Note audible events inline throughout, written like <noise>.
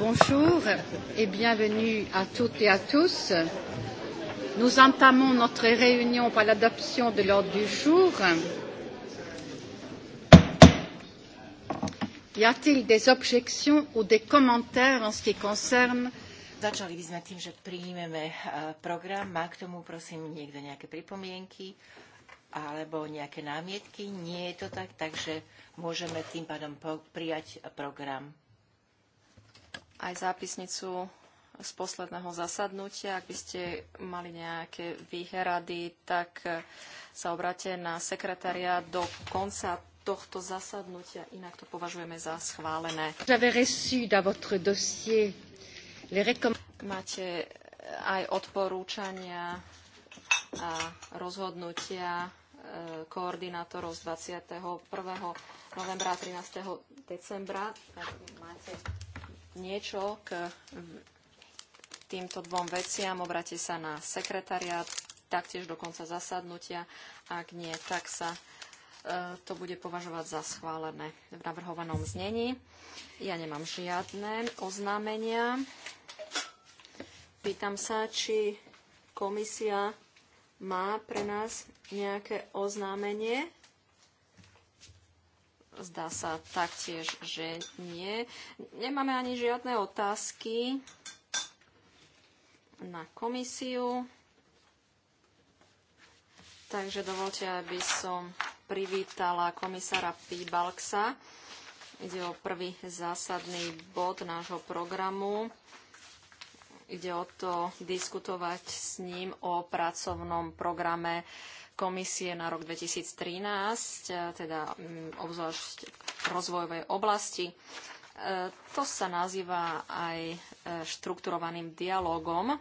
Bonjour et bienvenue à toutes et à tous. Nous entamons notre réunion par l'adoption de l'ordre du jour. Y a-t-il des objections ou des commentaires en ce qui concerne Začali by sme tým, že príjmeme e, program. Má k tomu, prosím, niekto nejaké pripomienky alebo nejaké námietky? Nie je to tak, takže môžeme tým pádom prijať program. Aj zápisnicu z posledného zasadnutia. Ak by ste mali nejaké výhrady, tak e, sa obráte na sekretária do konca tohto zasadnutia. Inak to považujeme za schválené. J'avais reçu dans votre dossier Máte eh, aj odporúčania a rozhodnutia eh, koordinátorov z 21. novembra a 13. decembra. Tak máte niečo k mm, týmto dvom veciam. Obrate sa na sekretariát taktiež do konca zasadnutia. Ak nie, tak sa to bude považovať za schválené v navrhovanom znení. Ja nemám žiadne oznámenia. Pýtam sa, či komisia má pre nás nejaké oznámenie. Zdá sa taktiež, že nie. Nemáme ani žiadne otázky na komisiu. Takže dovolte, aby som privítala komisára Pibalksa. Ide o prvý zásadný bod nášho programu. Ide o to diskutovať s ním o pracovnom programe komisie na rok 2013, teda mm, obzvlášť v rozvojovej oblasti. E, to sa nazýva aj e, štrukturovaným dialogom.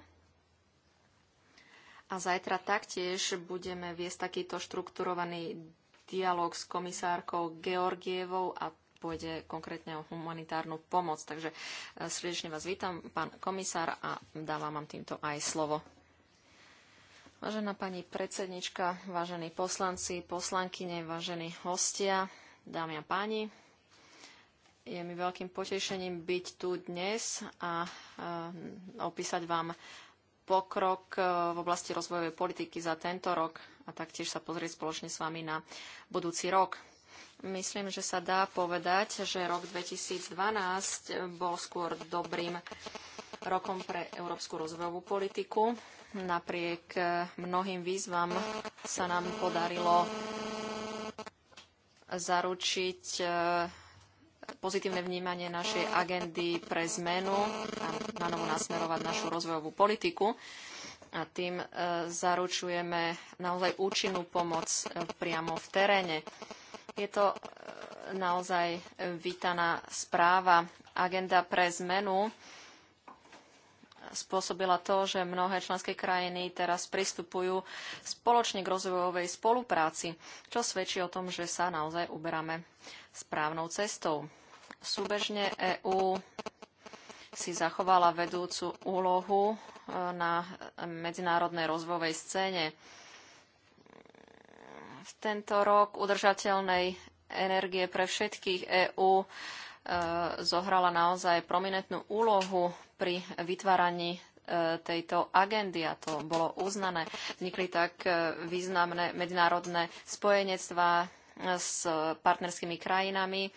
A zajtra taktiež budeme viesť takýto štrukturovaný dialog s komisárkou Georgievou a pôjde konkrétne o humanitárnu pomoc. Takže e, srdečne vás vítam, pán komisár, a dávam vám týmto aj slovo. Vážená pani predsednička, vážení poslanci, poslankyne, vážení hostia, dámy a páni, je mi veľkým potešením byť tu dnes a e, opísať vám pokrok e, v oblasti rozvojovej politiky za tento rok a taktiež sa pozrieť spoločne s vami na budúci rok. Myslím, že sa dá povedať, že rok 2012 bol skôr dobrým rokom pre európsku rozvojovú politiku. Napriek mnohým výzvam sa nám podarilo zaručiť e, pozitívne vnímanie našej agendy pre zmenu a na novo nasmerovať našu rozvojovú politiku a tým e, zaručujeme naozaj účinnú pomoc e, priamo v teréne. Je to e, naozaj vítaná správa. Agenda pre zmenu spôsobila to, že mnohé členské krajiny teraz pristupujú spoločne k rozvojovej spolupráci, čo svedčí o tom, že sa naozaj uberáme správnou cestou. Súbežne EÚ si zachovala vedúcu úlohu na medzinárodnej rozvojovej scéne. V tento rok udržateľnej energie pre všetkých EÚ e, zohrala naozaj prominentnú úlohu pri vytváraní e, tejto agendy a to bolo uznané. Vznikli tak e, významné medzinárodné spojenectvá s partnerskými krajinami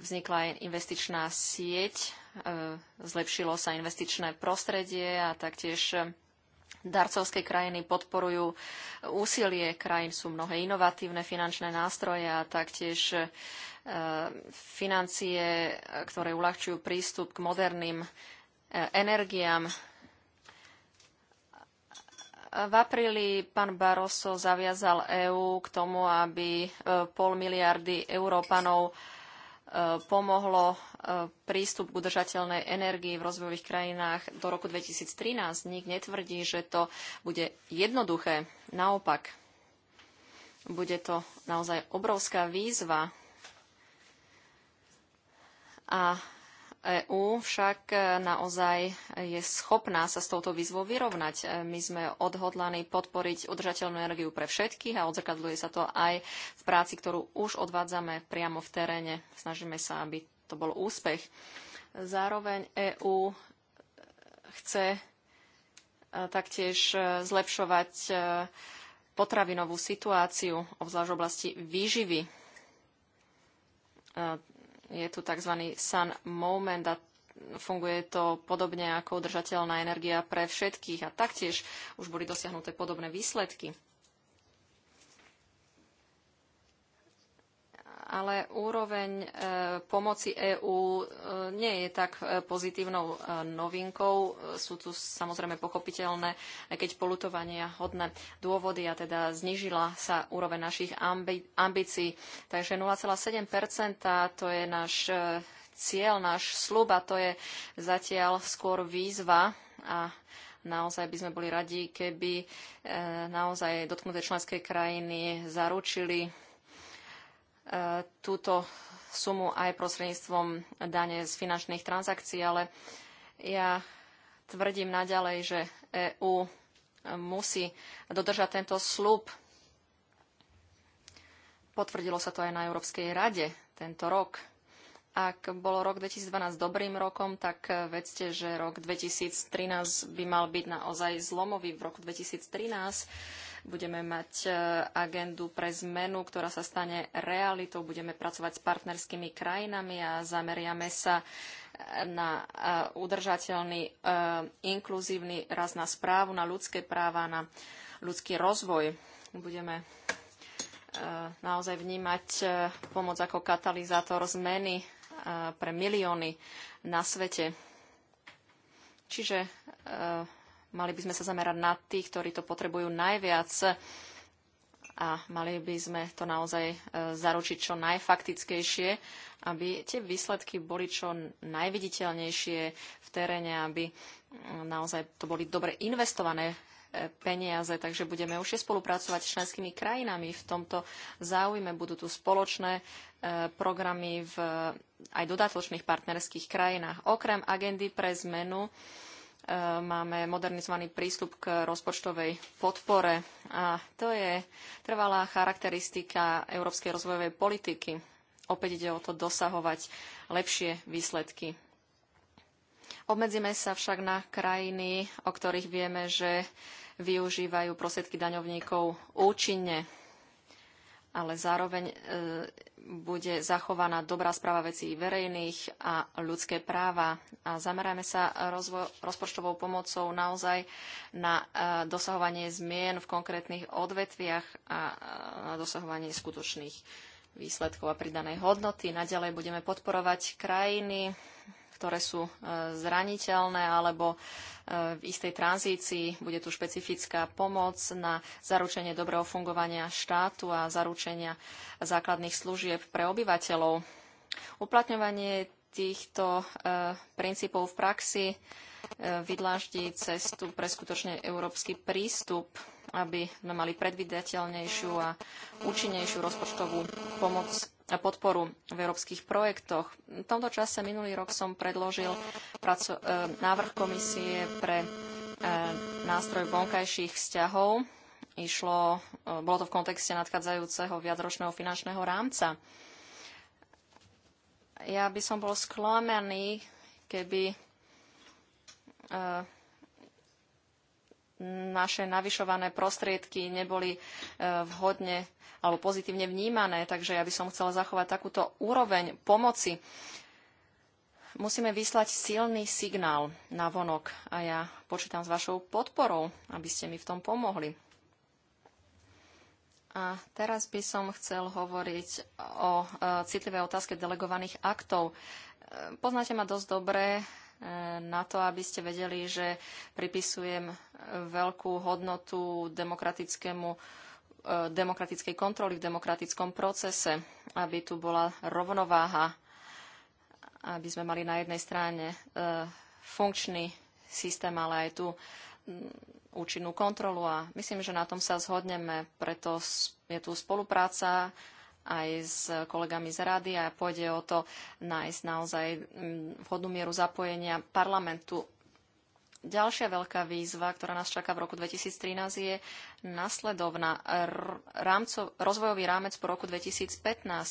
vznikla aj investičná sieť, e, zlepšilo sa investičné prostredie a taktiež e, darcovské krajiny podporujú úsilie krajín, sú mnohé inovatívne finančné nástroje a taktiež e, financie, ktoré uľahčujú prístup k moderným energiám. V apríli pán Barroso zaviazal EÚ k tomu, aby pol miliardy Európanov Eh, pomohlo eh, prístup k udržateľnej energii v rozvojových krajinách do roku 2013. Nik netvrdí, že to bude jednoduché. Naopak, bude to naozaj obrovská výzva. A EÚ však e, naozaj je schopná sa s touto výzvou vyrovnať. E, my sme odhodlaní podporiť udržateľnú energiu pre všetkých a odzrkadľuje sa to aj v práci, ktorú už odvádzame priamo v teréne. Snažíme sa, aby to bol úspech. Zároveň EÚ e, chce taktiež zlepšovať potravinovú situáciu, obzvlášť v oblasti výživy je tu tzv. sun moment a funguje to podobne ako udržateľná energia pre všetkých a taktiež už boli dosiahnuté podobné výsledky. ale úroveň e, pomoci EÚ e, nie je tak e, pozitívnou novinkou. Sú tu samozrejme pochopiteľné, aj keď polutovania hodné dôvody a teda znižila sa úroveň našich ambícií. Takže 0,7 to je náš cieľ, náš slub a to je zatiaľ skôr výzva a naozaj by sme boli radi, keby naozaj dotknuté členské krajiny zaručili túto sumu aj prostredníctvom dane z finančných transakcií, ale ja tvrdím naďalej, že EÚ musí dodržať tento slúb. Potvrdilo sa to aj na Európskej rade tento rok. Ak bolo rok 2012 dobrým rokom, tak vedzte, že rok 2013 by mal byť naozaj zlomový. V roku 2013 Budeme mať e, agendu pre zmenu, ktorá sa stane realitou. Budeme pracovať s partnerskými krajinami a zameriame sa e, na e, udržateľný, inkluzívny raz na správu, na ľudské práva, na ľudský rozvoj. Budeme naozaj vnímať pomoc ako katalizátor zmeny pre milióny na svete. Čiže Mali by sme sa zamerať na tých, ktorí to potrebujú najviac a mali by sme to naozaj e, zaručiť čo najfaktickejšie, aby tie výsledky boli čo najviditeľnejšie v teréne, aby mm, naozaj to boli dobre investované e, peniaze, takže budeme už spolupracovať s členskými krajinami v tomto záujme. Budú tu spoločné e, programy v aj dodatočných partnerských krajinách. Okrem agendy pre zmenu Eh, máme modernizovaný prístup k rozpočtovej podpore a to je trvalá charakteristika európskej rozvojovej politiky. Opäť ide o to dosahovať lepšie výsledky. Obmedzíme sa však na krajiny, o ktorých vieme, že využívajú prostriedky daňovníkov účinne ale zároveň e, bude zachovaná dobrá správa vecí verejných a ľudské práva. A zamerajme sa rozvo- rozpočtovou pomocou naozaj na e, dosahovanie zmien v konkrétnych odvetviach a e, na dosahovanie skutočných výsledkov a pridanej hodnoty. Naďalej budeme podporovať krajiny ktoré sú e, zraniteľné alebo e, v istej tranzícii. Bude tu špecifická pomoc na zaručenie dobrého fungovania štátu a zaručenia základných služieb pre obyvateľov. Uplatňovanie týchto e, princípov v praxi vydláždi cestu pre skutočne európsky prístup, aby sme mali predvydateľnejšiu a účinnejšiu rozpočtovú pomoc a podporu v európskych projektoch. V tomto čase minulý rok som predložil praco- e, návrh komisie pre e, nástroj vonkajších vzťahov. Išlo, e, bolo to v kontexte nadchádzajúceho viacročného finančného rámca. Ja by som bol sklamaný, keby naše navyšované prostriedky neboli e, vhodne alebo pozitívne vnímané, takže ja by som chcela zachovať takúto úroveň pomoci. Musíme vyslať silný signál na vonok a ja počítam s vašou podporou, aby ste mi v tom pomohli. A teraz by som chcel hovoriť o e, citlivej otázke delegovaných aktov. E, poznáte ma dosť dobre, na to, aby ste vedeli, že pripisujem veľkú hodnotu demokratickému e, demokratickej kontroly v demokratickom procese, aby tu bola rovnováha, aby sme mali na jednej strane e, funkčný systém, ale aj tú účinnú kontrolu a myslím, že na tom sa zhodneme, preto je tu spolupráca aj s kolegami z rady a pôjde o to nájsť naozaj mm, vhodnú mieru zapojenia parlamentu. Ďalšia veľká výzva, ktorá nás čaká v roku 2013, je nasledovná. Rámco, rozvojový rámec po roku 2015.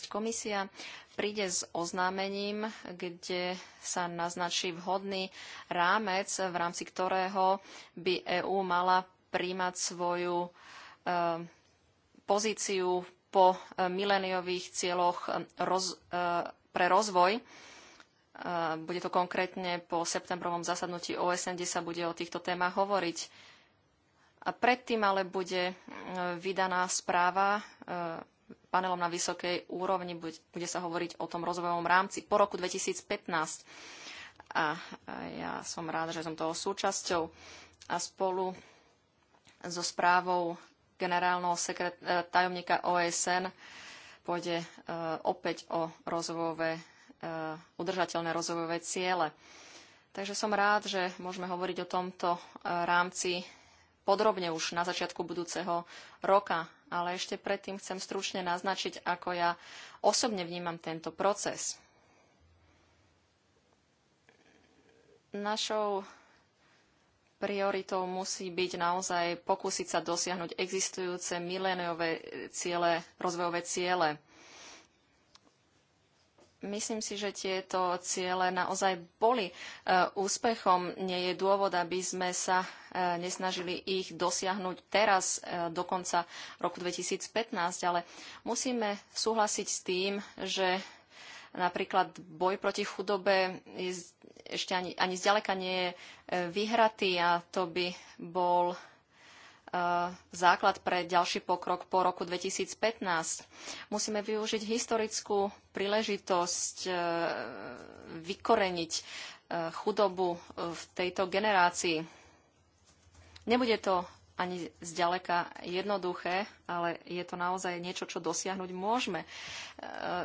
Komisia príde s oznámením, kde sa naznačí vhodný rámec, v rámci ktorého by EÚ mala príjmať svoju e, pozíciu po eh, mileniových cieľoch eh, roz, eh, pre rozvoj. Bude to konkrétne po septembrovom zasadnutí OSN, kde sa bude o týchto témach hovoriť. A predtým ale bude vydaná správa panelom na vysokej úrovni, bude sa hovoriť o tom rozvojovom rámci po roku 2015. A ja som rád, že som toho súčasťou a spolu so správou generálneho e, tajomníka OSN pôjde e, opäť o rozvojové, e, udržateľné rozvojové ciele. Takže som rád, že môžeme hovoriť o tomto rámci podrobne už na začiatku budúceho roka. Ale ešte predtým chcem stručne naznačiť, ako ja osobne vnímam tento proces. Našou prioritou musí byť naozaj pokúsiť sa dosiahnuť existujúce miléniové ciele, rozvojové ciele. Myslím si, že tieto ciele naozaj boli e, úspechom. Nie je dôvod, aby sme sa e, nesnažili ich dosiahnuť teraz e, do konca roku 2015, ale musíme súhlasiť s tým, že Napríklad boj proti chudobe ešte ani, ani zďaleka nie je e, vyhratý a to by bol e, základ pre ďalší pokrok po roku 2015. Musíme využiť historickú príležitosť e, vykoreniť chudobu v tejto generácii. Nebude to ani zďaleka jednoduché, ale je to naozaj niečo, čo dosiahnuť môžeme. E,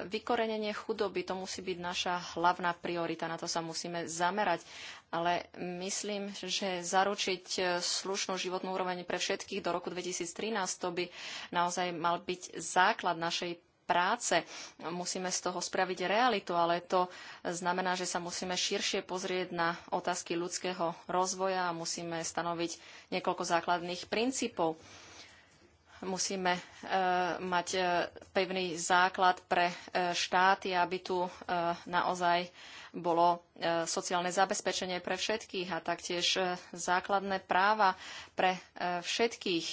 vykorenenie chudoby, to musí byť naša hlavná priorita, na to sa musíme zamerať. Ale myslím, že zaručiť e, slušnú životnú úroveň pre všetkých do roku 2013, to by naozaj mal byť základ našej práce. Musíme z toho spraviť realitu, ale to znamená, že sa musíme širšie pozrieť na otázky ľudského rozvoja a musíme stanoviť niekoľko základných princípov musíme e, mať e, pevný základ pre e, štáty, aby tu naozaj bolo sociálne zabezpečenie pre všetkých a taktiež základné práva pre všetkých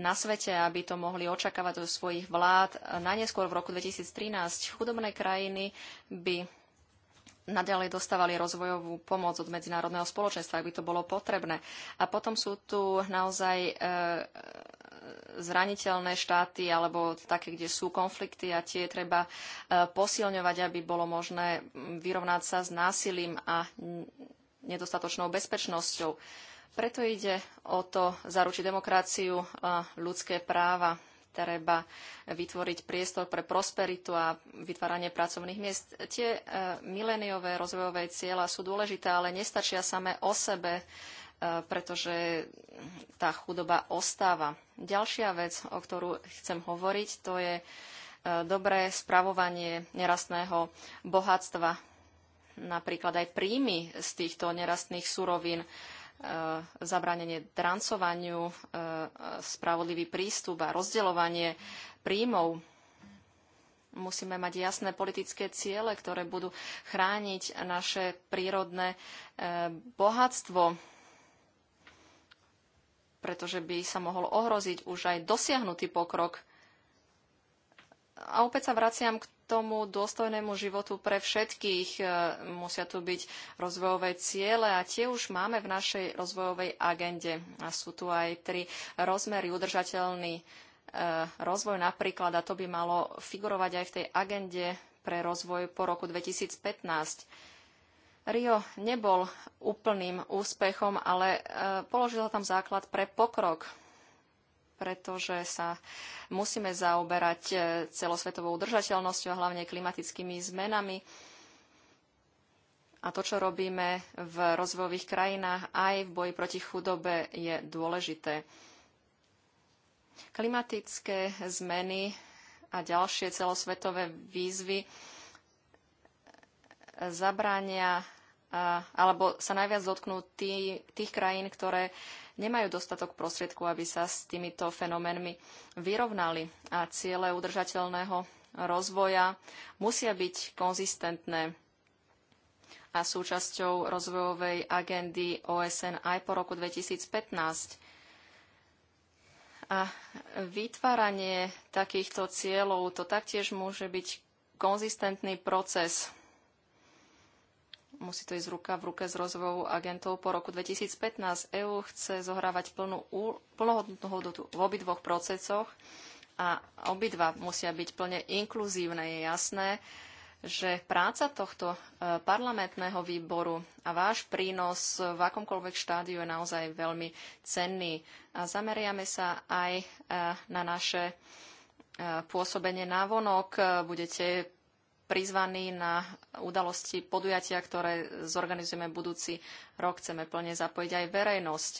na svete, aby to mohli očakávať od svojich vlád. Najneskôr v roku 2013 chudobné krajiny by naďalej dostávali rozvojovú pomoc od medzinárodného spoločenstva, ak by to bolo potrebné. A potom sú tu naozaj zraniteľné štáty alebo také, kde sú konflikty a tie treba e, posilňovať, aby bolo možné vyrovnať sa s násilím a nedostatočnou bezpečnosťou. Preto ide o to zaručiť demokraciu a ľudské práva. Treba vytvoriť priestor pre prosperitu a vytváranie pracovných miest. Tie e, mileniové rozvojové cieľa sú dôležité, ale nestačia same o sebe. E, pretože tá chudoba ostáva. Ďalšia vec, o ktorú chcem hovoriť, to je e, dobré spravovanie nerastného bohatstva. Napríklad aj príjmy z týchto nerastných surovín, e, zabranenie drancovaniu, spravodlivý prístup a rozdeľovanie príjmov. Musíme mať jasné politické ciele, ktoré budú chrániť naše prírodné bohatstvo pretože by sa mohol ohroziť už aj dosiahnutý pokrok. A opäť sa vraciam k tomu dôstojnému životu pre všetkých. E, musia tu byť rozvojové ciele a tie už máme v našej rozvojovej agende. A sú tu aj tri rozmery udržateľný e, rozvoj napríklad, a to by malo figurovať aj v tej agende pre rozvoj po roku 2015 Rio nebol úplným úspechom, ale e, položil tam základ pre pokrok pretože sa musíme zaoberať e, celosvetovou udržateľnosťou a hlavne klimatickými zmenami. A to, čo robíme v rozvojových krajinách aj v boji proti chudobe, je dôležité. Klimatické zmeny a ďalšie celosvetové výzvy e, zabránia alebo sa najviac dotknú tých krajín, ktoré nemajú dostatok prostriedkov, aby sa s týmito fenoménmi vyrovnali. A ciele udržateľného rozvoja musia byť konzistentné a súčasťou rozvojovej agendy OSN aj po roku 2015. A vytváranie takýchto cieľov to taktiež môže byť konzistentný proces musí to ísť ruka v ruke s rozvojovou agentov. Po roku 2015 EÚ chce zohrávať plnú, plnohodnotnú hodnotu v obidvoch procesoch a obidva musia byť plne inkluzívne. Je jasné, že práca tohto e, parlamentného výboru a váš prínos v akomkoľvek štádiu je naozaj veľmi cenný. A zameriame sa aj e, na naše e, pôsobenie vonok. Budete prizvaní na udalosti podujatia, ktoré zorganizujeme budúci rok. Chceme plne zapojiť aj verejnosť.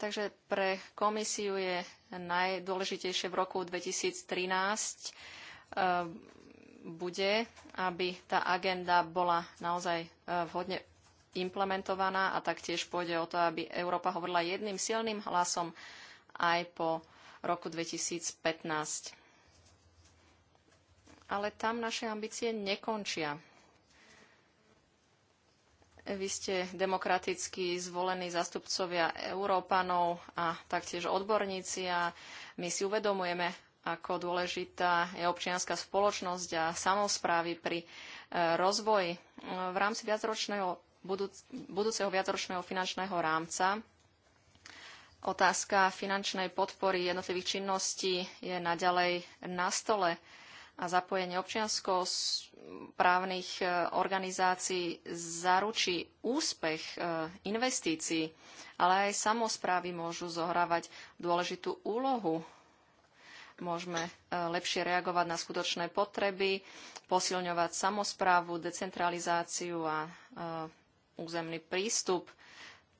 Takže pre komisiu je najdôležitejšie v roku 2013 eh, bude, aby tá agenda bola naozaj eh, vhodne implementovaná a taktiež pôjde o to, aby Európa hovorila jedným silným hlasom aj po roku 2015 ale tam naše ambície nekončia. Vy ste demokraticky zvolení zastupcovia Európanov a taktiež odborníci a my si uvedomujeme, ako dôležitá je občianská spoločnosť a samozprávy pri e, rozvoji. V rámci viacročného, budúceho viacročného finančného rámca otázka finančnej podpory jednotlivých činností je naďalej na stole a zapojenie občiansko-právnych e, organizácií zaručí úspech e, investícií, ale aj samozprávy môžu zohrávať dôležitú úlohu. Môžeme e, lepšie reagovať na skutočné potreby, posilňovať samozprávu, decentralizáciu a územný prístup.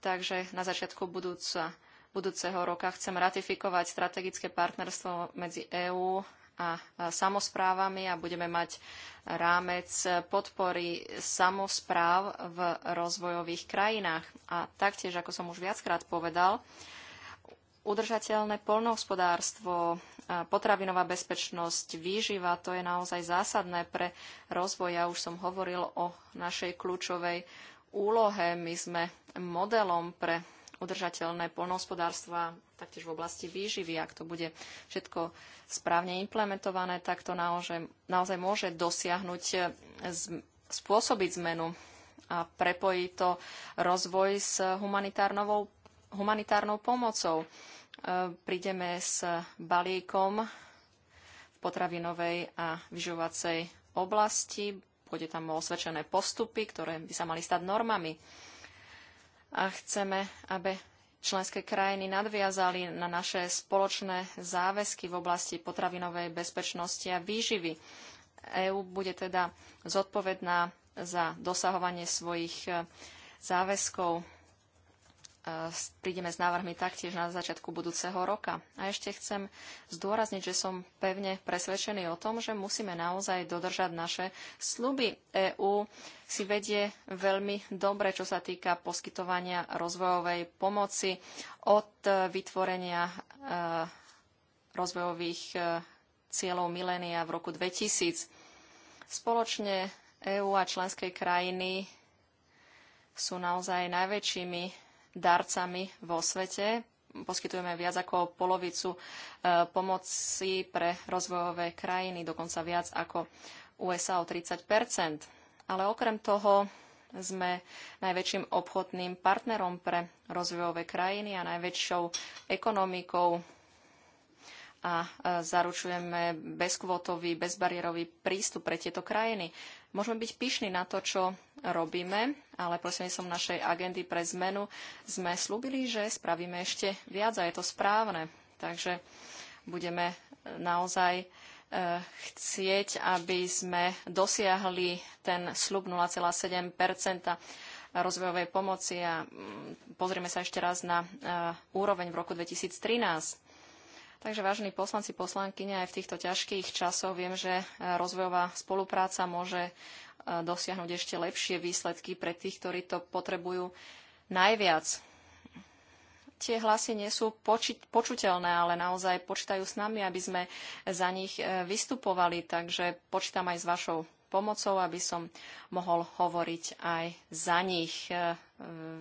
Takže na začiatku budúca budúceho roka chcem ratifikovať strategické partnerstvo medzi EÚ a samozprávami a budeme mať rámec podpory samozpráv v rozvojových krajinách. A taktiež, ako som už viackrát povedal, udržateľné poľnohospodárstvo, potravinová bezpečnosť, výživa, to je naozaj zásadné pre rozvoj. Ja už som hovoril o našej kľúčovej úlohe. My sme modelom pre udržateľné poľnohospodárstvo a taktiež v oblasti výživy. Ak to bude všetko správne implementované, tak to naozaj, naozaj môže dosiahnuť, e, spôsobiť zmenu a prepojí to rozvoj s humanitárnou, humanitárnou pomocou. E, prídeme s balíkom v potravinovej a vyžovacej oblasti. Bude tam osvedčené postupy, ktoré by sa mali stať normami a chceme, aby členské krajiny nadviazali na naše spoločné záväzky v oblasti potravinovej bezpečnosti a výživy. EÚ bude teda zodpovedná za dosahovanie svojich e, záväzkov prídeme s návrhmi taktiež na začiatku budúceho roka. A ešte chcem zdôrazniť, že som pevne presvedčený o tom, že musíme naozaj dodržať naše sluby. EÚ si vedie veľmi dobre, čo sa týka poskytovania rozvojovej pomoci od vytvorenia e, rozvojových e, cieľov milénia v roku 2000. Spoločne EÚ a členské krajiny sú naozaj najväčšími darcami vo svete. Poskytujeme viac ako polovicu e, pomoci pre rozvojové krajiny, dokonca viac ako USA o 30 Ale okrem toho sme najväčším obchodným partnerom pre rozvojové krajiny a najväčšou ekonomikou a e, zaručujeme bezkvotový, bezbariérový prístup pre tieto krajiny. Môžeme byť pyšní na to, čo robíme, ale prosím som našej agendy pre zmenu sme slúbili, že spravíme ešte viac a je to správne. Takže budeme naozaj e, chcieť, aby sme dosiahli ten slub 0,7 rozvojovej pomoci a mm, pozrieme sa ešte raz na e, úroveň v roku 2013. Takže vážení poslanci, poslankyne, aj v týchto ťažkých časoch viem, že e, rozvojová spolupráca môže dosiahnuť ešte lepšie výsledky pre tých, ktorí to potrebujú najviac. Tie hlasy nie sú poči- počuteľné, ale naozaj počítajú s nami, aby sme za nich e, vystupovali. Takže počítam aj s vašou pomocou, aby som mohol hovoriť aj za nich. E,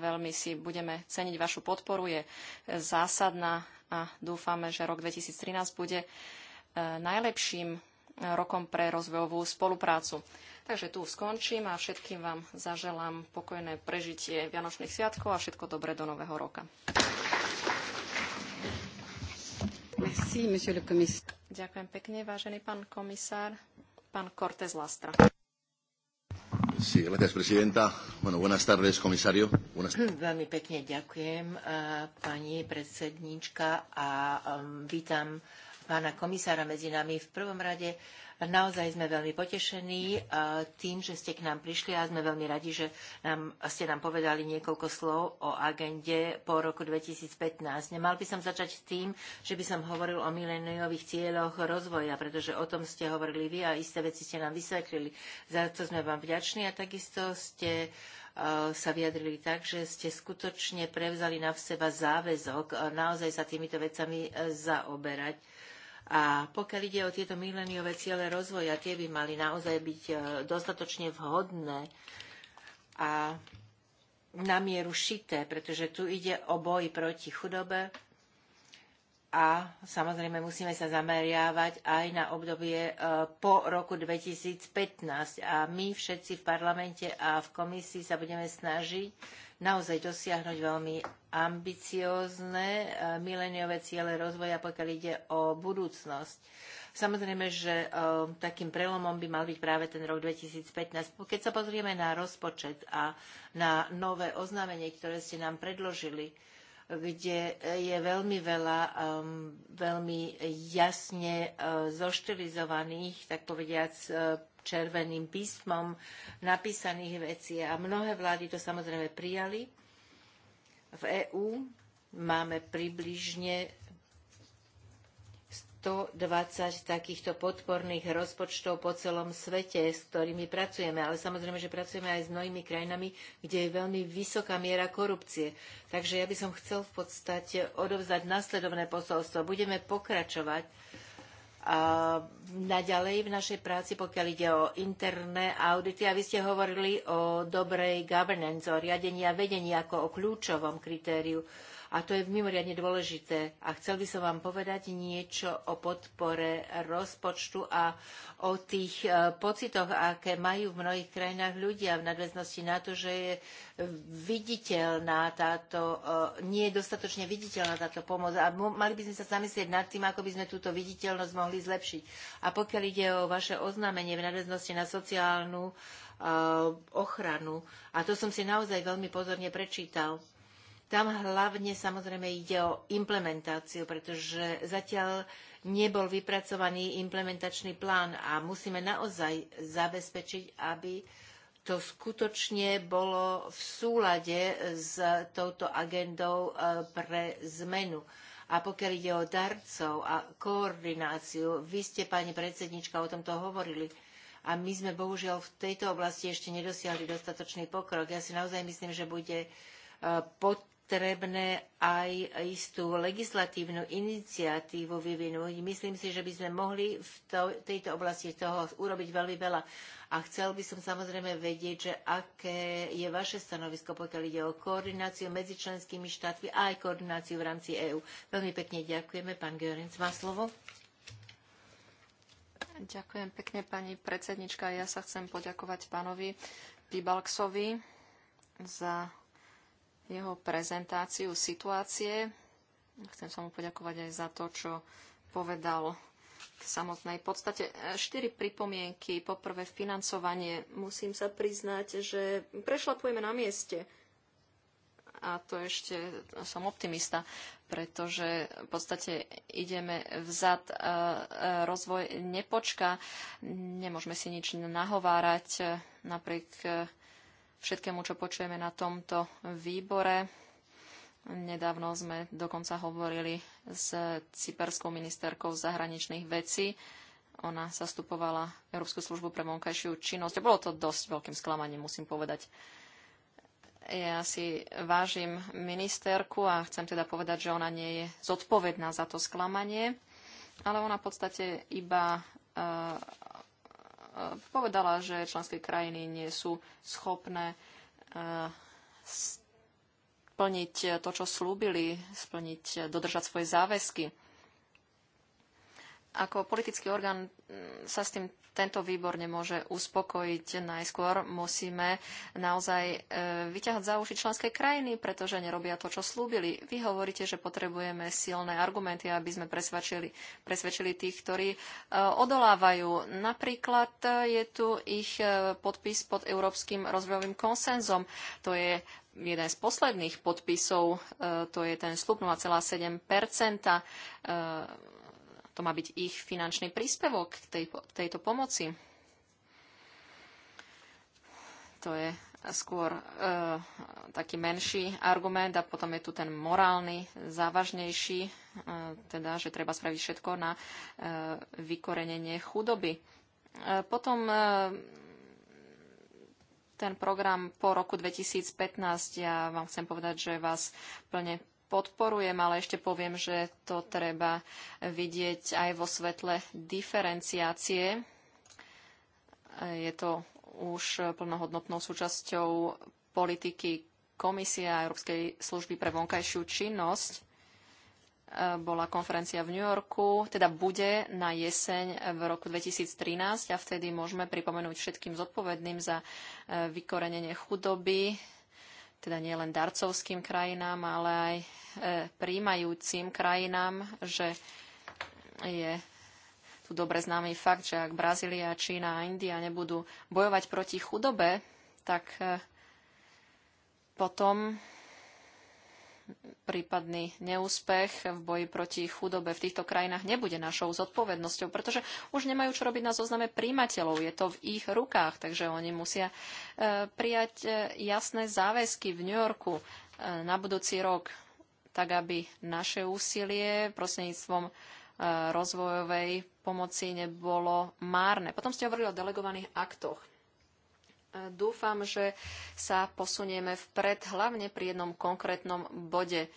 veľmi si budeme ceniť vašu podporu, je e, zásadná a dúfame, že rok 2013 bude najlepším rokom pre rozvojovú spoluprácu. Takže tu skončím a všetkým vám zaželám pokojné prežitie Vianočných sviatkov a všetko dobré do Nového roka. Merci, monsieur le commissaire. Ďakujem pekne, vážený pán komisár. Pán Cortés Lastra. Sí, gracias, presidenta. Bueno, buenas tardes, comisario. Buenas... Hmm, veľmi pekne ďakujem, eh, pani predsednička, a vítam pána komisára medzi nami. V prvom rade Naozaj sme veľmi potešení e, tým, že ste k nám prišli a sme veľmi radi, že nám, ste nám povedali niekoľko slov o agende po roku 2015. Nemal by som začať tým, že by som hovoril o mileniových cieľoch rozvoja, pretože o tom ste hovorili vy a isté veci ste nám vysvetlili. Za to sme vám vďační a takisto ste e, sa vyjadrili tak, že ste skutočne prevzali na seba záväzok e, naozaj sa týmito vecami zaoberať. A pokiaľ ide o tieto mileniové ciele rozvoja, tie by mali naozaj byť e, dostatočne vhodné a na mieru šité, pretože tu ide o boj proti chudobe a samozrejme musíme sa zameriavať aj na obdobie e, po roku 2015. A my všetci v parlamente a v komisii sa budeme snažiť naozaj dosiahnuť veľmi ambiciózne e, mileniové ciele rozvoja, pokiaľ ide o budúcnosť. Samozrejme, že e, takým prelomom by mal byť práve ten rok 2015. Keď sa pozrieme na rozpočet a na nové oznámenie, ktoré ste nám predložili, kde je veľmi veľa um, veľmi jasne uh, e, zoštilizovaných, tak povediac, uh, červeným písmom napísaných vecí. A mnohé vlády to samozrejme prijali. V EÚ máme približne 120 takýchto podporných rozpočtov po celom svete, s ktorými pracujeme. Ale samozrejme, že pracujeme aj s mnohými krajinami, kde je veľmi vysoká miera korupcie. Takže ja by som chcel v podstate odovzdať nasledovné posolstvo. Budeme pokračovať naďalej v našej práci, pokiaľ ide o interné audity, a vy ste hovorili o dobrej governance, o riadení a vedení ako o kľúčovom kritériu. Uh, a to je mimoriadne dôležité. A chcel by som vám povedať niečo o podpore rozpočtu a o tých e, pocitoch, aké majú v mnohých krajinách ľudia v nadväznosti na to, že je viditeľná táto, e, nie je dostatočne viditeľná táto pomoc. A mali by sme sa zamyslieť nad tým, ako by sme túto viditeľnosť mohli zlepšiť. A pokiaľ ide o vaše oznámenie v nadväznosti na sociálnu e, ochranu. A to som si naozaj veľmi pozorne prečítal. Tam hlavne samozrejme ide o implementáciu, pretože zatiaľ nebol vypracovaný implementačný plán a musíme naozaj zabezpečiť, aby to skutočne bolo v súlade s touto agendou e, pre zmenu. A pokiaľ ide o darcov a koordináciu, vy ste, pani predsednička, o tomto hovorili. A my sme bohužiaľ v tejto oblasti ešte nedosiahli dostatočný pokrok. Ja si naozaj myslím, že bude e, pod potrebné aj istú legislatívnu iniciatívu vyvinúť. Myslím si, že by sme mohli v to, tejto oblasti toho urobiť veľmi veľa. A chcel by som samozrejme vedieť, že aké je vaše stanovisko, pokiaľ ide o koordináciu medzi členskými štátmi a aj koordináciu v rámci EÚ. Veľmi pekne ďakujeme. Pán Görinc, má slovo. Ďakujem pekne, pani predsednička. Ja sa chcem poďakovať pánovi Pibalksovi za jeho prezentáciu situácie. Chcem sa mu poďakovať aj za to, čo povedal k samotnej podstate. Štyri pripomienky. Poprvé financovanie. Musím sa priznať, že prešlapujeme na mieste. A to ešte som optimista, pretože v podstate ideme vzad. E, e, rozvoj nepočka. Nemôžeme si nič nahovárať napriek e, všetkému, čo počujeme na tomto výbore. Nedávno sme dokonca hovorili s cyperskou ministerkou zahraničných vecí. Ona zastupovala Európsku službu pre vonkajšiu činnosť. A bolo to dosť veľkým sklamaním, musím povedať. Ja si vážim ministerku a chcem teda povedať, že ona nie je zodpovedná za to sklamanie, ale ona v podstate iba povedala, že členské krajiny nie sú schopné eh, splniť to, čo slúbili, splniť, dodržať svoje záväzky. Ako politický orgán mm, sa s tým tento výbor nemôže uspokojiť. Najskôr musíme naozaj e, vyťahať za uši členské krajiny, pretože nerobia to, čo slúbili. Vy hovoríte, že potrebujeme silné argumenty, aby sme presvedčili, presvedčili tých, ktorí e, odolávajú. Napríklad e, je tu ich podpis pod Európskym rozvojovým konsenzom. To je jeden z posledných podpisov, to je ten slub 0,7 to má byť ich finančný príspevok k, tej, tejto pomoci. To je skôr e, taký menší argument a potom je tu ten morálny, závažnejší, e, teda, že treba spraviť všetko na e, vykorenenie chudoby. E, potom e, ten program po roku 2015, ja vám chcem povedať, že vás plne podporujem, ale ešte poviem, že to treba vidieť aj vo svetle diferenciácie. Je to už plnohodnotnou súčasťou politiky Komisia Európskej služby pre vonkajšiu činnosť. Bola konferencia v New Yorku, teda bude na jeseň v roku 2013 a vtedy môžeme pripomenúť všetkým zodpovedným za vykorenenie chudoby teda nielen darcovským krajinám, ale aj e, príjmajúcim krajinám, že je tu dobre známy fakt, že ak Brazília, Čína a India nebudú bojovať proti chudobe, tak e, potom prípadný neúspech v boji proti chudobe v týchto krajinách nebude našou zodpovednosťou, pretože už nemajú čo robiť na zozname príjimateľov. Je to v ich rukách, takže oni musia e, prijať e, jasné záväzky v New Yorku e, na budúci rok, tak aby naše úsilie prostredníctvom rozvojovej pomoci nebolo márne. Potom ste hovorili o delegovaných aktoch dúfam, že sa posunieme vpred, hlavne pri jednom konkrétnom bode.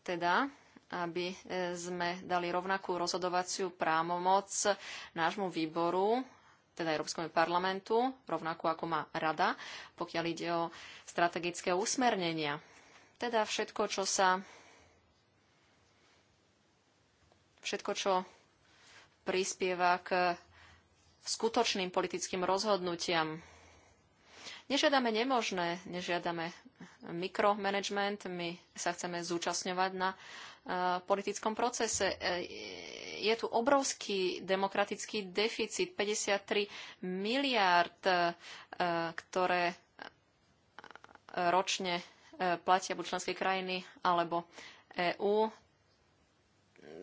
Teda, aby e, sme dali rovnakú rozhodovaciu právomoc nášmu výboru, teda Európskemu parlamentu, rovnako ako má rada, pokiaľ ide o strategické usmernenia. Teda všetko, čo sa všetko, čo prispieva k skutočným politickým rozhodnutiam. Nežiadame nemožné, nežiadame mikromanagement, my sa chceme zúčastňovať na e, politickom procese. E, je tu obrovský demokratický deficit, 53 miliárd, e, ktoré ročne platia buď členské krajiny alebo EÚ.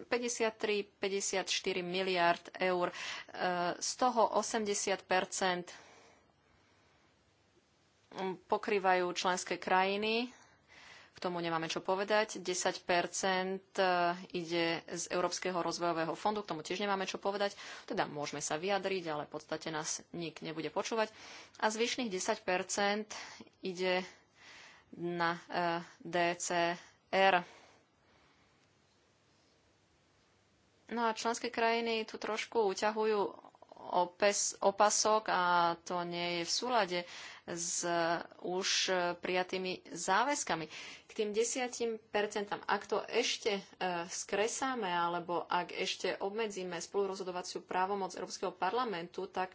53-54 miliard eur. E, z toho 80 pokrývajú členské krajiny, k tomu nemáme čo povedať. 10 e, ide z Európskeho rozvojového fondu, k tomu tiež nemáme čo povedať. Teda môžeme sa vyjadriť, ale v podstate nás nik nebude počúvať. A zvyšných 10 ide na e, DCR. No a členské krajiny tu trošku uťahujú opes, opasok a to nie je v súlade s už prijatými záväzkami. K tým desiatim percentám, ak to ešte e, skresáme alebo ak ešte obmedzíme spolurozhodovaciu právomoc Európskeho parlamentu, tak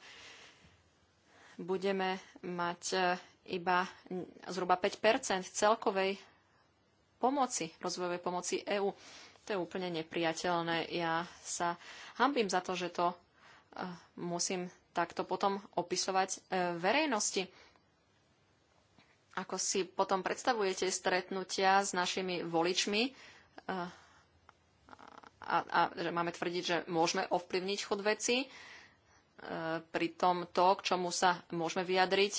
budeme mať e, iba zhruba 5 celkovej pomoci, rozvojovej pomoci EÚ. To je úplne nepriateľné. Ja sa hambím za to, že to eh, musím takto potom opisovať eh, verejnosti. Ako si potom predstavujete stretnutia s našimi voličmi eh, a, a že máme tvrdiť, že môžeme ovplyvniť chod veci, pritom to, k čomu sa môžeme vyjadriť,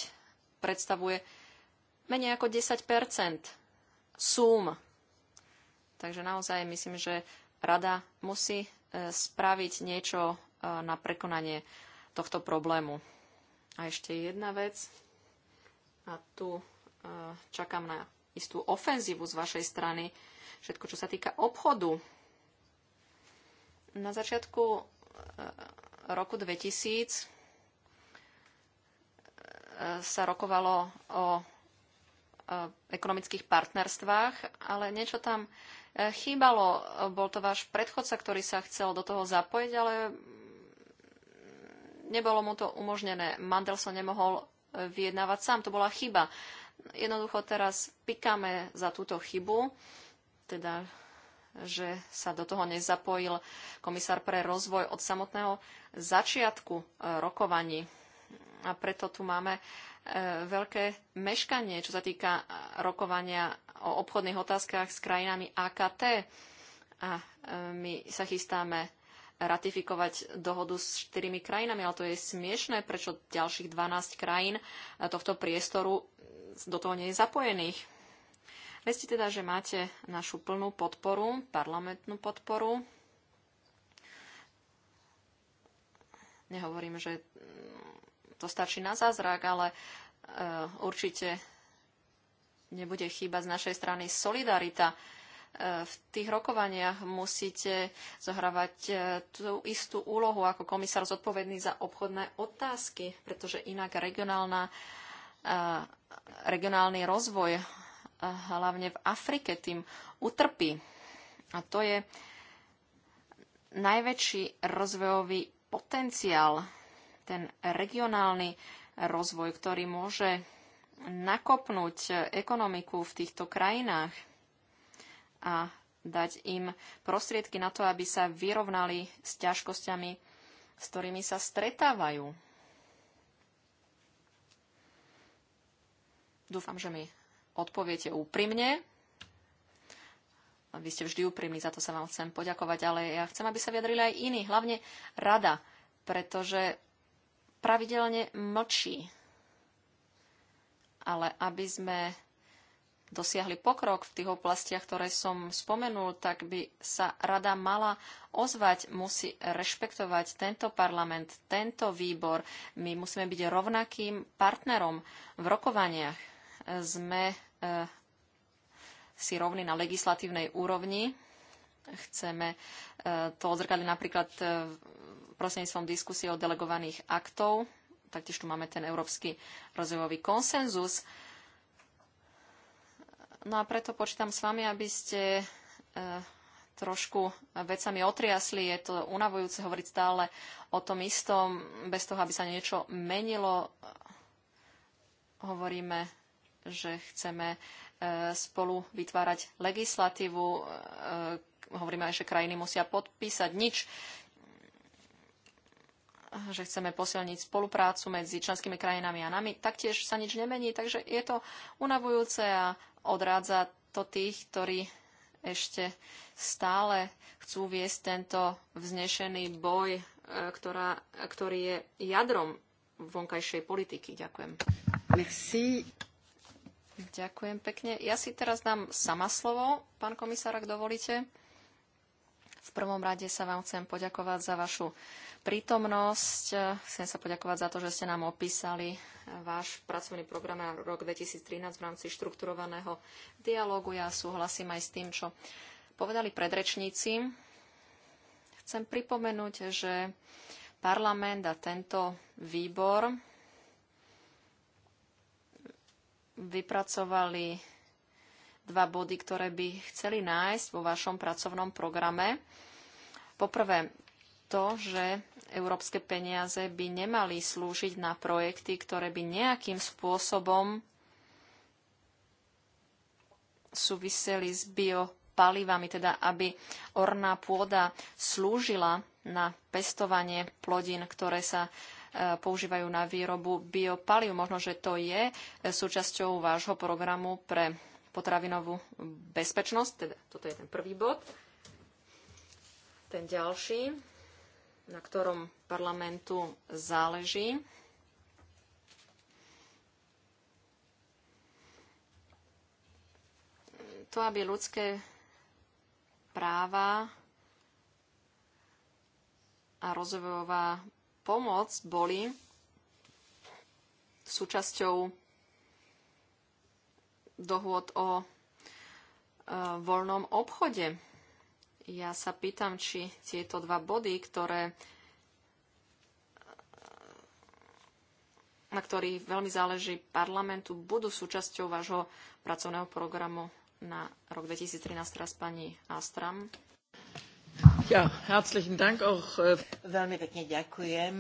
predstavuje menej ako 10 súm Takže naozaj myslím, že rada musí e, spraviť niečo e, na prekonanie tohto problému. A ešte jedna vec. A tu e, čakám na istú ofenzívu z vašej strany. Všetko, čo sa týka obchodu. Na začiatku roku 2000 sa rokovalo o ekonomických partnerstvách, ale niečo tam E, chýbalo. E, bol to váš predchodca, ktorý sa chcel do toho zapojiť, ale nebolo mu to umožnené. Mandelson nemohol e, vyjednávať sám. To bola chyba. Jednoducho teraz pikáme za túto chybu, teda že sa do toho nezapojil komisár pre rozvoj od samotného začiatku rokovaní. A preto tu máme veľké meškanie, čo sa týka rokovania o obchodných otázkach s krajinami AKT. A e, my sa chystáme ratifikovať dohodu s štyrmi krajinami, ale to je smiešné, prečo ďalších 12 krajín e, tohto priestoru do toho nie je zapojených. Veste teda, že máte našu plnú podporu, parlamentnú podporu. Nehovorím, že to stačí na zázrak, ale e, určite nebude chýba z našej strany solidarita. E, v tých rokovaniach musíte zohrávať e, tú istú úlohu ako komisár zodpovedný za obchodné otázky, pretože inak regionálna, e, regionálny rozvoj hlavne v Afrike tým utrpí. A to je najväčší rozvojový potenciál, ten regionálny rozvoj, ktorý môže nakopnúť ekonomiku v týchto krajinách a dať im prostriedky na to, aby sa vyrovnali s ťažkosťami, s ktorými sa stretávajú. Dúfam, že mi odpoviete úprimne. Vy ste vždy úprimní, za to sa vám chcem poďakovať, ale ja chcem, aby sa vyjadrili aj iní, hlavne rada, pretože pravidelne mlčí ale aby sme dosiahli pokrok v tých oblastiach, ktoré som spomenul, tak by sa rada mala ozvať, musí rešpektovať tento parlament, tento výbor. My musíme byť rovnakým partnerom v rokovaniach. Sme e, si rovní na legislatívnej úrovni. Chceme e, to odzrkadliť napríklad e, prostredníctvom diskusie o delegovaných aktov taktiež tu máme ten Európsky rozvojový konsenzus. No a preto počítam s vami, aby ste e, trošku vecami otriasli. Je to unavujúce hovoriť stále o tom istom, bez toho, aby sa niečo menilo. Hovoríme, že chceme e, spolu vytvárať legislatívu. E, hovoríme aj, že krajiny musia podpísať nič že chceme posilniť spoluprácu medzi členskými krajinami a nami, taktiež sa nič nemení, takže je to unavujúce a odrádza to tých, ktorí ešte stále chcú viesť tento vznešený boj, e, ktorá, ktorý je jadrom vonkajšej politiky. Ďakujem. Merci. Ďakujem pekne. Ja si teraz dám sama slovo, pán komisár, ak dovolíte. V prvom rade sa vám chcem poďakovať za vašu prítomnosť. Chcem sa poďakovať za to, že ste nám opísali váš pracovný program na rok 2013 v rámci štrukturovaného dialógu. Ja súhlasím aj s tým, čo povedali predrečníci. Chcem pripomenúť, že parlament a tento výbor vypracovali dva body, ktoré by chceli nájsť vo vašom pracovnom programe. Poprvé, to, že európske peniaze by nemali slúžiť na projekty, ktoré by nejakým spôsobom súviseli s biopalivami, teda aby orná pôda slúžila na pestovanie plodín, ktoré sa e, používajú na výrobu biopalív. Možno, že to je e, súčasťou vášho programu pre potravinovú bezpečnosť. Teda, toto je ten prvý bod. Ten ďalší, na ktorom parlamentu záleží, to, aby ľudské práva a rozvojová pomoc boli súčasťou dohôd o e, voľnom obchode. Ja sa pýtam, či tieto dva body, ktoré, na ktorých veľmi záleží parlamentu, budú súčasťou vášho pracovného programu na rok 2013, teraz pani Astram. Äh, Veľmi pekne ďakujem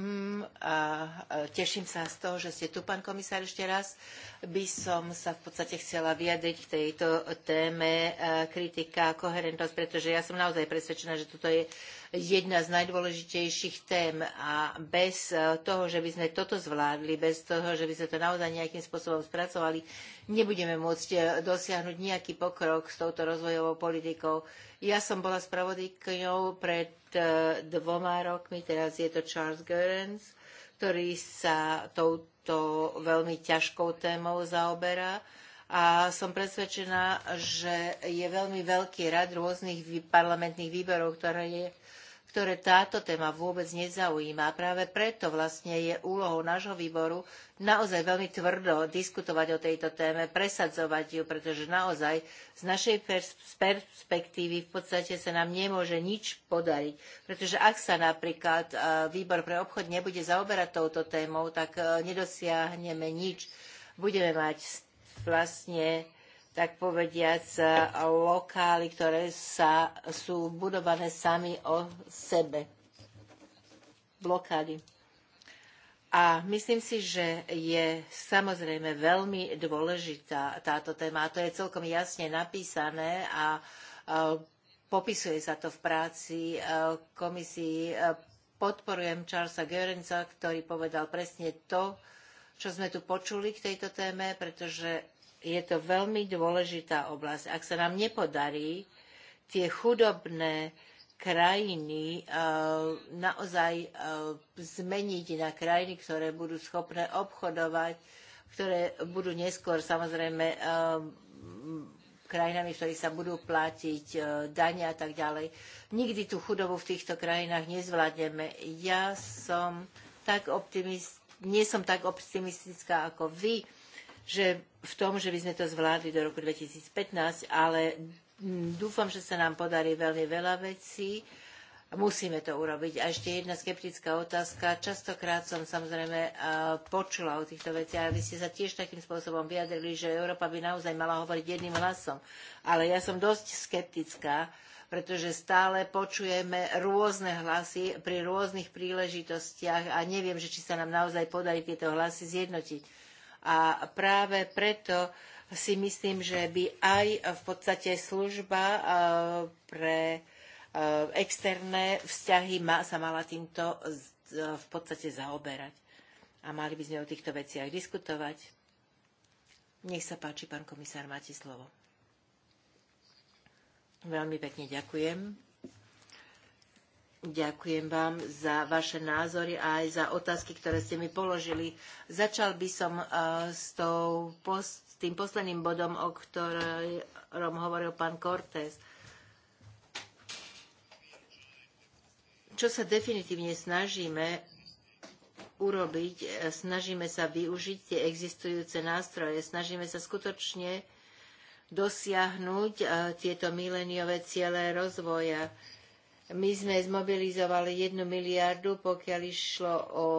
a e, teším sa z toho, že ste tu, pán komisár, ešte raz. By som sa v podstate chcela vyjadriť k tejto téme e, kritika a koherentnosť, pretože ja som naozaj presvedčená, že toto je jedna z najdôležitejších tém a bez e, toho, že by sme toto zvládli, bez toho, že by sme to naozaj nejakým spôsobom spracovali, nebudeme môcť dosiahnuť nejaký pokrok s touto rozvojovou politikou. Ja som bola spravodajkyňou Čínou pred e, dvoma rokmi, teraz je to Charles Goerens, ktorý sa touto veľmi ťažkou témou zaoberá. A som presvedčená, že je veľmi veľký rad rôznych parlamentných výborov, ktoré je ktoré táto téma vôbec nezaujíma. Práve preto vlastne je úlohou nášho výboru naozaj veľmi tvrdo diskutovať o tejto téme, presadzovať ju, pretože naozaj z našej perspektívy v podstate sa nám nemôže nič podariť. Pretože ak sa napríklad e, výbor pre obchod nebude zaoberať touto témou, tak e, nedosiahneme nič. Budeme mať vlastne tak povediac, e, lokály, ktoré sa, sú budované sami o sebe. Blokády. A myslím si, že je samozrejme veľmi dôležitá táto téma. A to je celkom jasne napísané a e, popisuje sa to v práci e, komisii. Podporujem Charlesa Görenca, ktorý povedal presne to, čo sme tu počuli k tejto téme, pretože je to veľmi dôležitá oblasť. Ak sa nám nepodarí tie chudobné krajiny eh, naozaj eh, zmeniť na krajiny, ktoré budú schopné obchodovať, ktoré budú neskôr samozrejme eh, krajinami, v ktorých sa budú platiť dania a tak ďalej. Nikdy tú chudobu v týchto krajinách nezvládneme. Ja som tak optimist, nie som tak optimistická ako vy, že v tom, že by sme to zvládli do roku 2015, ale dúfam, že sa nám podarí veľmi veľa vecí. Musíme to urobiť. A ešte jedna skeptická otázka. Častokrát som samozrejme eh, počula o týchto veciach aby vy ste sa tiež takým spôsobom vyjadrili, že Európa by naozaj mala hovoriť jedným hlasom. Ale ja som dosť skeptická, pretože stále počujeme rôzne hlasy pri rôznych príležitostiach a neviem, že či sa nám naozaj podarí tieto hlasy zjednotiť a práve preto si myslím, že by aj v podstate služba e, pre e, externé vzťahy sa mala týmto e, v podstate zaoberať. A mali by sme o týchto veciach diskutovať. Nech sa páči, pán komisár, máte slovo. Veľmi pekne ďakujem. Ďakujem vám za vaše názory a aj za otázky, ktoré ste mi položili. Začal by som eh, s, tou, s tým posledným bodom, o ktorom hovoril pán Cortés. Čo sa definitívne snažíme urobiť, eh, snažíme sa využiť tie existujúce nástroje, snažíme sa skutočne dosiahnuť eh, tieto mileniové ciele rozvoja my sme zmobilizovali jednu miliardu, pokiaľ išlo o, o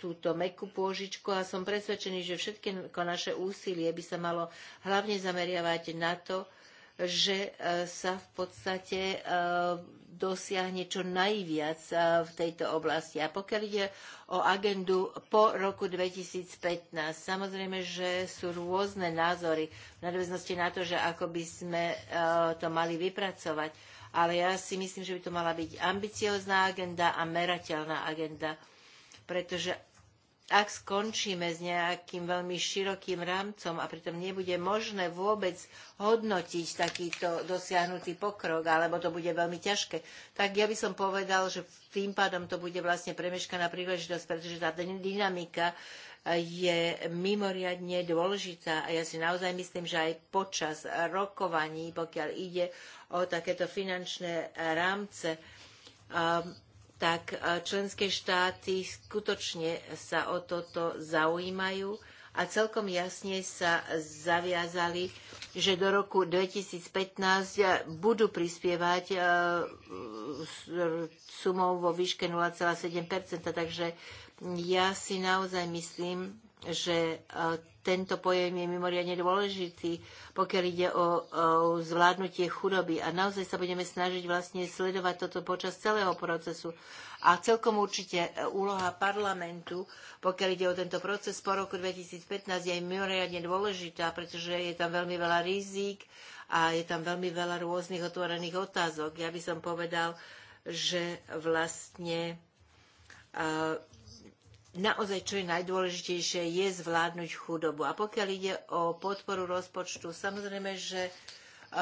túto mekú pôžičku a som presvedčený, že všetko naše úsilie by sa malo hlavne zameriavať na to, že e, sa v podstate e, dosiahne čo najviac e, v tejto oblasti. A pokiaľ ide o agendu po roku 2015, samozrejme, že sú rôzne názory v nadväznosti na to, že ako by sme to mali vypracovať ale ja si myslím, že by to mala byť ambiciozná agenda a merateľná agenda, pretože ak skončíme s nejakým veľmi širokým rámcom a pritom nebude možné vôbec hodnotiť takýto dosiahnutý pokrok, alebo to bude veľmi ťažké, tak ja by som povedal, že tým pádom to bude vlastne premeškaná príležitosť, pretože tá dynamika je mimoriadne dôležitá a ja si naozaj myslím, že aj počas rokovaní, pokiaľ ide o takéto finančné rámce, um, tak uh, členské štáty skutočne sa o toto zaujímajú a celkom jasne sa zaviazali, že do roku 2015 budú prispievať uh, sumou vo výške 0,7 Takže ja si naozaj myslím, že e, tento pojem je mimoriadne dôležitý, pokiaľ ide o, o zvládnutie chudoby. A naozaj sa budeme snažiť vlastne sledovať toto počas celého procesu. A celkom určite e, úloha parlamentu, pokiaľ ide o tento proces po roku 2015, je mimoriadne dôležitá, pretože je tam veľmi veľa rizík a je tam veľmi veľa rôznych otvorených otázok. Ja by som povedal, že vlastne e, naozaj, čo je najdôležitejšie, je zvládnuť chudobu. A pokiaľ ide o podporu rozpočtu, samozrejme, že eh,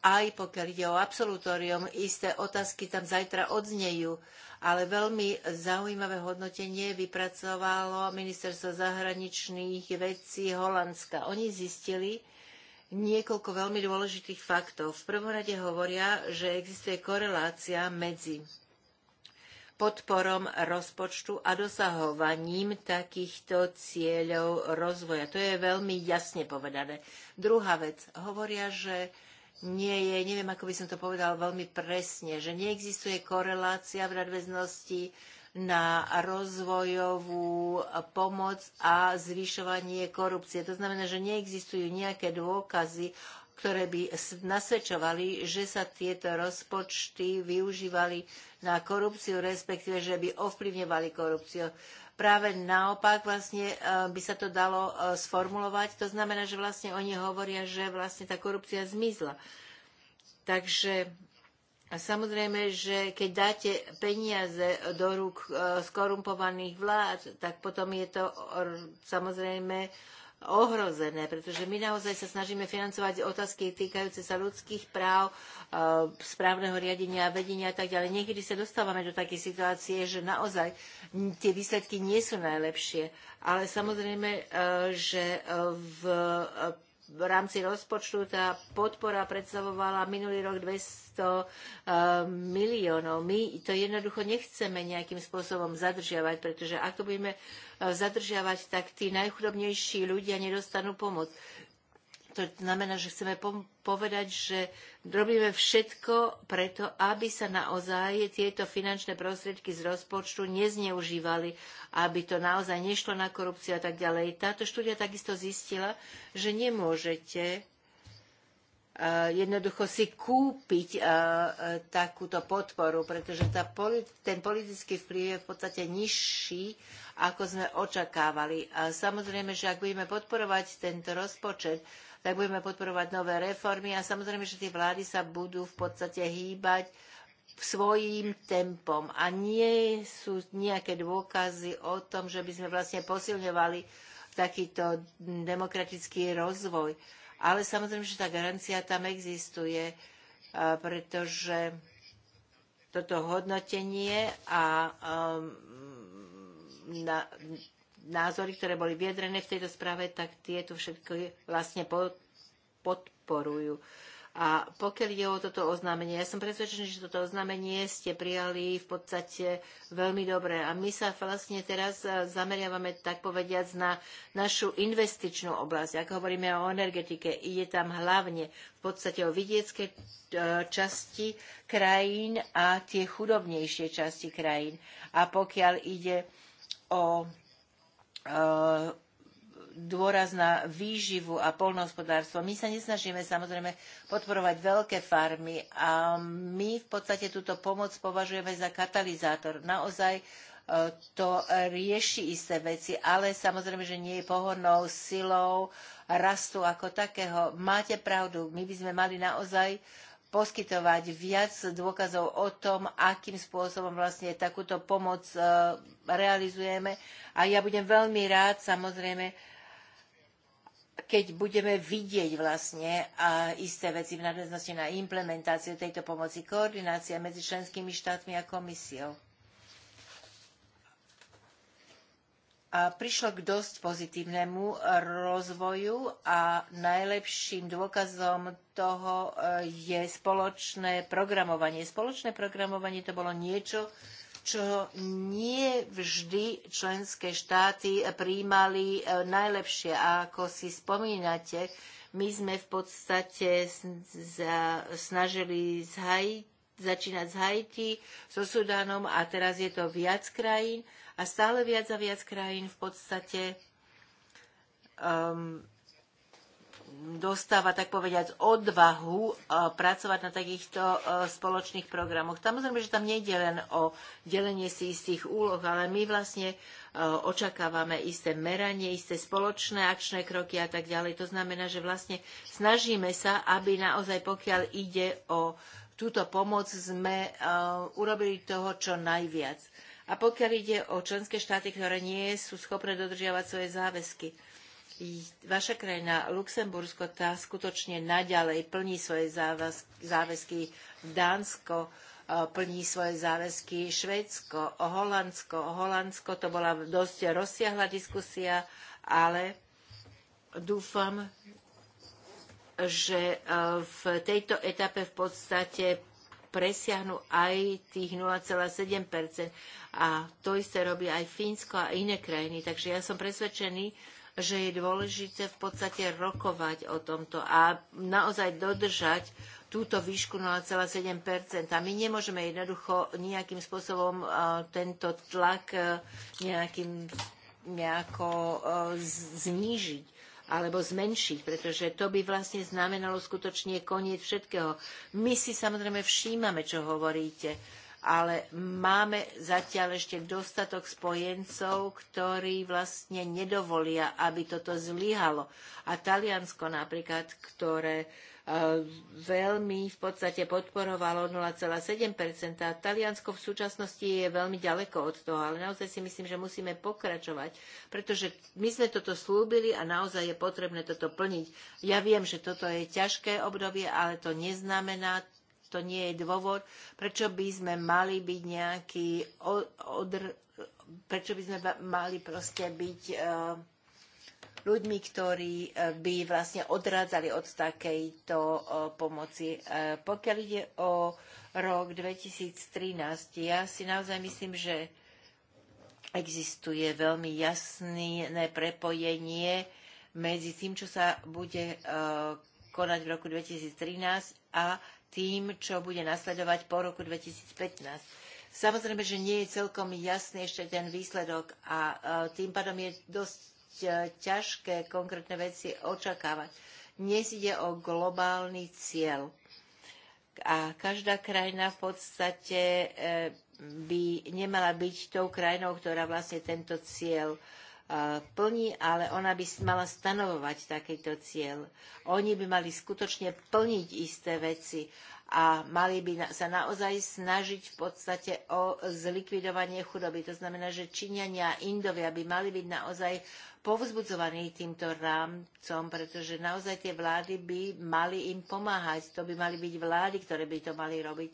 aj pokiaľ ide o absolutórium, isté otázky tam zajtra odznejú, ale veľmi zaujímavé hodnotenie vypracovalo Ministerstvo zahraničných vecí Holandska. Oni zistili niekoľko veľmi dôležitých faktov. V prvom rade hovoria, že existuje korelácia medzi podporom rozpočtu a dosahovaním takýchto cieľov rozvoja. To je veľmi jasne povedané. Druhá vec. Hovoria, že nie je, neviem, ako by som to povedal veľmi presne, že neexistuje korelácia v nadväznosti na rozvojovú pomoc a zvyšovanie korupcie. To znamená, že neexistujú nejaké dôkazy ktoré by nasvedčovali, že sa tieto rozpočty využívali na korupciu, respektíve, že by ovplyvňovali korupciu. Práve naopak vlastne e, by sa to dalo e, sformulovať. To znamená, že vlastne oni hovoria, že vlastne tá korupcia zmizla. Takže samozrejme, že keď dáte peniaze do rúk e, skorumpovaných vlád, tak potom je to samozrejme ohrozené, pretože my naozaj sa snažíme financovať otázky týkajúce sa ľudských práv, e, správneho riadenia, vedenia a tak ďalej. Niekedy sa dostávame do takej situácie, že naozaj tie výsledky nie sú najlepšie, ale samozrejme, e, že e, v v rámci rozpočtu tá podpora predstavovala minulý rok 200 eh, miliónov. My to jednoducho nechceme nejakým spôsobom zadržiavať, pretože ak to budeme eh, zadržiavať, tak tí najchudobnejší ľudia nedostanú pomoc. To znamená, že chceme povedať, že robíme všetko preto, aby sa naozaj tieto finančné prostriedky z rozpočtu nezneužívali, aby to naozaj nešlo na korupciu a tak ďalej. Táto štúdia takisto zistila, že nemôžete e, jednoducho si kúpiť e, e, takúto podporu, pretože tá, ten politický vplyv je v podstate nižší, ako sme očakávali. A samozrejme, že ak budeme podporovať tento rozpočet, tak budeme podporovať nové reformy a samozrejme, že tie vlády sa budú v podstate hýbať svojím tempom a nie sú nejaké dôkazy o tom, že by sme vlastne posilňovali takýto demokratický rozvoj. Ale samozrejme, že tá garancia tam existuje, pretože toto hodnotenie a na, názory, ktoré boli vyjadrené v tejto správe, tak tieto všetko vlastne podporujú. A pokiaľ ide o toto oznámenie, ja som presvedčený, že toto oznámenie ste prijali v podstate veľmi dobre. A my sa vlastne teraz e, zameriavame, tak povediac, na našu investičnú oblasť. Ak hovoríme o energetike, ide tam hlavne v podstate o vidiecké e, časti krajín a tie chudobnejšie časti krajín. A pokiaľ ide o E, dôraz na výživu a polnohospodárstvo. My sa nesnažíme samozrejme podporovať veľké farmy a my v podstate túto pomoc považujeme za katalizátor. Naozaj e, to rieši isté veci, ale samozrejme, že nie je pohodnou silou rastu ako takého. Máte pravdu, my by sme mali naozaj uh, poskytovať viac dôkazov o tom, akým spôsobom vlastne takúto pomoc e, realizujeme. A ja budem veľmi rád, samozrejme, keď budeme vidieť vlastne isté veci v nadväznosti na implementáciu tejto pomoci, koordinácia medzi členskými štátmi a komisiou. prišlo k dosť pozitívnemu rozvoju a najlepším dôkazom toho eh, je spoločné programovanie. Spoločné programovanie to bolo niečo, čo nie vždy členské štáty príjmali eh, najlepšie. A ako si spomínate, my sme v podstate snažili z začínať s Haiti, so Sudánom a teraz je to viac krajín a stále viac a viac krajín v podstate um, dostáva, tak povediať, odvahu uh, pracovať na takýchto uh, spoločných programoch. Samozrejme, že tam nejde len o delenie si istých úloh, ale my vlastne uh, očakávame isté meranie, isté spoločné akčné kroky a tak ďalej. To znamená, že vlastne snažíme sa, aby naozaj pokiaľ ide o túto pomoc, sme urobili toho čo najviac a pokiaľ ide o členské štáty, ktoré nie sú schopné dodržiavať svoje záväzky, vaša krajina, Luxembursko, tá skutočne naďalej plní svoje záväzky. Dánsko e, plní svoje záväzky. Švédsko, Holandsko. Holandsko to bola dosť rozsiahla diskusia, ale dúfam, že e, v tejto etape v podstate presiahnu aj tých 0,7 A to isté robí aj Fínsko a iné krajiny. Takže ja som presvedčený, že je dôležité v podstate rokovať o tomto a naozaj dodržať túto výšku 0,7 A my nemôžeme jednoducho nejakým spôsobom e, tento tlak e, nejakým, nejako e, znížiť alebo zmenšiť, pretože to by vlastne znamenalo skutočne koniec všetkého. My si samozrejme všímame, čo hovoríte, ale máme zatiaľ ešte dostatok spojencov, ktorí vlastne nedovolia, aby toto zlyhalo. A Taliansko napríklad, ktoré veľmi v podstate podporovalo 0,7 Taliansko v súčasnosti je veľmi ďaleko od toho, ale naozaj si myslím, že musíme pokračovať, pretože my sme toto slúbili a naozaj je potrebné toto plniť. Ja viem, že toto je ťažké obdobie, ale to neznamená to nie je dôvod, prečo by sme mali byť nejaký od, od, prečo by sme mali proste byť uh, ľuďmi, ktorí e, by vlastne odrádzali od takejto e, pomoci. E, pokiaľ ide o rok 2013, ja si naozaj myslím, že existuje veľmi jasné prepojenie medzi tým, čo sa bude konať v roku 2013 a tým, čo bude nasledovať po roku 2015. Samozrejme, že nie je celkom jasný ešte ten výsledok a tým pádom je dosť E, ťažké konkrétne veci očakávať. Dnes ide o globálny cieľ. A každá krajina v podstate e, by nemala byť tou krajinou, ktorá vlastne tento cieľ e, plní, ale ona by mala stanovovať takýto cieľ. Oni by mali skutočne plniť isté veci a mali by sa naozaj snažiť v podstate o zlikvidovanie chudoby. To znamená, že Číňania a Indovia by mali byť naozaj povzbudzovaní týmto rámcom, pretože naozaj tie vlády by mali im pomáhať. To by mali byť vlády, ktoré by to mali robiť.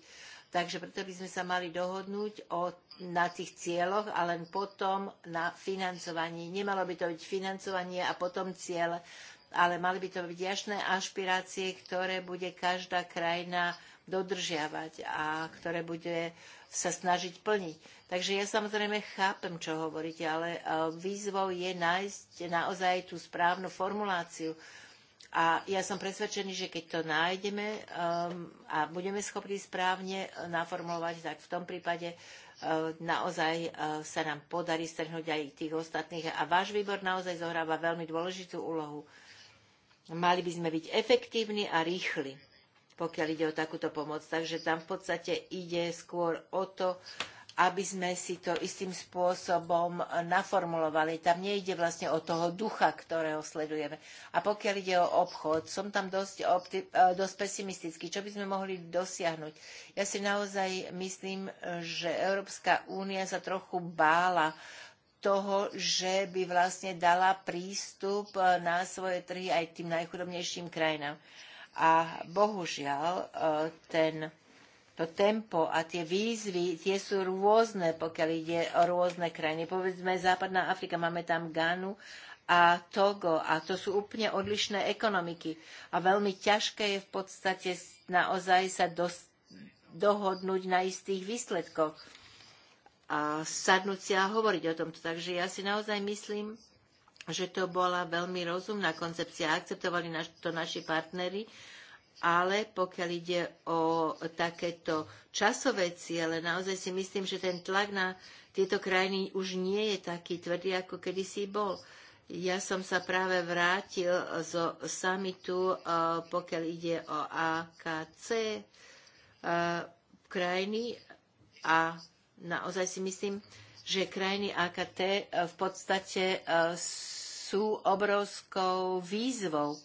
Takže preto by sme sa mali dohodnúť o, na tých cieľoch a len potom na financovaní. Nemalo by to byť financovanie a potom cieľ, ale mali by to byť jasné ašpirácie, ktoré bude každá krajina dodržiavať a ktoré bude sa snažiť plniť. Takže ja samozrejme chápem, čo hovoríte, ale e, výzvou je nájsť naozaj tú správnu formuláciu. A ja som presvedčený, že keď to nájdeme um, a budeme schopní správne e, naformulovať, tak v tom prípade e, naozaj sa nám podarí strhnúť aj tých ostatných. A váš výbor naozaj zohráva veľmi dôležitú úlohu. Mali by sme byť efektívni a rýchli, pokiaľ ide o takúto pomoc. Takže tam v podstate ide skôr o to, aby sme si to istým spôsobom naformulovali. Tam nejde vlastne o toho ducha, ktorého sledujeme. A pokiaľ ide o obchod, som tam dosť, opti- e, dosť pesimistický. Čo by sme mohli dosiahnuť? Ja si naozaj myslím, že Európska únia sa trochu bála uh, toho, že by vlastne dala prístup e, na svoje trhy aj tým najchudobnejším krajinám. A bohužiaľ, e, ten, to tempo a tie výzvy, tie sú rôzne, pokiaľ ide o rôzne krajiny. Povedzme, Západná Afrika, máme tam Ganu a Togo a to sú úplne odlišné ekonomiky. A veľmi ťažké je v podstate naozaj sa dos- dohodnúť na istých výsledkoch a sadnúť si a hovoriť o tomto. Takže ja si naozaj myslím, že to bola veľmi rozumná koncepcia. Akceptovali to naši partnery, ale pokiaľ ide o takéto časové ciele, naozaj si myslím, že ten tlak na tieto krajiny už nie je taký tvrdý, ako kedysi bol. Ja som sa práve vrátil zo samitu, e, pokiaľ ide o AKC e, krajiny a Naozaj si myslím, že krajiny AKT e, v podstate e, sú obrovskou výzvou.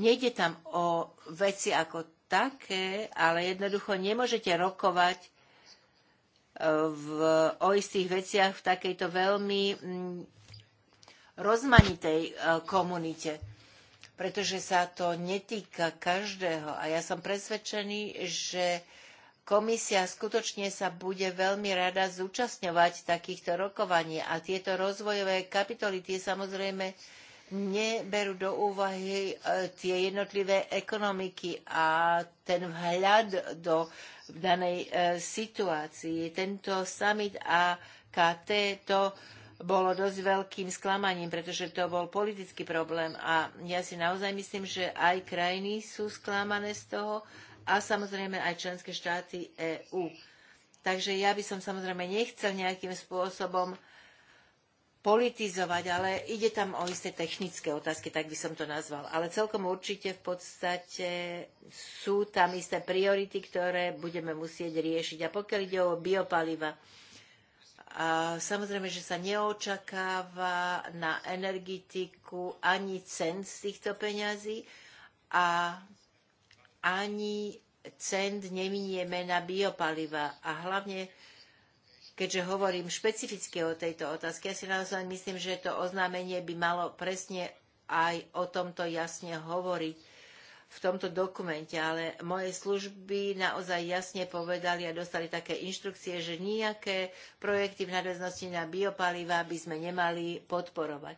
Nejde tam o veci ako také, ale jednoducho nemôžete rokovať e, v, o istých veciach v takejto veľmi mm, rozmanitej komunite, pretože sa to netýka každého. A ja som presvedčený, že Komisia skutočne sa bude veľmi rada zúčastňovať takýchto rokovaní a tieto rozvojové kapitoly tie samozrejme neberú do úvahy e, tie jednotlivé ekonomiky a ten vhľad do danej e, situácii. Tento summit AKT to bolo dosť veľkým sklamaním, pretože to bol politický problém a ja si naozaj myslím, že aj krajiny sú sklamané z toho, a samozrejme aj členské štáty EÚ. Takže ja by som samozrejme nechcel nejakým spôsobom politizovať, ale ide tam o isté technické otázky, tak by som to nazval. Ale celkom určite v podstate sú tam isté priority, ktoré budeme musieť riešiť. A pokiaľ ide o biopaliva, a samozrejme, že sa neočakáva na energetiku ani cen z týchto peňazí a ani cent neminieme na biopaliva. A hlavne, keďže hovorím špecificky o tejto otázke, ja si naozaj myslím, že to oznámenie by malo presne aj o tomto jasne hovoriť v tomto dokumente, ale moje služby naozaj jasne povedali a dostali také inštrukcie, že nejaké projekty v nadväznosti na biopaliva by sme nemali podporovať.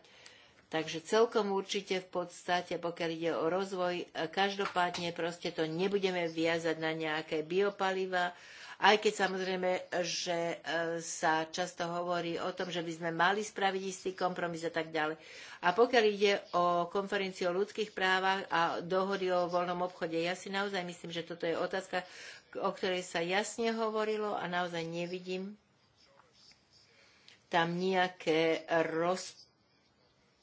Takže celkom určite v podstate, pokiaľ ide o rozvoj, e, každopádne proste to nebudeme viazať na nejaké biopaliva, aj keď samozrejme, že e, sa často hovorí o tom, že by sme mali spraviť istý kompromis a tak ďalej. A pokiaľ ide o konferenciu o ľudských právach a dohody o voľnom obchode, ja si naozaj myslím, že toto je otázka, o ktorej sa jasne hovorilo a naozaj nevidím tam nejaké rozpočty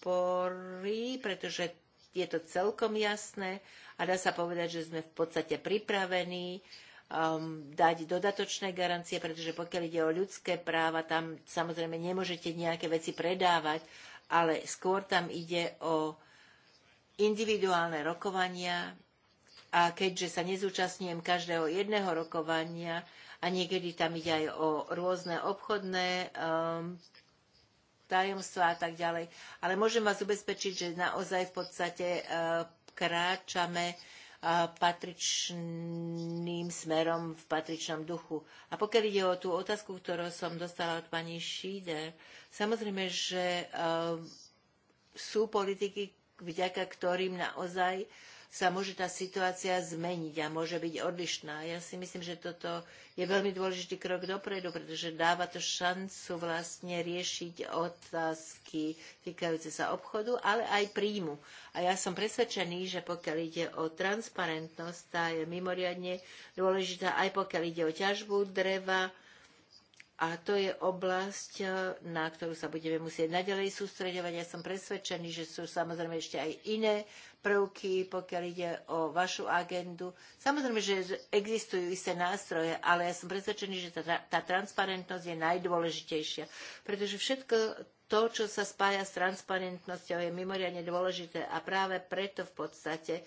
podpory, pretože je to celkom jasné a dá sa povedať, že sme v podstate pripravení um, dať dodatočné garancie, pretože pokiaľ ide o ľudské práva, tam samozrejme nemôžete nejaké veci predávať, ale skôr tam ide o individuálne rokovania a keďže sa nezúčastňujem každého jedného rokovania, a niekedy tam ide aj o rôzne obchodné um, tajomstva a tak ďalej. Ale môžem vás ubezpečiť, že naozaj v podstate e, kráčame e, patričným smerom v patričnom duchu. A pokiaľ ide o tú otázku, ktorú som dostala od pani Šíder, samozrejme, že e, sú politiky, vďaka ktorým naozaj uh, sa môže tá situácia zmeniť a môže byť odlišná. Ja si myslím, že toto je veľmi dôležitý krok dopredu, pretože dáva to šancu vlastne riešiť otázky týkajúce sa obchodu, ale aj príjmu. A ja som presvedčený, že pokiaľ ide o transparentnosť, tá je mimoriadne dôležitá, aj pokiaľ ide o ťažbu dreva, a to je oblasť, eh, na ktorú sa budeme musieť naďalej sústredovať. Ja som presvedčený, že sú samozrejme ešte aj iné prvky, pokiaľ ide o vašu agendu. Samozrejme, že existujú isté nástroje, ale ja som presvedčený, že tá, tá transparentnosť je najdôležitejšia, pretože všetko to, čo sa spája s transparentnosťou, je mimoriadne dôležité a práve preto v podstate,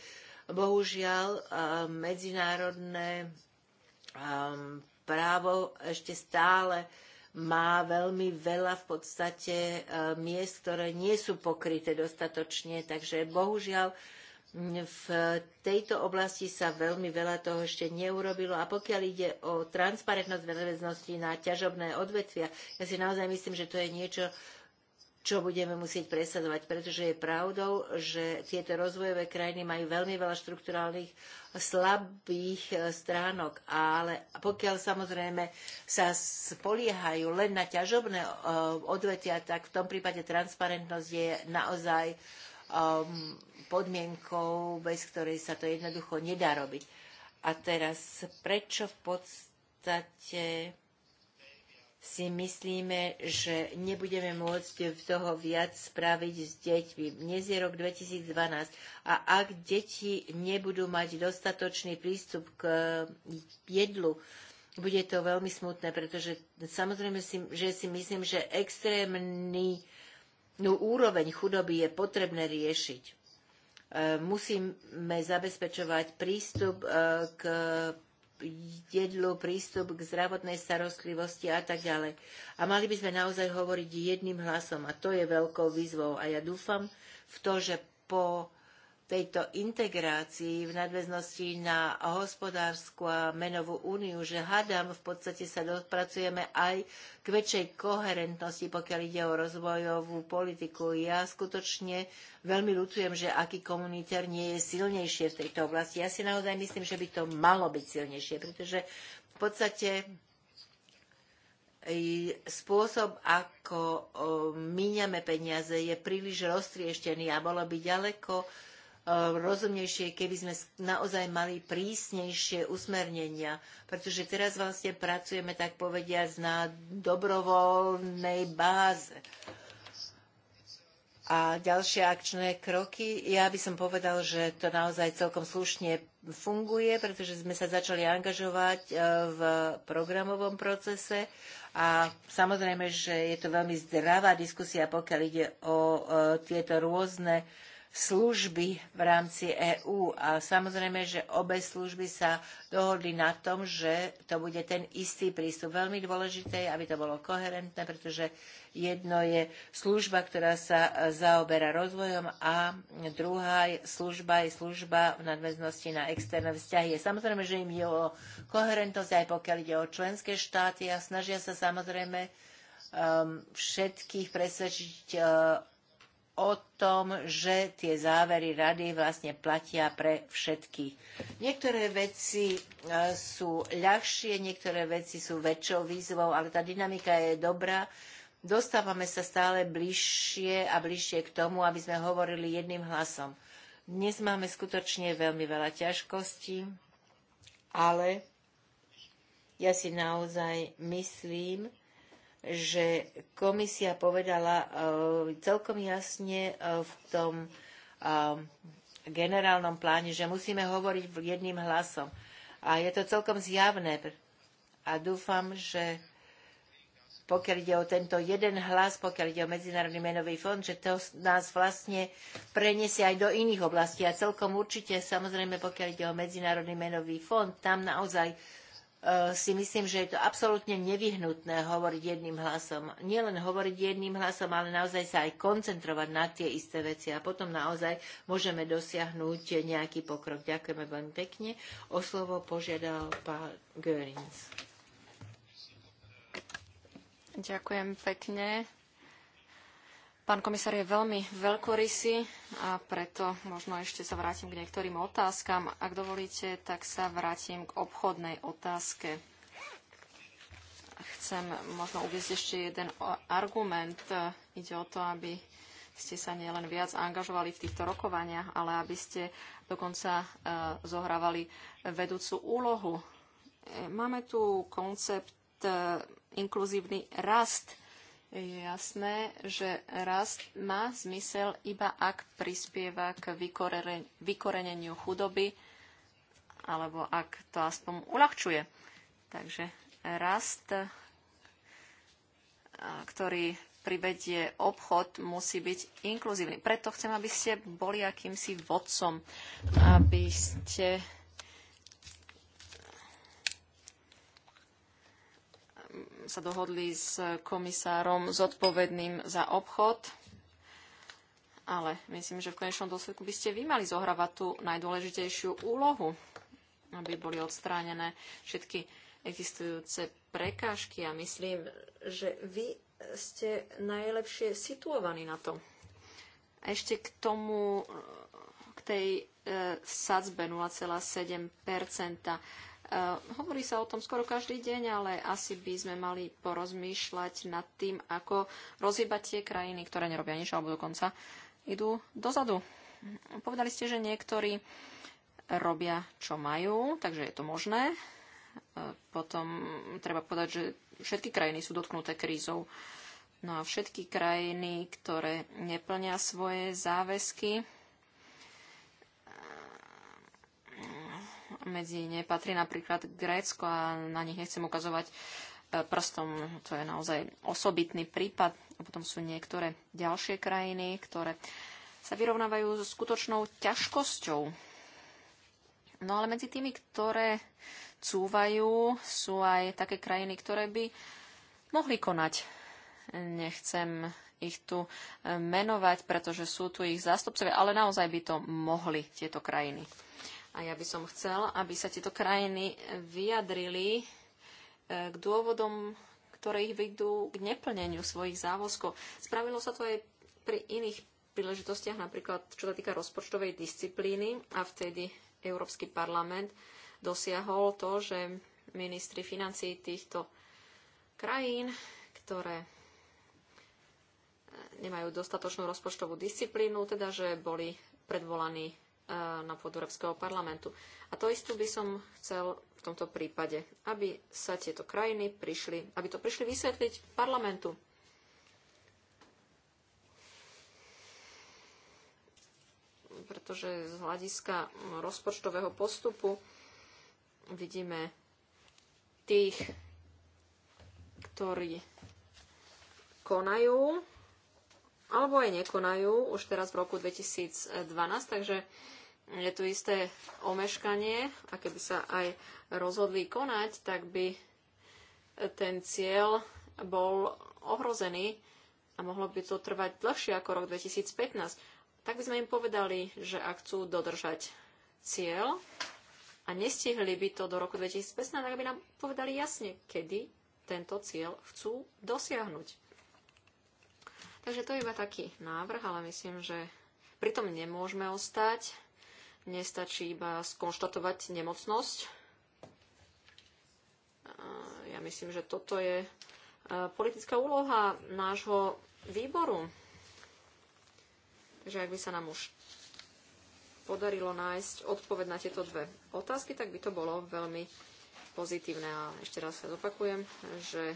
bohužiaľ, eh, medzinárodné eh, právo ešte stále má veľmi veľa v podstate e, miest, ktoré nie sú pokryté dostatočne, takže bohužiaľ v tejto oblasti sa veľmi veľa toho ešte neurobilo. A pokiaľ ide o transparentnosť väznosti na ťažobné odvetvia, ja si naozaj myslím, že to je niečo, čo budeme musieť presadovať, pretože je pravdou, že tieto rozvojové krajiny majú veľmi veľa štrukturálnych slabých e, stránok, ale pokiaľ samozrejme sa spoliehajú len na ťažobné e, odvetia, tak v tom prípade transparentnosť je naozaj e, podmienkou, bez ktorej sa to jednoducho nedá robiť. A teraz prečo v podstate si myslíme, že nebudeme môcť toho viac spraviť s deťmi. Dnes je rok 2012 a ak deti nebudú mať dostatočný prístup k jedlu, bude to veľmi smutné, pretože samozrejme si, že si myslím, že extrémny no, úroveň chudoby je potrebné riešiť. E, musíme zabezpečovať prístup e, k jedlu, prístup k zdravotnej starostlivosti a tak ďalej. A mali by sme naozaj hovoriť jedným hlasom a to je veľkou výzvou. A ja dúfam v to, že po tejto integrácii v nadväznosti na hospodárskú a menovú úniu, že hádam v podstate sa dopracujeme aj k väčšej koherentnosti, pokiaľ ide o rozvojovú politiku. Ja skutočne veľmi ľutujem, že aký komunitár nie je silnejšie v tejto oblasti. Ja si naozaj myslím, že by to malo byť silnejšie, pretože v podstate e, spôsob, ako e, míňame peniaze, je príliš roztrieštený a bolo by ďaleko Ehm, rozumnejšie, keby sme naozaj mali prísnejšie usmernenia, pretože teraz vlastne pracujeme, tak povediať, na dobrovoľnej báze. A ďalšie akčné kroky, ja by som povedal, že to naozaj celkom slušne funguje, pretože sme sa začali angažovať ehm, v programovom procese a samozrejme, že je to veľmi zdravá diskusia, pokiaľ ide o ehm, tieto rôzne služby v rámci EÚ. A samozrejme, že obe služby sa dohodli na tom, že to bude ten istý prístup. Veľmi dôležité je, aby to bolo koherentné, pretože jedno je služba, ktorá sa zaoberá rozvojom a druhá služba je služba v nadväznosti na externé vzťahy. Samozrejme, že im je o koherentnosť, aj pokiaľ ide o členské štáty a snažia sa samozrejme um, všetkých presvedčiť uh, o tom, že tie závery rady vlastne platia pre všetky. Niektoré veci e, sú ľahšie, niektoré veci sú väčšou výzvou, ale tá dynamika je dobrá. Dostávame sa stále bližšie a bližšie k tomu, aby sme hovorili jedným hlasom. Dnes máme skutočne veľmi veľa ťažkostí, ale ja si naozaj myslím, že komisia povedala eh, celkom jasne eh, v tom eh, generálnom pláne, že musíme hovoriť jedným hlasom. A je to celkom zjavné. A dúfam, že pokiaľ ide o tento jeden hlas, pokiaľ ide o Medzinárodný menový fond, že to nás vlastne preniesie aj do iných oblastí. A celkom určite, samozrejme, pokiaľ ide o Medzinárodný menový fond, tam naozaj Eh, si myslím, že je to absolútne nevyhnutné hovoriť jedným hlasom. Nielen hovoriť jedným hlasom, ale naozaj sa aj koncentrovať na tie isté veci a potom naozaj môžeme dosiahnuť nejaký pokrok. Ďakujeme veľmi pekne. O slovo požiadal pán Görins. Ďakujem pekne. Pán komisár je veľmi veľkorysý a preto možno ešte sa vrátim k niektorým otázkam. Ak dovolíte, tak sa vrátim k obchodnej otázke. Chcem možno uvieť ešte jeden argument. Ide o to, aby ste sa nielen viac angažovali v týchto rokovaniach, ale aby ste dokonca e, zohrávali vedúcu úlohu. E, máme tu koncept e, inkluzívny rast je jasné, že rast má zmysel iba ak prispieva k vykoreneniu chudoby, alebo ak to aspoň uľahčuje. Takže rast, ktorý privedie obchod, musí byť inkluzívny. Preto chcem, aby ste boli akýmsi vodcom, aby ste sa dohodli s komisárom zodpovedným za obchod. Ale myslím, že v konečnom dôsledku by ste vy mali zohrávať tú najdôležitejšiu úlohu, aby boli odstránené všetky existujúce prekážky a myslím, že vy ste najlepšie situovaní na to. A ešte k tomu, k tej e, sadzbe 0,7 Eh, hovorí sa o tom skoro každý deň, ale asi by sme mali porozmýšľať nad tým, ako rozhýbať tie krajiny, ktoré nerobia nič alebo dokonca idú dozadu. Povedali ste, že niektorí robia, čo majú, takže je to možné. Eh, potom treba povedať, že všetky krajiny sú dotknuté krízou. No a všetky krajiny, ktoré neplnia svoje záväzky, medzi ne patrí napríklad Grécko a na nich nechcem ukazovať e, prstom, to je naozaj osobitný prípad. A potom sú niektoré ďalšie krajiny, ktoré sa vyrovnávajú so skutočnou ťažkosťou. No ale medzi tými, ktoré cúvajú, sú aj také krajiny, ktoré by mohli konať. Nechcem ich tu e, menovať, pretože sú tu ich zástupcovia, ale naozaj by to mohli tieto krajiny. A ja by som chcel, aby sa tieto krajiny vyjadrili e, k dôvodom, ktoré ich vedú k neplneniu svojich záväzkov. Spravilo sa to aj pri iných príležitostiach, napríklad čo sa týka rozpočtovej disciplíny a vtedy Európsky parlament dosiahol to, že ministri financí týchto krajín, ktoré e, nemajú dostatočnú rozpočtovú disciplínu, teda že boli predvolaní E, na pôdu Európskeho parlamentu. A to istú by som chcel v tomto prípade, aby sa tieto krajiny prišli, aby to prišli vysvetliť parlamentu. Pretože z hľadiska rozpočtového postupu vidíme tých, ktorí konajú alebo aj nekonajú už teraz v roku 2012, takže je tu isté omeškanie a keby sa aj rozhodli konať, tak by ten cieľ bol ohrozený a mohlo by to trvať dlhšie ako rok 2015. Tak by sme im povedali, že ak chcú dodržať cieľ a nestihli by to do roku 2015, tak by nám povedali jasne, kedy tento cieľ chcú dosiahnuť. Takže to je iba taký návrh, ale myslím, že pritom nemôžeme ostať Nestačí iba skonštatovať nemocnosť. Ja myslím, že toto je politická úloha nášho výboru. Takže ak by sa nám už podarilo nájsť odpoveď na tieto dve otázky, tak by to bolo veľmi pozitívne. A ešte raz sa zopakujem, že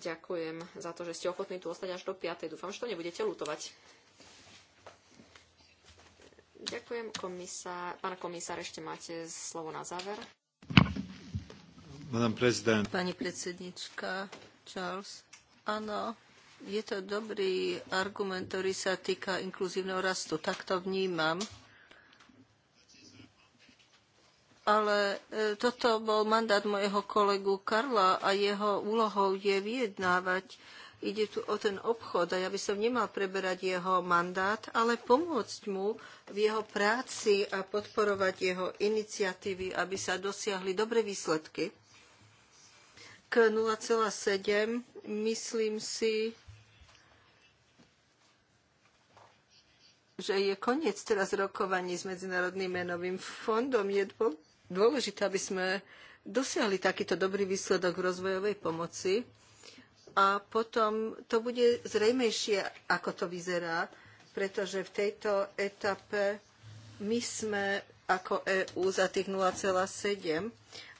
ďakujem za to, že ste ochotní tu ostať až do 5. Dúfam, že to nebudete lutovať. Ďakujem, komisár. Pán komisár, ešte máte slovo na záver. Pani predsednička Charles, áno, je to dobrý argument, ktorý sa týka inkluzívneho rastu. Tak to vnímam. Ale e, toto bol mandát mojho kolegu Karla a jeho úlohou je vyjednávať Ide tu o ten obchod a ja by som nemal preberať jeho mandát, ale pomôcť mu v jeho práci a podporovať jeho iniciatívy, aby sa dosiahli dobré výsledky. K 0,7 myslím si, že je koniec teraz rokovaní s Medzinárodným menovým fondom. Je dôležité, aby sme dosiahli takýto dobrý výsledok v rozvojovej pomoci a potom to bude zrejmejšie, ako to vyzerá, pretože v tejto etape my sme ako EÚ za tých 0,7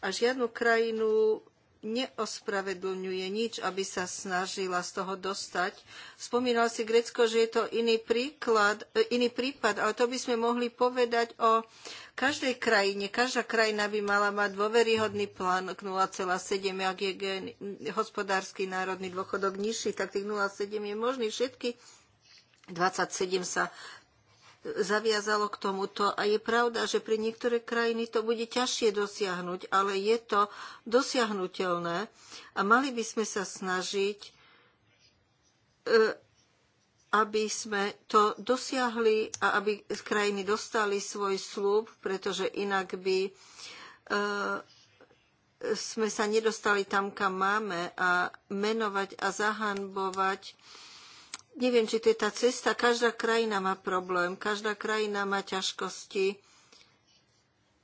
a žiadnu krajinu neospravedlňuje nič, aby sa snažila z toho dostať. Spomínal si Grecko, že je to iný, príklad, e, iný prípad, ale to by sme mohli povedať o každej krajine, každá krajina by mala mať dôveryhodný plán k 0,7, ak je hospodársky národný dôchodok nižší, tak tých 0,7 je možný. Všetky 27 sa zaviazalo k tomuto a je pravda, že pre niektoré krajiny to bude ťažšie dosiahnuť, ale je to dosiahnutelné a mali by sme sa snažiť e, aby sme to dosiahli a aby krajiny dostali svoj slúb, pretože inak by e, sme sa nedostali tam, kam máme a menovať a zahanbovať. Neviem, či to je tá cesta. Každá krajina má problém, každá krajina má ťažkosti,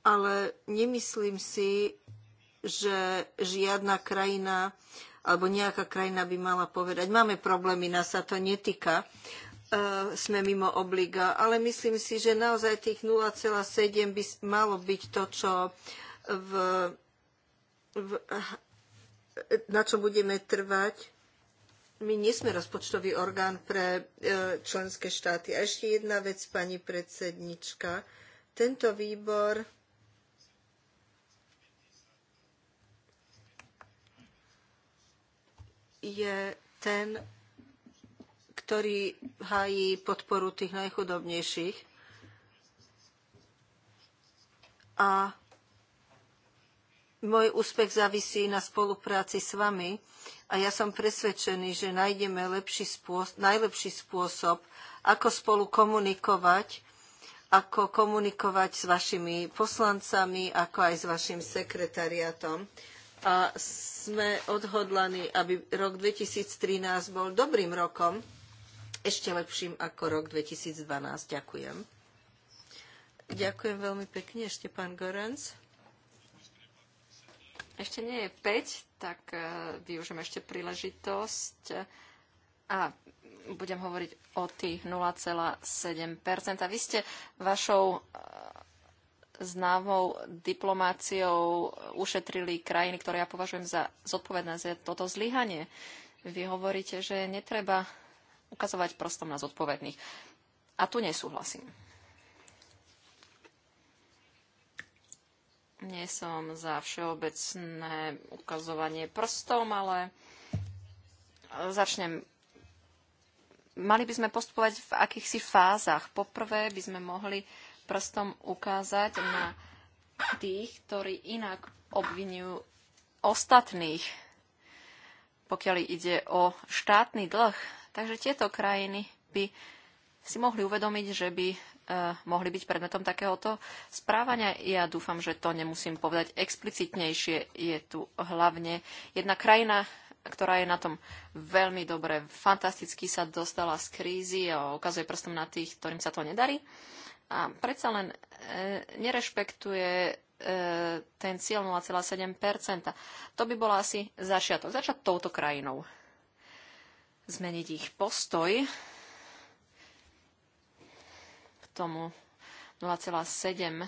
ale nemyslím si, že žiadna krajina alebo nejaká krajina by mala povedať, máme problémy, nás sa to netýka, e, sme mimo obliga, ale myslím si, že naozaj tých 0,7 by malo byť to, čo v, v, na čo budeme trvať. My nie sme rozpočtový orgán pre e, členské štáty. A ešte jedna vec, pani predsednička. Tento výbor je ten, ktorý hájí podporu tých najchudobnejších. A môj úspech závisí na spolupráci s vami a ja som presvedčený, že nájdeme lepší spôsob, najlepší spôsob, ako spolu komunikovať, ako komunikovať s vašimi poslancami, ako aj s vašim sekretariatom a sme odhodlaní, aby rok 2013 bol dobrým rokom, ešte lepším ako rok 2012. Ďakujem. Ďakujem veľmi pekne. Ešte pán Gorenc. Ešte nie je 5, tak e, využijem ešte príležitosť a budem hovoriť o tých 0,7%. A Vy ste vašou e, známou diplomáciou ušetrili krajiny, ktoré ja považujem za zodpovedné za toto zlyhanie. Vy hovoríte, že netreba ukazovať prstom na zodpovedných. A tu nesúhlasím. Nie som za všeobecné ukazovanie prstom, ale začnem. Mali by sme postupovať v akýchsi fázach. Poprvé by sme mohli uh, prstom ukázať na tých, ktorí inak obvinujú ostatných, pokiaľ ide o štátny dlh. Takže tieto krajiny by si mohli uvedomiť, že by e, mohli byť predmetom takéhoto správania. Ja dúfam, že to nemusím povedať explicitnejšie. Je tu hlavne jedna krajina, ktorá je na tom veľmi dobre, fantasticky sa dostala z krízy a ukazuje prstom na tých, ktorým sa to nedarí a predsa len e, nerešpektuje e, ten cieľ 0,7 To by bola asi začiatok. Začať touto krajinou. Zmeniť ich postoj k tomu 0,7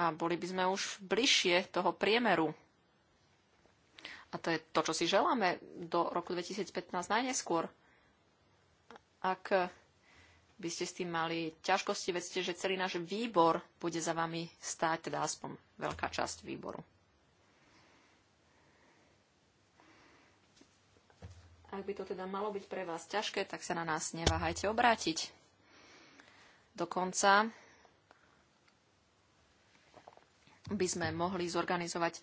a boli by sme už bližšie toho priemeru. A to je to, čo si želáme do roku 2015 najneskôr. Ak by ste s tým mali ťažkosti, vedzte, že celý náš výbor bude za vami stáť, teda aspoň veľká časť výboru. Ak by to teda malo byť pre vás ťažké, tak sa na nás neváhajte obrátiť. Dokonca by sme mohli zorganizovať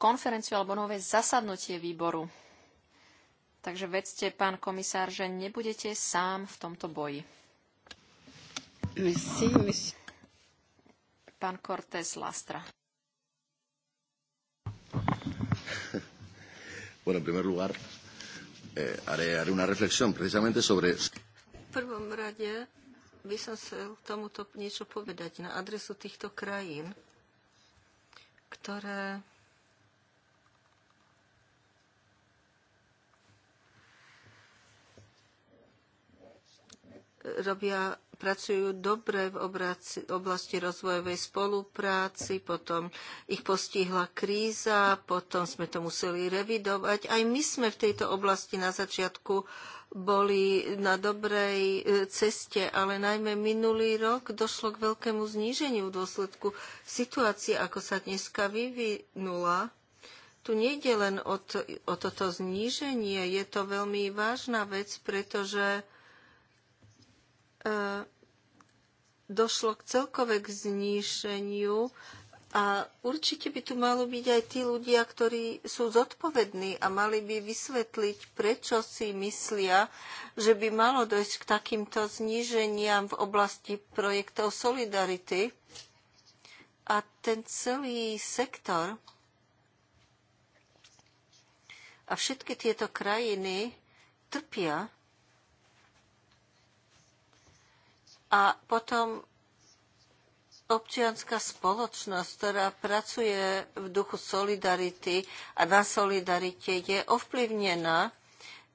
konferenciu alebo nové zasadnutie výboru. Takže vedzte, pán komisár, že nebudete sám v tomto boji. Merci, Pán Cortés Lastra. <laughs> Bueno, en primer lugar, eh, haré, haré una reflexión precisamente sobre... V prvom rade by som chcel tomuto niečo povedať na adresu týchto krajín, ktoré robia pracujú dobre v oblasti rozvojovej spolupráci, potom ich postihla kríza, potom sme to museli revidovať. Aj my sme v tejto oblasti na začiatku boli na dobrej e, ceste, ale najmä minulý rok došlo k veľkému zníženiu v dôsledku situácie, ako sa dneska vyvinula. Tu nejde len o, to, o toto zníženie, je to veľmi vážna vec, pretože E, došlo k celkové k zníšeniu a určite by tu malo byť aj tí ľudia, ktorí sú zodpovední a mali by vysvetliť, prečo si myslia, že by malo dojsť k takýmto zníženiam v oblasti projektov Solidarity. A ten celý sektor a všetky tieto krajiny trpia A potom občianská spoločnosť, ktorá pracuje v duchu solidarity a na solidarite je ovplyvnená.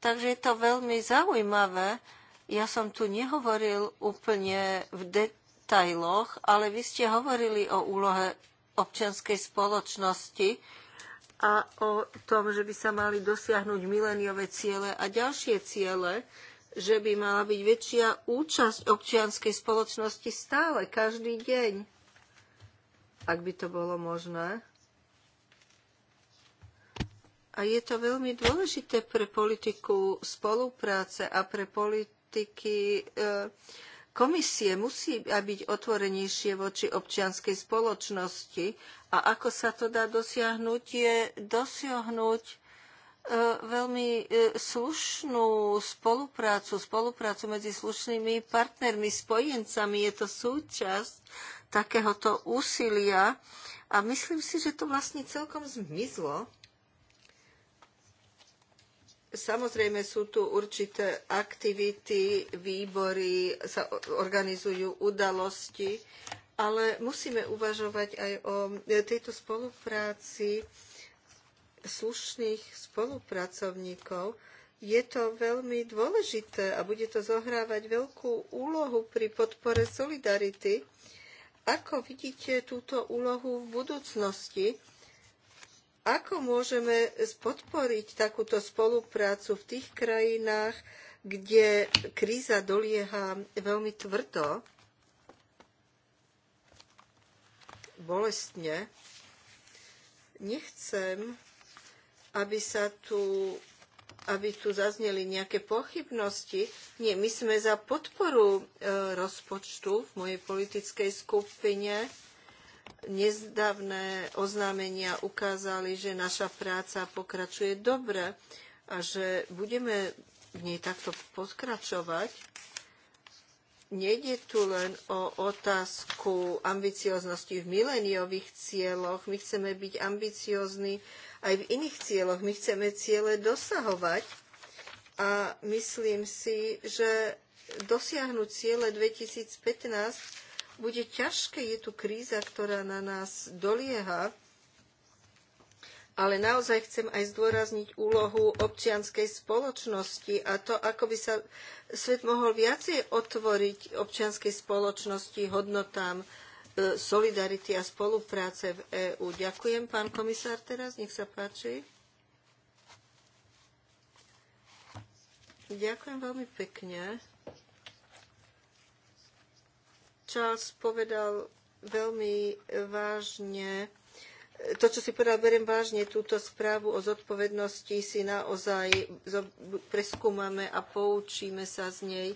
Takže je to veľmi zaujímavé. Ja som tu nehovoril úplne v detailoch, ale vy ste hovorili o úlohe občianskej spoločnosti a o tom, že by sa mali dosiahnuť mileniové ciele a ďalšie ciele že by mala byť väčšia účasť občianskej spoločnosti stále, každý deň, ak by to bolo možné. A je to veľmi dôležité pre politiku spolupráce a pre politiky e, komisie. Musí byť otvorenejšie voči občianskej spoločnosti. A ako sa to dá dosiahnuť, je dosiahnuť E, veľmi e, slušnú spoluprácu, spoluprácu medzi slušnými partnermi, spojencami. Je to súčasť takéhoto úsilia a myslím si, že to vlastne celkom zmizlo. Samozrejme sú tu určité aktivity, výbory, sa organizujú udalosti, ale musíme uvažovať aj o e, tejto spolupráci slušných spolupracovníkov, je to veľmi dôležité a bude to zohrávať veľkú úlohu pri podpore solidarity. Ako vidíte túto úlohu v budúcnosti? Ako môžeme podporiť takúto spoluprácu v tých krajinách, kde kríza dolieha veľmi tvrdo, bolestne? Nechcem aby sa tu aby tu zazneli nejaké pochybnosti. Nie, my sme za podporu e, rozpočtu v mojej politickej skupine. Nezdávne oznámenia ukázali, že naša práca pokračuje dobre a že budeme v nej takto pokračovať. Nejde tu len o otázku ambicioznosti v mileniových cieľoch. My chceme byť ambiciózni aj v iných cieľoch. My chceme ciele dosahovať a myslím si, že dosiahnuť ciele 2015 bude ťažké. Je tu kríza, ktorá na nás dolieha. Ale naozaj chcem aj zdôrazniť úlohu občianskej spoločnosti a to, ako by sa svet mohol viacej otvoriť občianskej spoločnosti, hodnotám, E, solidarity a spolupráce v EÚ. Ďakujem, pán komisár, teraz nech sa páči. Ďakujem veľmi pekne. Charles povedal veľmi vážne, to, čo si povedal, beriem vážne túto správu o zodpovednosti, si naozaj preskúmame a poučíme sa z nej.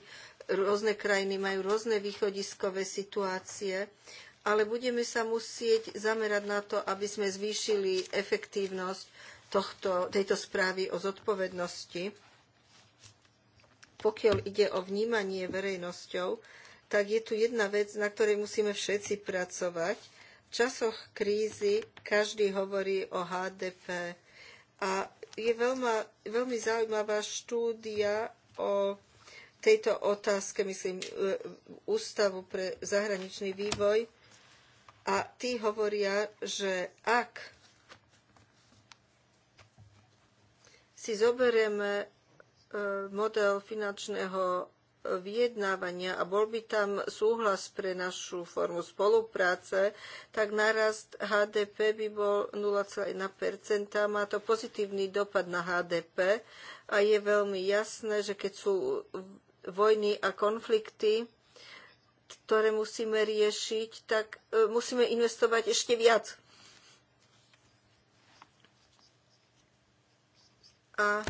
Rôzne krajiny majú rôzne východiskové situácie ale budeme sa musieť zamerať na to, aby sme zvýšili efektívnosť tohto, tejto správy o zodpovednosti. Pokiaľ ide o vnímanie verejnosťou, tak je tu jedna vec, na ktorej musíme všetci pracovať. V časoch krízy každý hovorí o HDP a je veľma, veľmi zaujímavá štúdia o tejto otázke, myslím, e, Ústavu pre zahraničný vývoj, a tí hovoria, že ak si zoberieme e, model finančného vyjednávania a bol by tam súhlas pre našu formu spolupráce, tak narast HDP by bol 0,1%. Má to pozitívny dopad na HDP a je veľmi jasné, že keď sú vojny a konflikty, ktoré musíme riešiť, tak e, musíme investovať ešte viac. A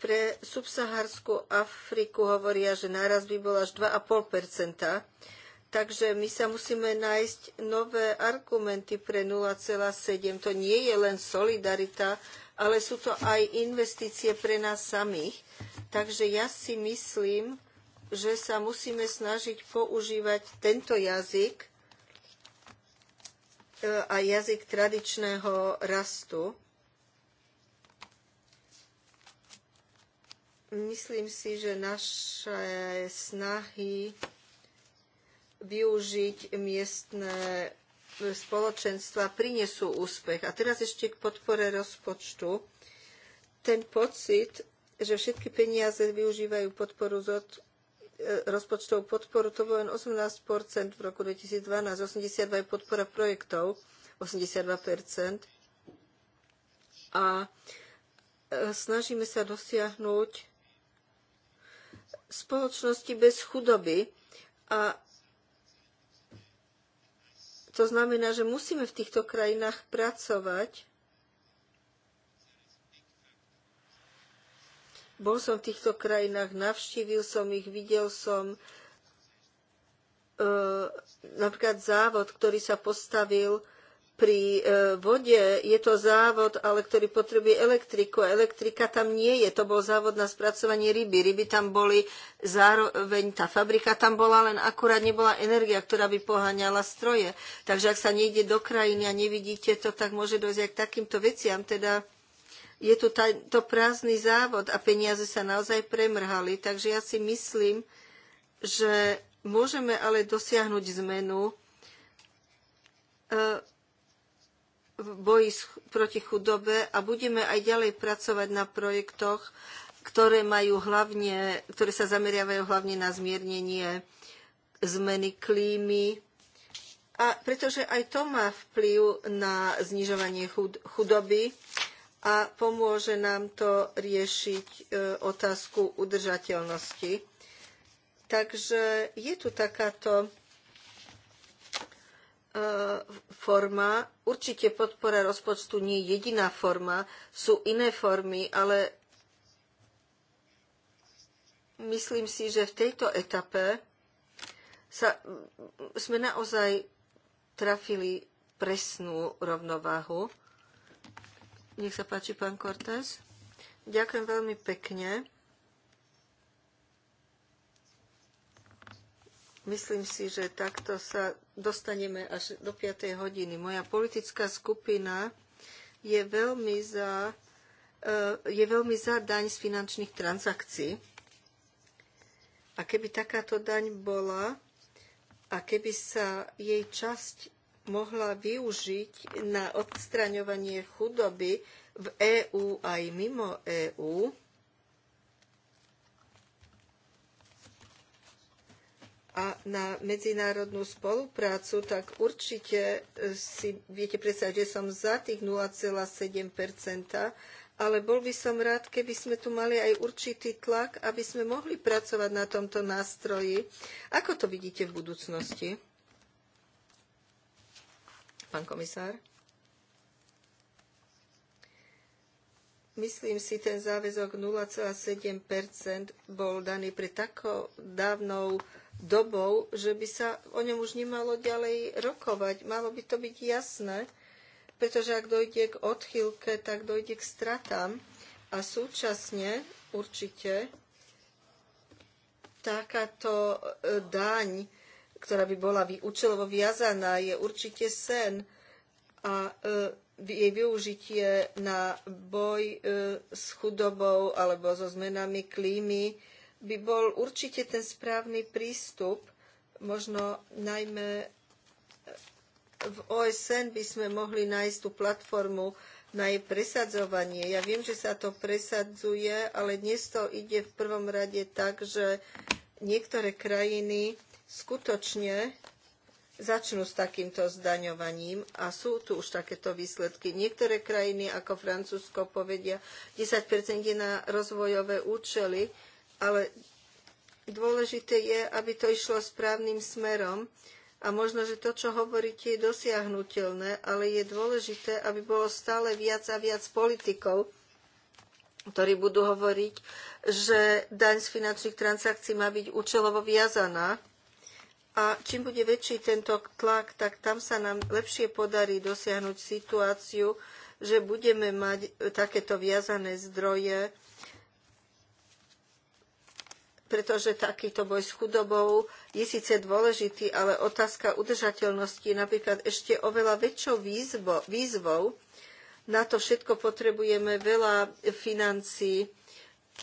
pre subsahárskú Afriku hovoria, že náraz by bol až 2,5 Takže my sa musíme nájsť nové argumenty pre 0,7. To nie je len solidarita, ale sú to aj investície pre nás samých. Takže ja si myslím, že sa musíme snažiť používať tento jazyk e, a jazyk tradičného rastu. Myslím si, že naše snahy využiť miestne spoločenstva prinesú úspech. A teraz ešte k podpore rozpočtu. Ten pocit, že všetky peniaze využívajú podporu z rozpočtovú podporu, to bolo len 18 v roku 2012, 82 je podpora projektov, 82 A e, snažíme sa dosiahnuť spoločnosti bez chudoby a to znamená, že musíme v týchto krajinách pracovať Bol som v týchto krajinách, navštívil som ich, videl som e, napríklad závod, ktorý sa postavil pri e, vode. Je to závod, ale ktorý potrebuje elektriku. Elektrika tam nie je. To bol závod na spracovanie ryby. Ryby tam boli zároveň. Tá fabrika tam bola, len akurát nebola energia, ktorá by poháňala stroje. Takže ak sa nejde do krajiny a nevidíte to, tak môže dojsť aj k takýmto veciam. Teda je tu tento prázdny závod a peniaze sa naozaj premrhali. Takže ja si myslím, že môžeme ale dosiahnuť zmenu e, v boji proti chudobe a budeme aj ďalej pracovať na projektoch, ktoré, majú hlavne, ktoré sa zameriavajú hlavne na zmiernenie zmeny klímy, a pretože aj to má vplyv na znižovanie chudoby a pomôže nám to riešiť e, otázku udržateľnosti. Takže je tu takáto e, forma. Určite podpora rozpočtu nie je jediná forma, sú iné formy, ale myslím si, že v tejto etape sa, sme naozaj trafili presnú rovnováhu nech sa páči, pán Cortés. Ďakujem veľmi pekne. Myslím si, že takto sa dostaneme až do 5. hodiny. Moja politická skupina je veľmi za, eh, je veľmi za daň z finančných transakcií. A keby takáto daň bola a keby sa jej časť mohla využiť na odstraňovanie chudoby v EÚ aj mimo EÚ. a na medzinárodnú spoluprácu, tak určite e, si viete predstaviť, že som za tých 0,7 ale bol by som rád, keby sme tu mali aj určitý tlak, aby sme mohli pracovať na tomto nástroji. Ako to vidíte v budúcnosti? pán komisár. Myslím si, ten záväzok 0,7 bol daný pre takou dávnou dobou, že by sa o ňom už nemalo ďalej rokovať. Malo by to byť jasné, pretože ak dojde k odchýlke, tak dojde k stratám a súčasne určite takáto e, daň ktorá by bola účelovo viazaná, je určite sen a e, jej využitie na boj e, s chudobou alebo so zmenami klímy by bol určite ten správny prístup. Možno najmä e, v OSN by sme mohli nájsť tú platformu na jej presadzovanie. Ja viem, že sa to presadzuje, ale dnes to ide v prvom rade tak, že niektoré krajiny skutočne začnú s takýmto zdaňovaním a sú tu už takéto výsledky. Niektoré krajiny ako Francúzsko povedia 10% je na rozvojové účely, ale dôležité je, aby to išlo správnym smerom a možno, že to, čo hovoríte, je dosiahnutelné, ale je dôležité, aby bolo stále viac a viac politikov, ktorí budú hovoriť, že daň z finančných transakcií má byť účelovo viazaná a čím bude väčší tento tlak, tak tam sa nám lepšie podarí dosiahnuť situáciu, že budeme mať e, takéto viazané zdroje, pretože takýto boj s chudobou je síce dôležitý, ale otázka udržateľnosti je napríklad ešte oveľa väčšou výzvou. Na to všetko potrebujeme veľa financí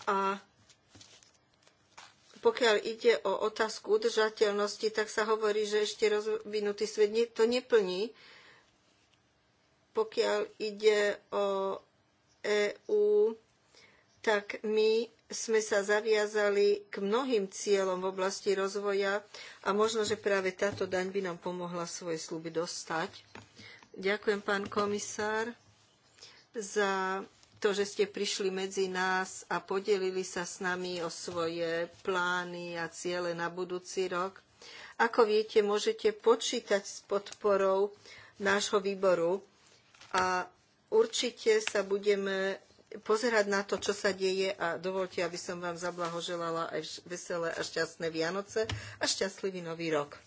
a pokiaľ ide o otázku udržateľnosti, tak sa hovorí, že ešte rozvinutý svet to neplní. Pokiaľ ide o EÚ, tak my sme sa zaviazali k mnohým cieľom v oblasti rozvoja a možno, že práve táto daň by nám pomohla svoje sluby dostať. Ďakujem, pán komisár, za to, že ste prišli medzi nás a podelili sa s nami o svoje plány a ciele na budúci rok. Ako viete, môžete počítať s podporou nášho výboru a určite sa budeme pozerať na to, čo sa deje a dovolte, aby som vám zablahoželala aj veselé a šťastné Vianoce a šťastlivý nový rok.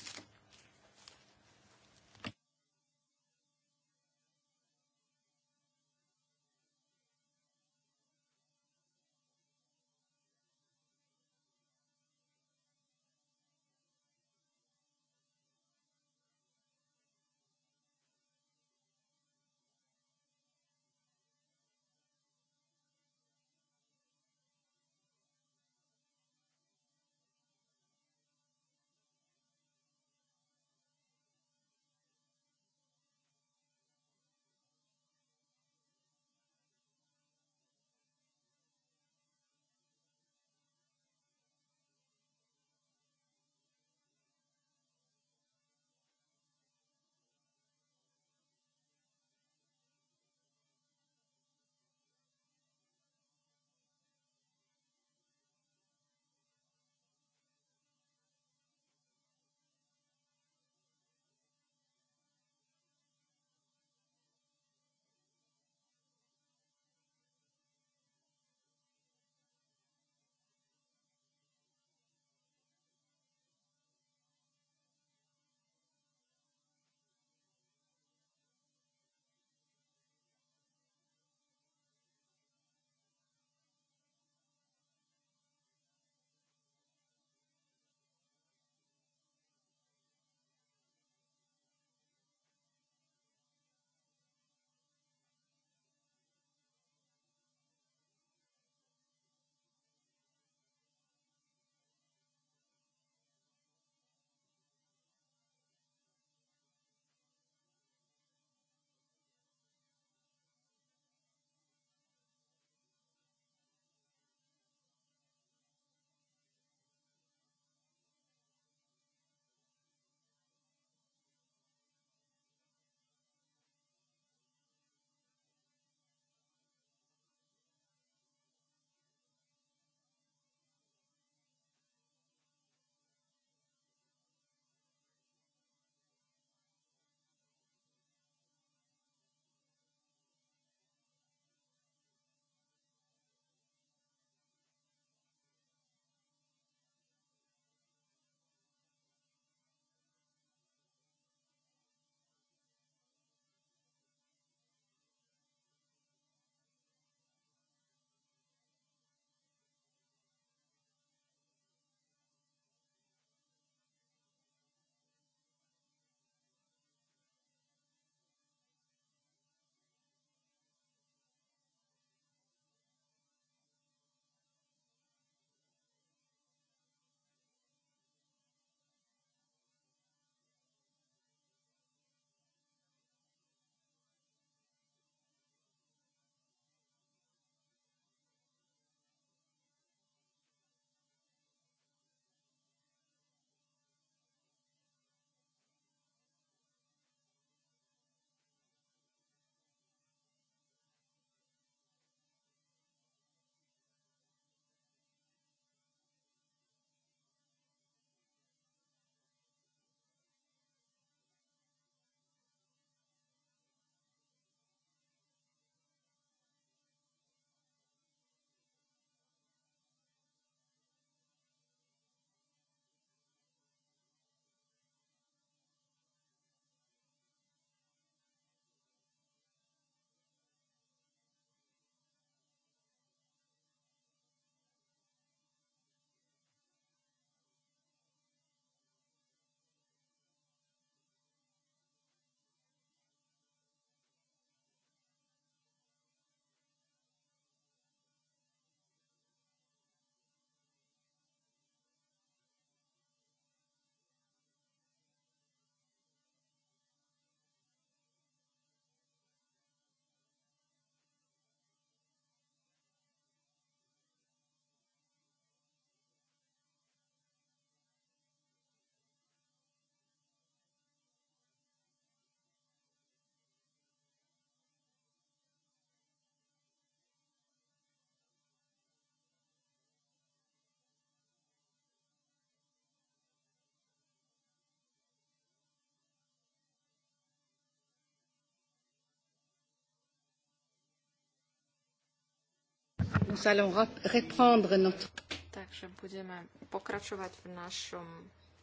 Nous allons reprendre notre... Takže budeme pokračovať v našom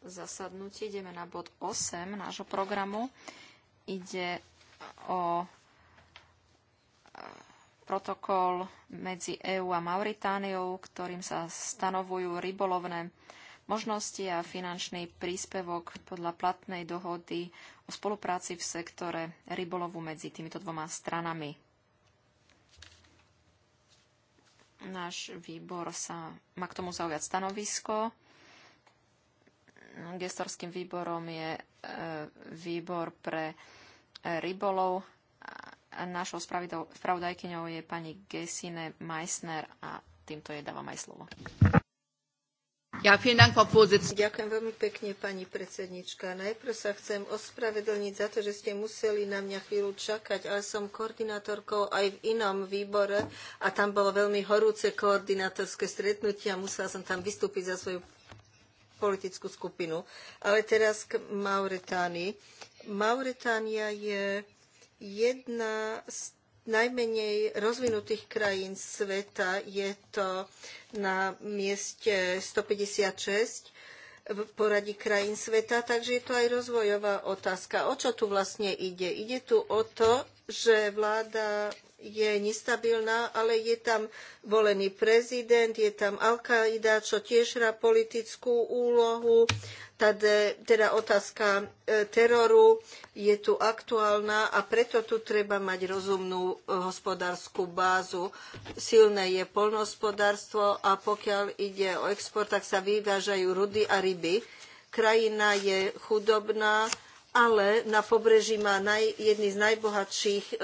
zasadnutí. Ideme na bod 8 nášho programu. Ide o e, protokol medzi EÚ a Mauritániou, ktorým sa stanovujú rybolovné možnosti a finančný príspevok podľa platnej dohody o spolupráci v sektore rybolovu medzi týmito dvoma stranami. Náš výbor sa má k tomu zaujať stanovisko. Gestorským výborom je e, výbor pre rybolov. Našou spravodajkyňou je pani Gesine Meissner a týmto jej dávam aj slovo. Ja, Dank, Ďakujem veľmi pekne, pani predsednička. Najprv sa chcem ospravedlniť za to, že ste museli na mňa chvíľu čakať, ale som koordinátorkou aj v inom výbore a tam bolo veľmi horúce koordinátorské stretnutie a musela som tam vystúpiť za svoju politickú skupinu. Ale teraz k Mauretánii. Mauretánia je jedna z najmenej rozvinutých krajín sveta je to na mieste 156 v poradí krajín sveta, takže je to aj rozvojová otázka. O čo tu vlastne ide? Ide tu o to, že vláda je nestabilná, ale je tam volený prezident, je tam Al-Qaida, čo tiež hrá politickú úlohu, Tade, teda otázka e, teroru je tu aktuálna a preto tu treba mať rozumnú e, hospodárskú bázu. Silné je poľnohospodárstvo a pokiaľ ide o export, tak sa vyvážajú rudy a ryby. Krajina je chudobná, ale na pobreží má naj, jedný z najbohatších e, eh,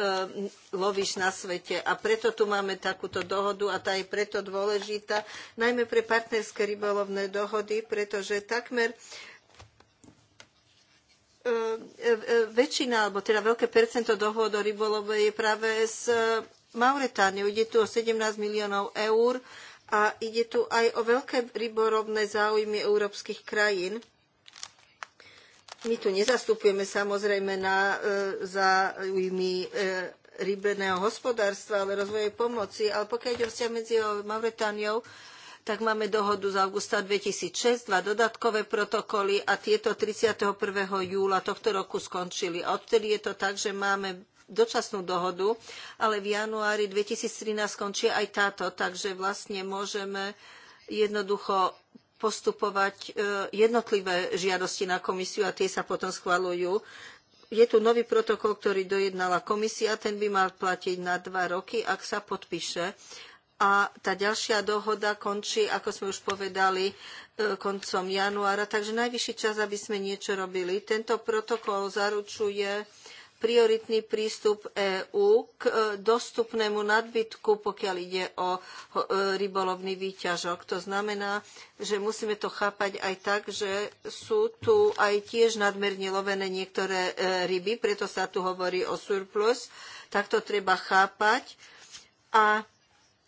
loviš na svete. A preto tu máme takúto dohodu a tá je preto dôležitá, najmä pre partnerské rybolovné dohody, pretože takmer e, e, väčšina, alebo teda veľké percento dohod o rybolove je práve s Mauretániou. Ide tu o 17 miliónov eur a ide tu aj o veľké rybolovné záujmy európskych krajín my tu nezastupujeme samozrejme na e, záujmy e, rybeného hospodárstva, ale rozvojej pomoci. Ale pokiaľ ide vzťah medzi Mauretániou, tak máme dohodu z augusta 2006, dva dodatkové protokoly a tieto 31. júla tohto roku skončili. A odtedy je to tak, že máme dočasnú dohodu, ale v januári 2013 skončí aj táto, takže vlastne môžeme jednoducho postupovať e, jednotlivé žiadosti na komisiu a tie sa potom schvaľujú. Je tu nový protokol, ktorý dojednala komisia, ten by mal platiť na dva roky, ak sa podpíše. A tá ďalšia dohoda končí, ako sme už povedali, e, koncom januára, takže najvyšší čas, aby sme niečo robili. Tento protokol zaručuje prioritný prístup EÚ k e, dostupnému nadbytku, pokiaľ ide o e, rybolovný výťažok. To znamená, že musíme to chápať aj tak, že sú tu aj tiež nadmerne lovené niektoré e, ryby, preto sa tu hovorí o surplus. Tak to treba chápať. A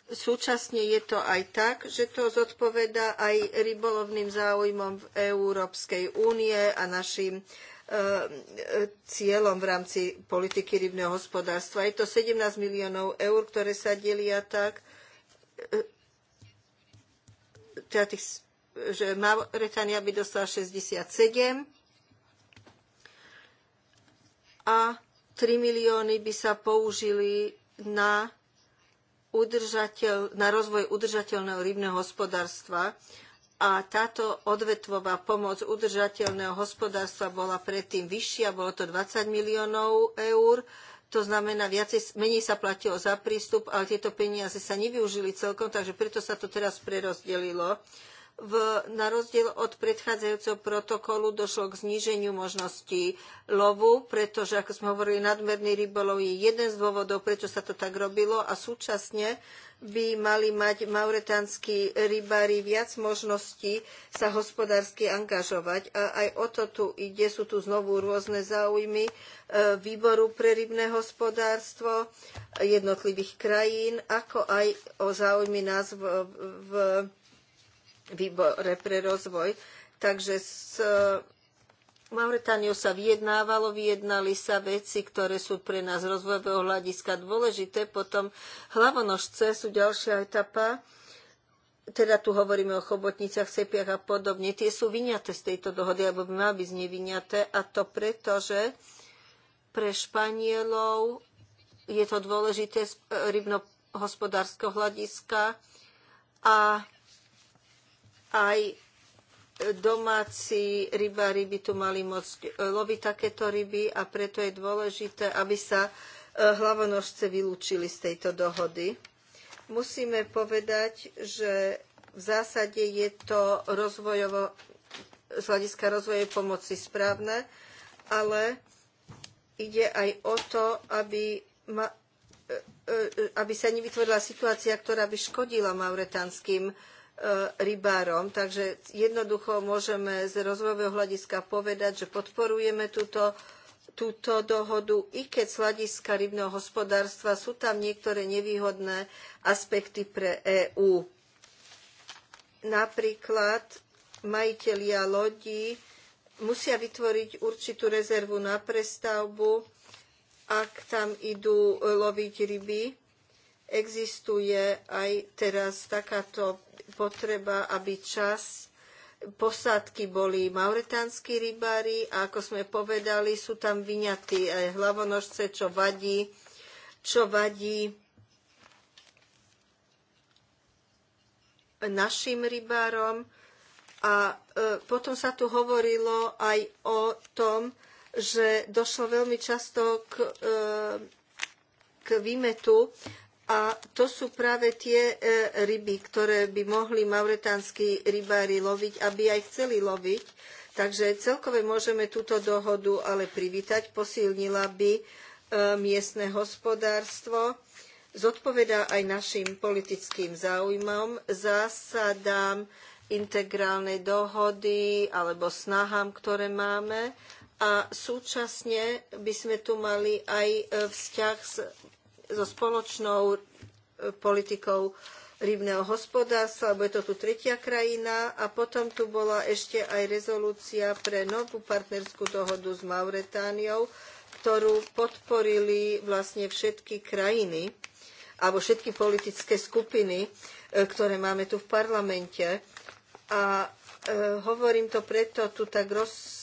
súčasne je to aj tak, že to zodpovedá aj rybolovným záujmom v Európskej únie a našim E, e, cieľom v rámci politiky rybného hospodárstva. Je to 17 miliónov eur, ktoré sa delia tak, e, teda tých, že Mauretania by dostala 67 a 3 milióny by sa použili na, udržateľ, na rozvoj udržateľného rybného hospodárstva a táto odvetvová pomoc udržateľného hospodárstva bola predtým vyššia, bolo to 20 miliónov eur, to znamená, viacej, menej sa platilo za prístup, ale tieto peniaze sa nevyužili celkom, takže preto sa to teraz prerozdelilo. V, na rozdiel od predchádzajúceho protokolu došlo k zníženiu možností lovu, pretože, ako sme hovorili, nadmerný rybolov je jeden z dôvodov, prečo sa to tak robilo a súčasne by mali mať mauretánsky rybári viac možností sa hospodársky angažovať. A aj o to tu ide, sú tu znovu rôzne záujmy e, výboru pre rybné hospodárstvo jednotlivých krajín, ako aj o záujmy nás v, v výbore pre rozvoj. Takže s e, Mauritániou sa vyjednávalo, vyjednali sa veci, ktoré sú pre nás rozvojového hľadiska dôležité. Potom hlavonožce sú ďalšia etapa, teda tu hovoríme o chobotniciach, sepiach a podobne. Tie sú vyňaté z tejto dohody, alebo by mali byť z nej vyňaté. A to preto, že pre Španielov je to dôležité z e, rybnohospodárskeho hľadiska a aj domáci rybári by tu mali môcť loviť takéto ryby a preto je dôležité, aby sa e, hlavonožce vylúčili z tejto dohody. Musíme povedať, že v zásade je to rozvojovo, z hľadiska rozvoje pomoci správne, ale ide aj o to, aby, ma, e, e, aby sa nevytvorila situácia, ktorá by škodila mauretánským. E, rybárom. Takže jednoducho môžeme z rozvojového hľadiska povedať, že podporujeme túto, túto dohodu, i keď z hľadiska rybného hospodárstva sú tam niektoré nevýhodné aspekty pre EÚ. Napríklad majitelia lodí musia vytvoriť určitú rezervu na prestavbu, ak tam idú loviť ryby Existuje aj teraz takáto potreba, aby čas posádky boli mauretánsky rybári a ako sme povedali, sú tam vyňatí aj hlavonožce, čo vadí, čo vadí našim rybárom. A e, potom sa tu hovorilo aj o tom, že došlo veľmi často k, e, k výmetu a to sú práve tie e, ryby, ktoré by mohli mauretánsky rybári loviť, aby aj chceli loviť. Takže celkové môžeme túto dohodu ale privítať. Posilnila by e, miestne hospodárstvo, zodpovedá aj našim politickým záujmom, zásadám integrálnej dohody alebo snahám, ktoré máme. A súčasne by sme tu mali aj e, vzťah s so spoločnou e, politikou rybného hospodárstva, lebo je to tu tretia krajina. A potom tu bola ešte aj rezolúcia pre novú partnerskú dohodu s Mauretániou, ktorú podporili vlastne všetky krajiny alebo všetky politické skupiny, e, ktoré máme tu v parlamente. A e, hovorím to preto tu tak roz,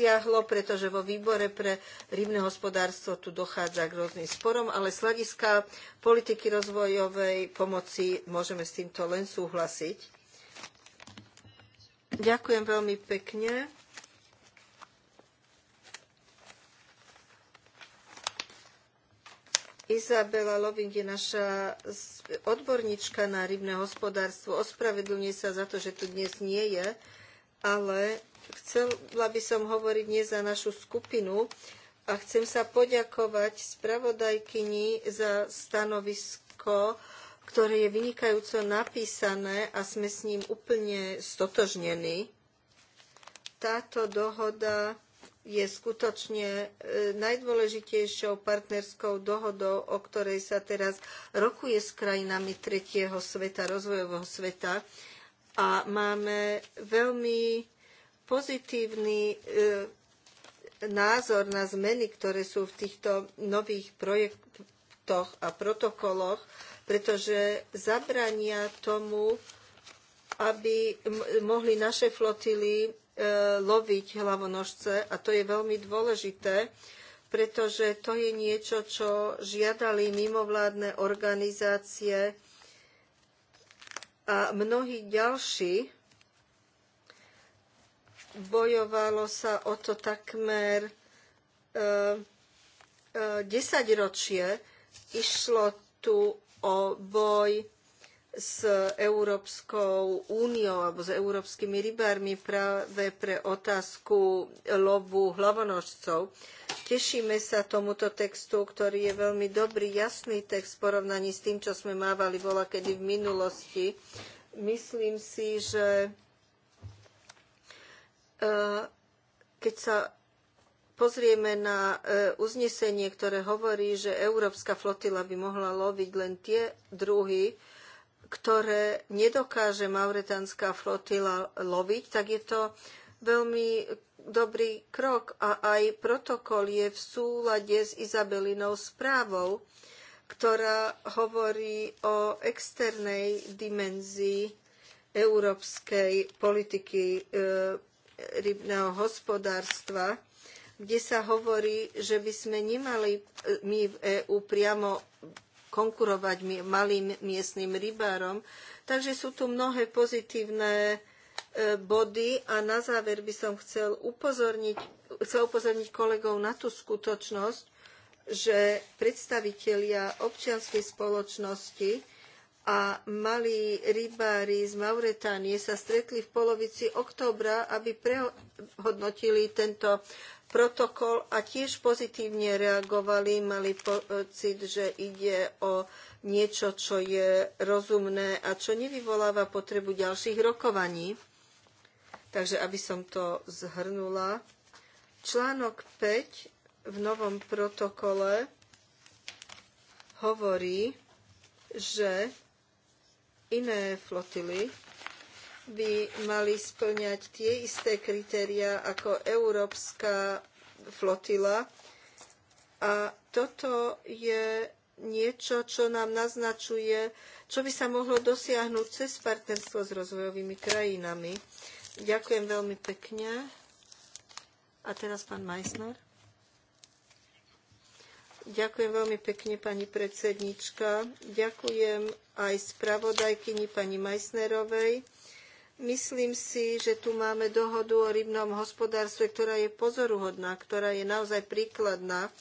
dosiahlo, pretože vo výbore pre rybné hospodárstvo tu dochádza k rôznym sporom, ale z hľadiska politiky rozvojovej pomoci môžeme s týmto len súhlasiť. Ďakujem veľmi pekne. Izabela Loving je naša odborníčka na rybné hospodárstvo. Ospravedlňuje sa za to, že tu dnes nie je, ale Chcela by som hovoriť nie za našu skupinu a chcem sa poďakovať spravodajkyni za stanovisko, ktoré je vynikajúco napísané a sme s ním úplne stotožnení. Táto dohoda je skutočne e, najdôležitejšou partnerskou dohodou, o ktorej sa teraz rokuje s krajinami tretieho sveta, rozvojového sveta. A máme veľmi pozitívny e, názor na zmeny, ktoré sú v týchto nových projektoch a protokoloch, pretože zabrania tomu, aby mohli naše flotily e, loviť hlavonožce a to je veľmi dôležité, pretože to je niečo, čo žiadali mimovládne organizácie a mnohí ďalší bojovalo sa o to takmer e, e, 10 ročie. Išlo tu o boj s Európskou úniou alebo s európskymi rybármi práve pre otázku lovu hlavonožcov. Tešíme sa tomuto textu, ktorý je veľmi dobrý, jasný text v porovnaní s tým, čo sme mávali bola kedy v minulosti. Myslím si, že E, keď sa pozrieme na e, uznesenie, ktoré hovorí, že európska flotila by mohla loviť len tie druhy, ktoré nedokáže mauretánska flotila loviť, tak je to veľmi dobrý krok a aj protokol je v súlade s Izabelinou správou, ktorá hovorí o externej dimenzii európskej politiky e, rybného hospodárstva, kde sa hovorí, že by sme nemali e, my v EÚ priamo konkurovať malým miestnym rybárom. Takže sú tu mnohé pozitívne e, body a na záver by som chcel upozorniť, chcel upozorniť kolegov na tú skutočnosť, že predstavitelia občianskej spoločnosti a malí rybári z Mauretánie sa stretli v polovici októbra, aby prehodnotili tento protokol a tiež pozitívne reagovali. Mali pocit, že ide o niečo, čo je rozumné a čo nevyvoláva potrebu ďalších rokovaní. Takže aby som to zhrnula, článok 5 v novom protokole hovorí, že iné flotily by mali splňať tie isté kritéria ako európska flotila. A toto je niečo, čo nám naznačuje, čo by sa mohlo dosiahnuť cez partnerstvo s rozvojovými krajinami. Ďakujem veľmi pekne. A teraz pán Meissner. Ďakujem veľmi pekne, pani predsednička. Ďakujem aj spravodajkyni pani Majsnerovej. Myslím si, že tu máme dohodu o rybnom hospodárstve, ktorá je pozoruhodná, ktorá je naozaj príkladná.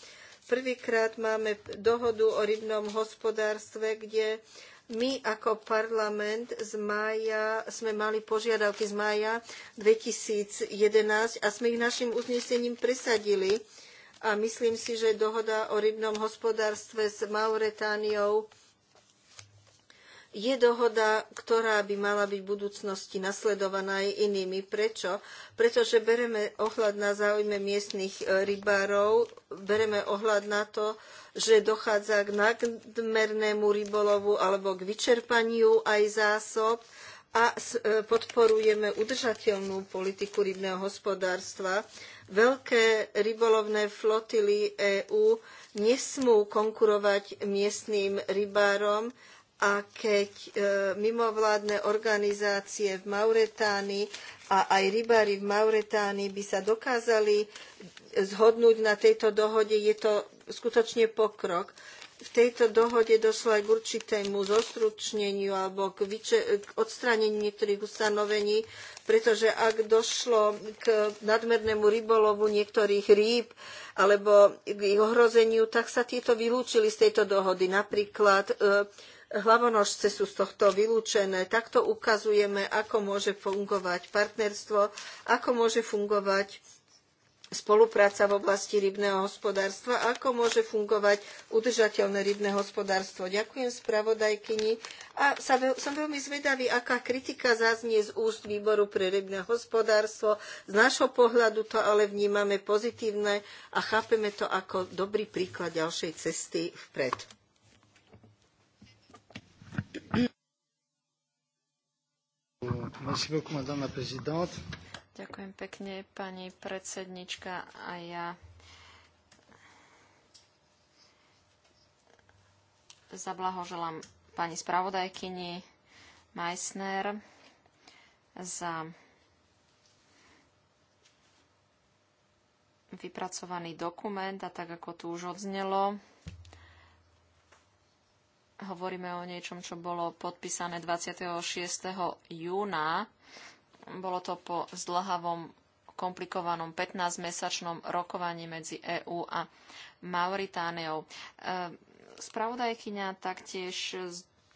Prvýkrát máme dohodu o rybnom hospodárstve, kde my ako parlament z mája, sme mali požiadavky z mája 2011 a sme ich našim uznesením presadili a myslím si, že dohoda o rybnom hospodárstve s Mauretániou je dohoda, ktorá by mala byť v budúcnosti nasledovaná aj inými. Prečo? Pretože bereme ohľad na záujme miestnych e, rybárov, bereme ohľad na to, že dochádza k nadmernému rybolovu alebo k vyčerpaniu aj zásob a e, podporujeme udržateľnú politiku rybného hospodárstva. Veľké rybolovné flotily EÚ nesmú konkurovať miestnym rybárom a keď e, mimovládne organizácie v Mauretánii a aj rybári v Mauretánii by sa dokázali zhodnúť na tejto dohode, je to skutočne pokrok v tejto dohode došlo aj k určitému zostručneniu alebo k, vyče- k odstraneniu niektorých ustanovení, pretože ak došlo k nadmernému rybolovu niektorých rýb alebo k ich ohrozeniu, tak sa tieto vylúčili z tejto dohody. Napríklad e, hlavonožce sú z tohto vylúčené. Takto ukazujeme, ako môže fungovať partnerstvo, ako môže fungovať spolupráca v oblasti rybného hospodárstva, ako môže fungovať udržateľné rybné hospodárstvo. Ďakujem spravodajkyni a sa veľ, som veľmi zvedavý, aká kritika zaznie z úst výboru pre rybné hospodárstvo. Z nášho pohľadu to ale vnímame pozitívne a chápeme to ako dobrý príklad ďalšej cesty vpred. Merci beaucoup, Madame la Présidente. Ďakujem pekne, pani predsednička a ja zablahoželám pani spravodajkyni Meissner za vypracovaný dokument a tak ako tu už odznelo, hovoríme o niečom, čo bolo podpísané 26. júna bolo to po zdlhavom komplikovanom 15-mesačnom rokovaní medzi EÚ a Mauritániou. E, spravodajkyňa taktiež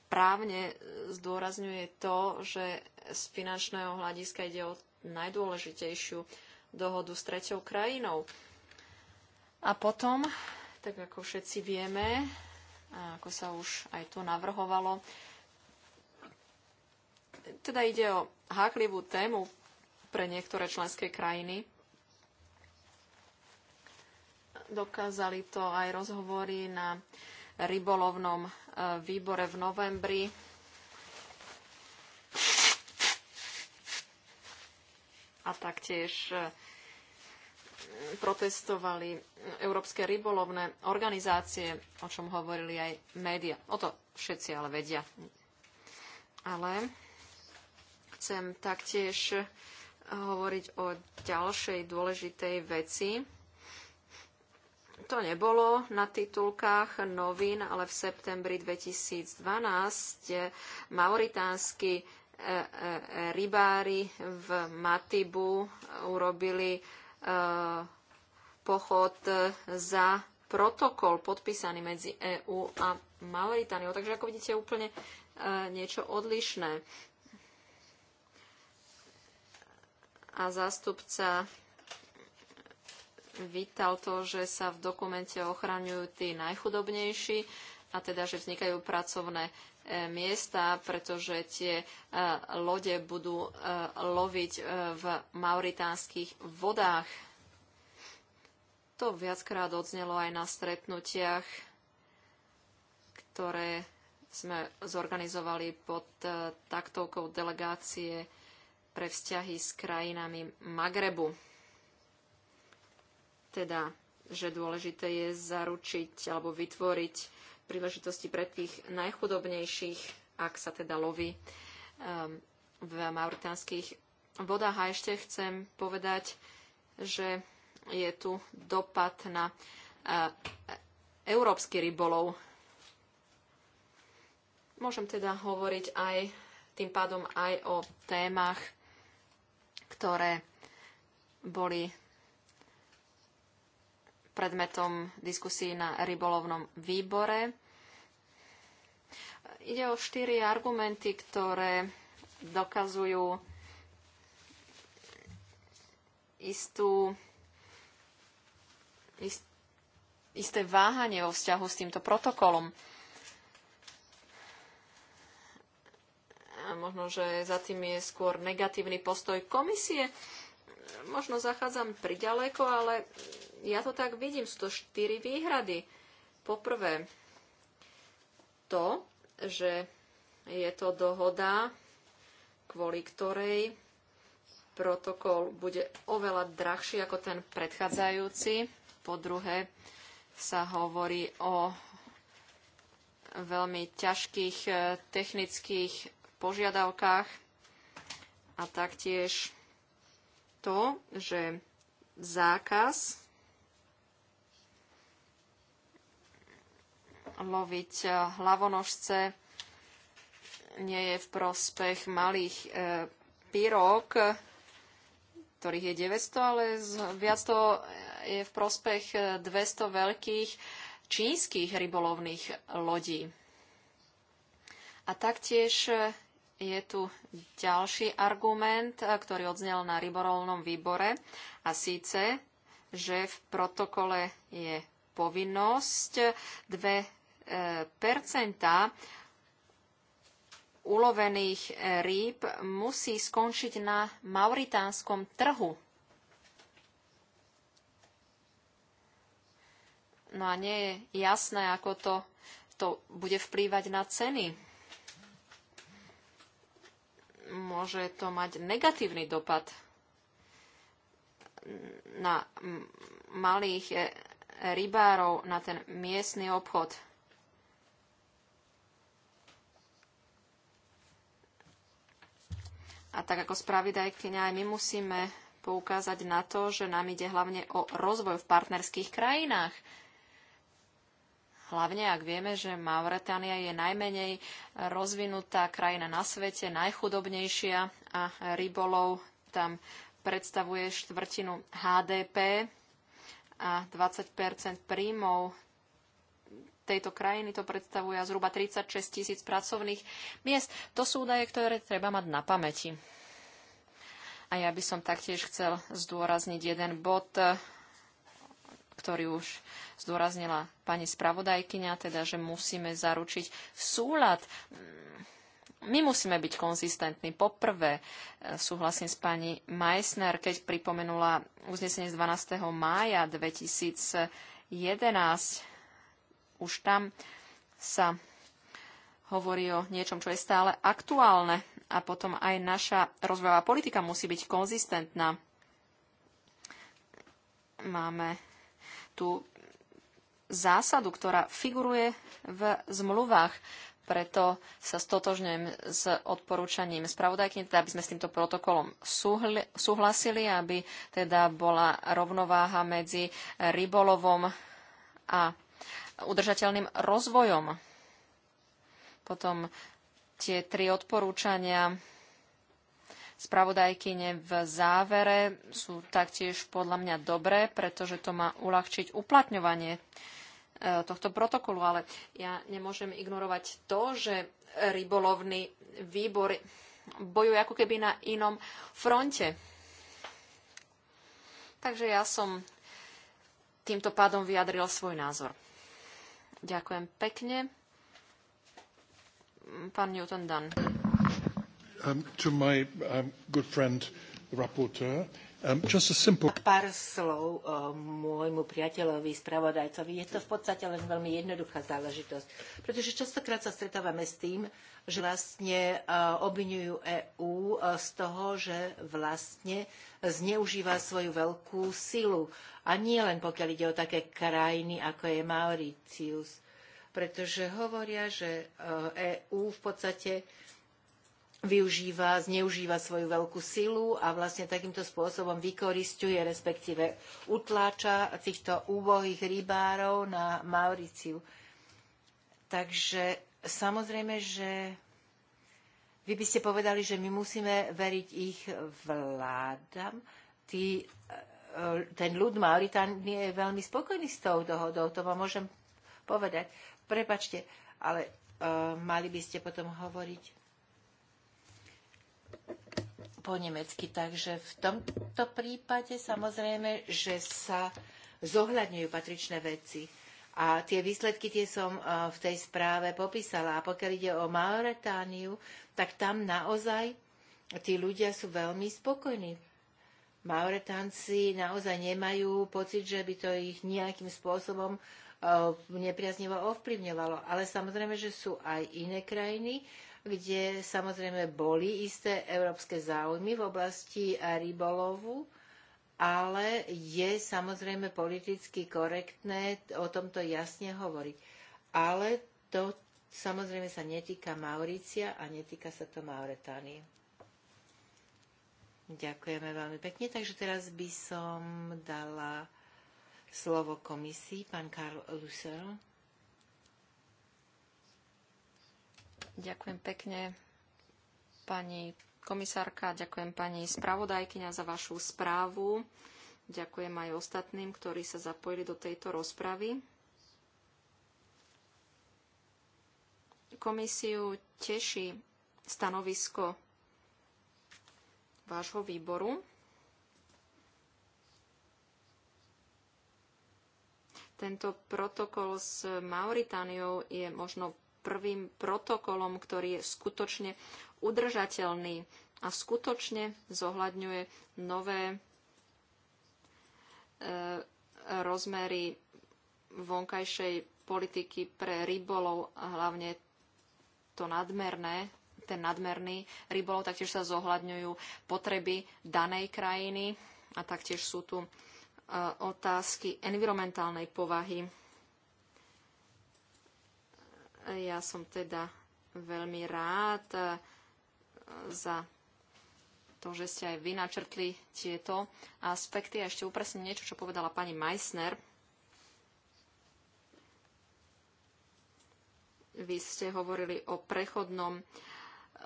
právne zdôrazňuje to, že z finančného hľadiska ide o najdôležitejšiu dohodu s treťou krajinou. A potom, tak ako všetci vieme, a ako sa už aj tu navrhovalo, teda ide o háklivú tému pre niektoré členské krajiny. Dokázali to aj rozhovory na rybolovnom e, výbore v novembri. A taktiež e, protestovali európske rybolovné organizácie, o čom hovorili aj média. O to všetci ale vedia. Ale Chcem taktiež eh, hovoriť o ďalšej dôležitej veci. To nebolo na titulkách novín, ale v septembri 2012 eh, mauritánsky eh, rybári v Matibu urobili pochod za protokol podpísaný medzi EÚ a Mauritániou. Takže ako vidíte, úplne niečo odlišné. a zástupca vítal to, že sa v dokumente ochraňujú tí najchudobnejší a teda, že vznikajú pracovné e, miesta, pretože tie e, lode budú e, loviť v mauritánskych vodách. To viackrát odznelo aj na stretnutiach, ktoré sme zorganizovali pod taktovkou delegácie pre vzťahy s krajinami Magrebu. Teda, že dôležité je zaručiť alebo vytvoriť príležitosti pre tých najchudobnejších, ak sa teda loví um, v mauritánskych vodách. A ešte chcem povedať, že je tu dopad na uh, európsky rybolov. Môžem teda hovoriť aj tým pádom aj o témach, ktoré boli predmetom diskusí na rybolovnom výbore. Ide o štyri argumenty, ktoré dokazujú istú, ist, isté váhanie vo vzťahu s týmto protokolom. možno, že za tým je skôr negatívny postoj komisie. Možno zachádzam priďaleko, ale ja to tak vidím. Sú to štyri výhrady. Poprvé, to, že je to dohoda, kvôli ktorej protokol bude oveľa drahší ako ten predchádzajúci. Po druhé, sa hovorí o veľmi ťažkých eh, technických požiadavkách a taktiež to, že zákaz loviť hlavonožce nie je v prospech malých e, pyrok, ktorých je 900, ale viac to je v prospech 200 e, veľkých čínskych rybolovných lodí. A taktiež e, je tu ďalší argument, eh, ktorý odznel na ryborovnom výbore a síce, že v protokole je povinnosť 2 eh, ulovených eh, rýb musí skončiť na mauritánskom trhu. No a nie je jasné, ako to, to bude vplývať na ceny môže to mať negatívny dopad na malých e, rybárov, na ten miestny obchod. A tak ako spravidajkyňa aj my musíme poukázať na to, že nám ide hlavne o rozvoj v partnerských krajinách. Hlavne ak vieme, že Mauretánia je najmenej rozvinutá krajina na svete, najchudobnejšia a rybolov tam predstavuje štvrtinu HDP a 20 príjmov tejto krajiny to predstavuje zhruba 36 tisíc pracovných miest. To sú údaje, ktoré treba mať na pamäti. A ja by som taktiež chcel zdôrazniť jeden bod, ktorý už zdôraznila pani spravodajkyňa, teda, že musíme zaručiť súlad. My musíme byť konzistentní. Poprvé, e, súhlasím s pani Meissner, keď pripomenula uznesenie z 12. mája 2011. Už tam sa hovorí o niečom, čo je stále aktuálne a potom aj naša rozvojová politika musí byť konzistentná. Máme tú zásadu, ktorá figuruje v zmluvách. Preto sa stotožňujem s odporúčaním spravodajky, teda aby sme s týmto protokolom súhlasili, aby teda bola rovnováha medzi rybolovom a udržateľným rozvojom. Potom tie tri odporúčania spravodajkyne v závere sú taktiež podľa mňa dobré, pretože to má uľahčiť uplatňovanie e, tohto protokolu, ale ja nemôžem ignorovať to, že rybolovný výbor bojuje ako keby na inom fronte. Takže ja som týmto pádom vyjadril svoj názor. Ďakujem pekne. Pán Newton Dunn. Um, to my um, good friend, the rapporteur. Um, just a simple... Pár slov o uh, môjmu priateľovi, spravodajcovi. Je to v podstate len veľmi jednoduchá záležitosť, pretože častokrát sa stretávame s tým, že vlastne uh, obvinujú EÚ uh, z toho, že vlastne zneužíva svoju veľkú silu. A nie len pokiaľ ide o také krajiny, ako je Mauritius, pretože hovoria, že uh, EÚ v podstate využíva, zneužíva svoju veľkú silu a vlastne takýmto spôsobom vykoristuje, respektíve utláča týchto úbohých rybárov na Mauriciu. Takže samozrejme, že vy by ste povedali, že my musíme veriť ich vládam. Tí, e, ten ľud Mauritánie je veľmi spokojný s tou dohodou, to vám môžem povedať. Prepačte, ale uh, mali by ste potom hovoriť po nemecky. Takže v tomto prípade samozrejme, že sa zohľadňujú patričné veci. A tie výsledky tie som e, v tej správe popísala. A pokiaľ ide o Mauretániu, tak tam naozaj tí ľudia sú veľmi spokojní. Mauretánci naozaj nemajú pocit, že by to ich nejakým spôsobom e, nepriaznivo ovplyvňovalo. Ale samozrejme, že sú aj iné krajiny, kde samozrejme boli isté európske záujmy v oblasti rybolovu, ale je samozrejme politicky korektné o tomto jasne hovoriť. Ale to samozrejme sa netýka Maurícia a netýka sa to Mauretánie. Ďakujeme veľmi pekne. Takže teraz by som dala slovo komisii, pán Karl Lucero. Ďakujem pekne, pani komisárka, ďakujem pani spravodajkyňa za vašu správu. Ďakujem aj ostatným, ktorí sa zapojili do tejto rozpravy. Komisiu teší stanovisko vášho výboru. Tento protokol s Mauritániou je možno prvým protokolom, ktorý je skutočne udržateľný a skutočne zohľadňuje nové e, rozmery vonkajšej politiky pre rybolov, a hlavne to nadmerné, ten nadmerný rybolov, taktiež sa zohľadňujú potreby danej krajiny a taktiež sú tu e, otázky environmentálnej povahy ja som teda veľmi rád eh, za to, že ste aj vy načrtli tieto aspekty. A ešte upresním niečo, čo povedala pani Meissner. Vy ste hovorili o prechodnom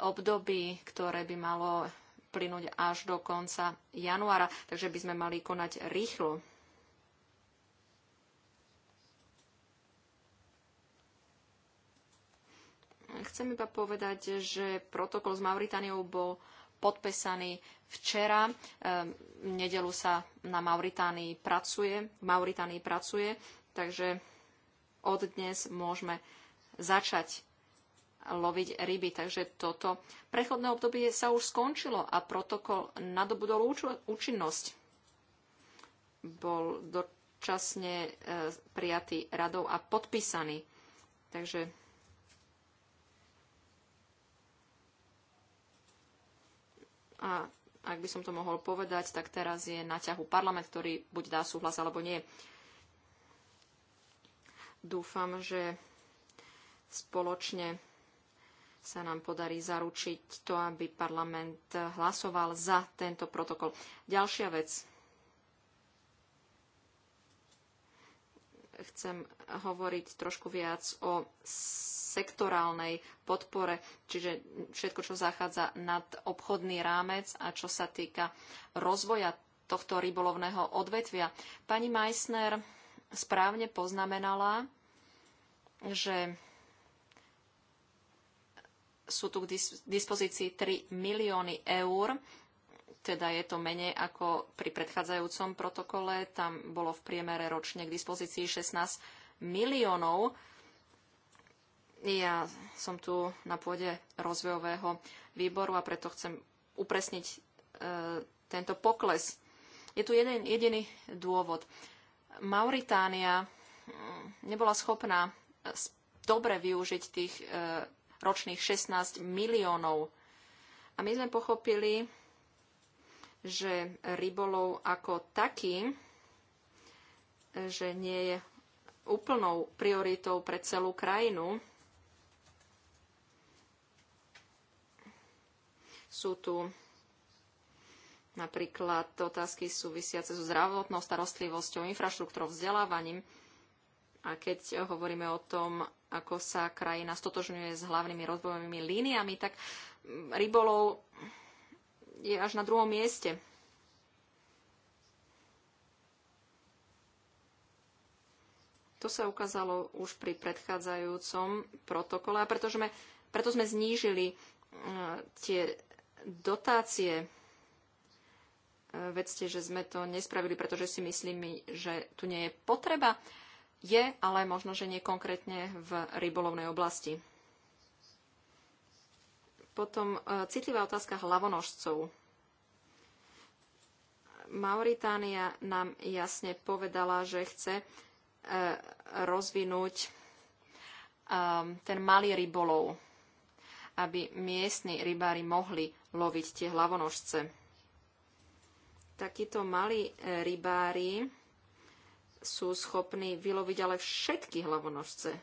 období, ktoré by malo plynúť až do konca januára, takže by sme mali konať rýchlo. Chcem iba povedať, že protokol s Mauritániou bol podpesaný včera. V nedelu sa na Mauritánii pracuje, v Mauritánii pracuje, takže od dnes môžeme začať loviť ryby. Takže toto prechodné obdobie sa už skončilo a protokol nadobudol účinnosť. Bol dočasne e, prijatý radou a podpísaný. Takže A ak by som to mohol povedať, tak teraz je na ťahu parlament, ktorý buď dá súhlas alebo nie. Dúfam, že spoločne sa nám podarí zaručiť to, aby parlament hlasoval za tento protokol. Ďalšia vec. chcem hovoriť trošku viac o sektorálnej podpore, čiže všetko, čo zachádza nad obchodný rámec a čo sa týka rozvoja tohto rybolovného odvetvia. Pani Meissner správne poznamenala, že sú tu k dispozícii 3 milióny eur teda je to menej ako pri predchádzajúcom protokole. Tam bolo v priemere ročne k dispozícii 16 miliónov. Ja som tu na pôde rozvojového výboru a preto chcem upresniť e, tento pokles. Je tu jeden jediný dôvod. Mauritánia mm, nebola schopná e, dobre využiť tých e, ročných 16 miliónov. A my sme pochopili, že rybolov ako taký, že nie je úplnou prioritou pre celú krajinu. Sú tu napríklad otázky súvisiace so zdravotnou starostlivosťou, infraštruktúrou, vzdelávaním. A keď hovoríme o tom, ako sa krajina stotožňuje s hlavnými rozvojovými líniami, tak rybolov je až na druhom mieste. To sa ukázalo už pri predchádzajúcom protokole a preto sme, preto sme znížili e, tie dotácie. E, vedzte, že sme to nespravili, pretože si myslím, že tu nie je potreba. Je, ale možno, že nie konkrétne v rybolovnej oblasti. Potom e, citlivá otázka hlavonožcov. Mauritánia nám jasne povedala, že chce e, rozvinúť e, ten malý rybolov, aby miestni rybári mohli loviť tie hlavonožce. Takíto malí rybári sú schopní vyloviť ale všetky hlavonožce.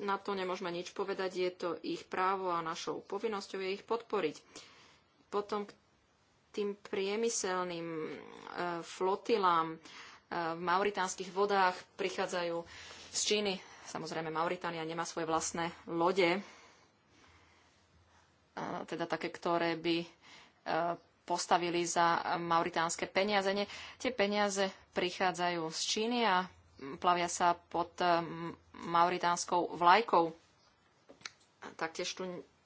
na to nemôžeme nič povedať, je to ich právo a našou povinnosťou je ich podporiť. Potom k tým priemyselným e, flotilám e, v mauritánskych vodách prichádzajú z Číny. Samozrejme, Mauritánia nemá svoje vlastné lode, e, teda také, ktoré by e, postavili za mauritánske peniaze. Nie, tie peniaze prichádzajú z Číny a plavia sa pod mauritánskou vlajkou. Taktiež tu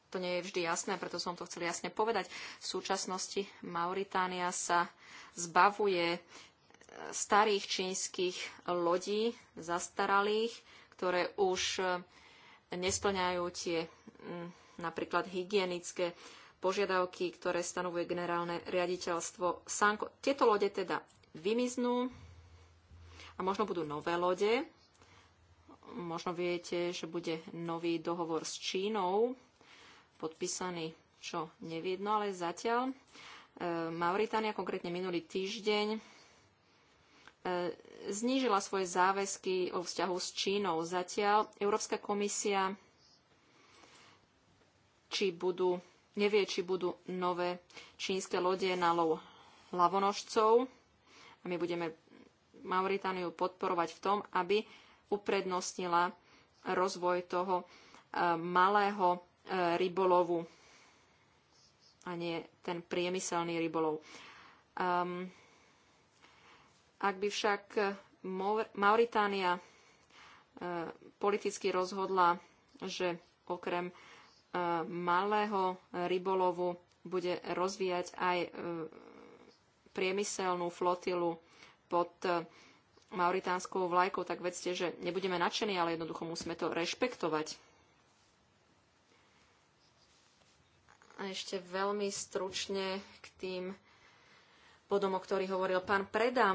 to nie je vždy jasné, preto som to chcel jasne povedať. V súčasnosti Mauritánia sa zbavuje e, starých čínskych lodí, zastaralých, ktoré už e, nesplňajú tie napríklad hygienické požiadavky, ktoré stanovuje generálne riaditeľstvo Sanko. Tieto lode teda vymiznú, a možno budú nové lode. Možno viete, že bude nový dohovor s Čínou, podpísaný čo nevidno, ale zatiaľ. E, Mauritánia, konkrétne minulý týždeň, e, znížila svoje záväzky o vzťahu s Čínou. Zatiaľ Európska komisia či budú, nevie, či budú nové čínske lode na lov lavonožcov. A my budeme Mauritániu podporovať v tom, aby uprednostnila rozvoj toho e, malého e, rybolovu a nie ten priemyselný rybolov. Um, ak by však Mauritánia e, politicky rozhodla, že okrem malého rybolovu bude rozvíjať aj priemyselnú flotilu pod e, mauritánskou vlajkou, tak vedzte, že nebudeme nadšení, ale jednoducho musíme to rešpektovať. A ešte veľmi stručne k tým bodom, o ktorých hovoril pán Preda.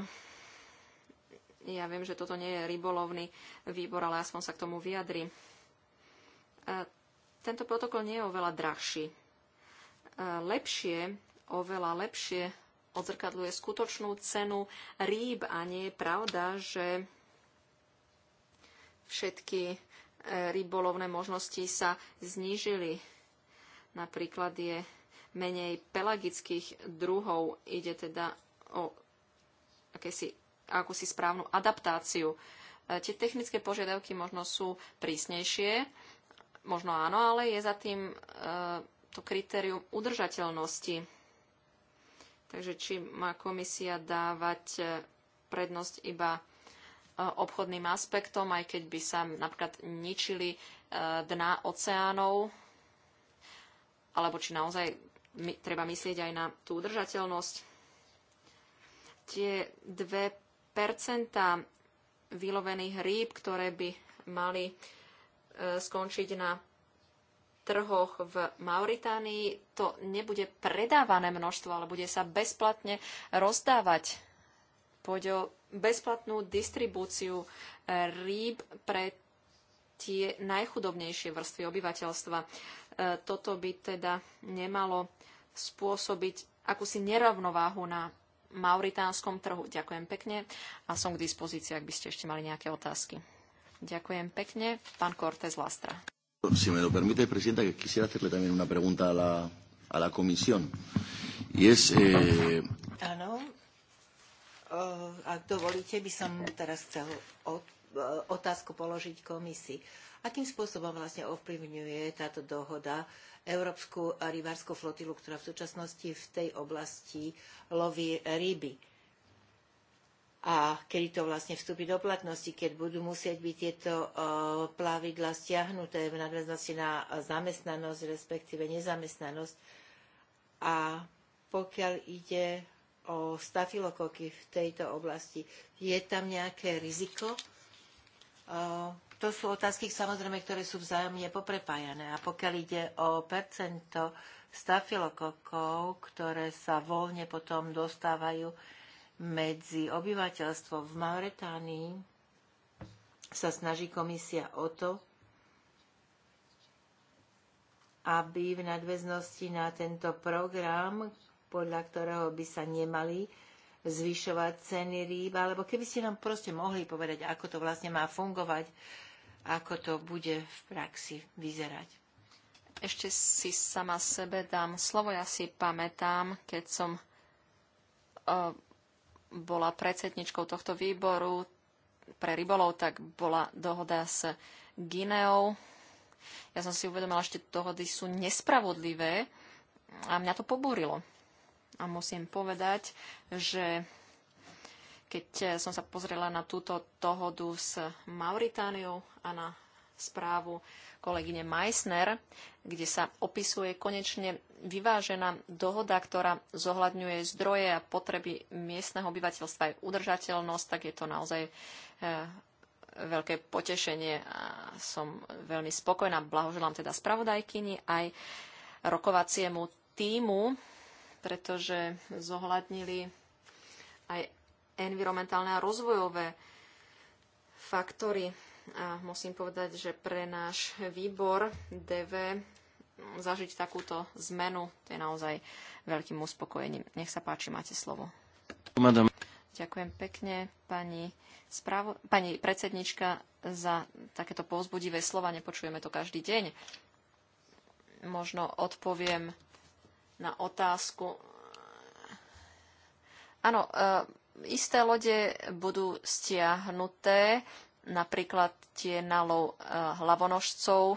Ja viem, že toto nie je rybolovný výbor, ale aspoň sa k tomu vyjadri. E, tento protokol nie je oveľa drahší. E, lepšie, oveľa lepšie odzrkadľuje skutočnú cenu rýb a nie je pravda, že všetky e, rybolovné možnosti sa znížili. Napríklad je menej pelagických druhov, ide teda o akési, akúsi správnu adaptáciu. E, tie technické požiadavky možno sú prísnejšie, možno áno, ale je za tým e, to kritérium udržateľnosti Takže či má komisia dávať e, prednosť iba e, obchodným aspektom, aj keď by sa napríklad ničili e, dna oceánov, alebo či naozaj treba myslieť aj na tú udržateľnosť. Tie 2 vylovených rýb, ktoré by mali skončiť na trhoch v Mauritánii to nebude predávané množstvo, ale bude sa bezplatne rozdávať. Pôjde o bezplatnú distribúciu eh, rýb pre tie najchudobnejšie vrstvy obyvateľstva. Eh, toto by teda nemalo spôsobiť akúsi nerovnováhu na mauritánskom trhu. Ďakujem pekne a som k dispozícii, ak by ste ešte mali nejaké otázky. Ďakujem pekne, pán Cortez Lastra. Si me lo permite, Presidenta, que quisiera hacerle también una pregunta a la, a la Comisión. Y es... Eh... Áno. Ak dovolíte, by som teraz chcel od, otázku položiť komisii. Akým spôsobom vlastne ovplyvňuje táto dohoda Európsku rybárskú flotilu, ktorá v súčasnosti v tej oblasti loví ryby? a kedy to vlastne vstúpi do platnosti, keď budú musieť byť tieto e, plavidla stiahnuté v nadväznosti na zamestnanosť, respektíve nezamestnanosť. A pokiaľ ide o stafilokoky v tejto oblasti, je tam nejaké riziko? E, to sú otázky, samozrejme, ktoré sú vzájomne poprepájané. A pokiaľ ide o percento stafilokokov, ktoré sa voľne potom dostávajú medzi obyvateľstvom v Mauretánii sa snaží komisia o to, aby v nadväznosti na tento program, podľa ktorého by sa nemali zvyšovať ceny rýb, alebo keby ste nám proste mohli povedať, ako to vlastne má fungovať, ako to bude v praxi vyzerať. Ešte si sama sebe dám slovo. Ja si pamätám, keď som eh, bola predsedničkou tohto výboru pre rybolov, tak bola dohoda s Gineou. Ja som si uvedomila, že tie dohody sú nespravodlivé a mňa to pobúrilo. A musím povedať, že keď som sa pozrela na túto dohodu s Mauritániou a na správu kolegyne Meissner, kde sa opisuje konečne vyvážená dohoda, ktorá zohľadňuje zdroje a potreby miestneho obyvateľstva aj udržateľnosť, tak je to naozaj e, veľké potešenie a som veľmi spokojná. Blahoželám teda spravodajkyni aj rokovaciemu týmu, pretože zohľadnili aj environmentálne a rozvojové faktory a musím povedať, že pre náš výbor DV zažiť takúto zmenu, to je naozaj veľkým uspokojením. Nech sa páči, máte slovo. Madame. Ďakujem pekne, pani, správo- pani predsednička, za takéto povzbudivé slova. Nepočujeme to každý deň. Možno odpoviem na otázku. Áno, e, isté lode budú stiahnuté napríklad tie nalov e, hlavonožcov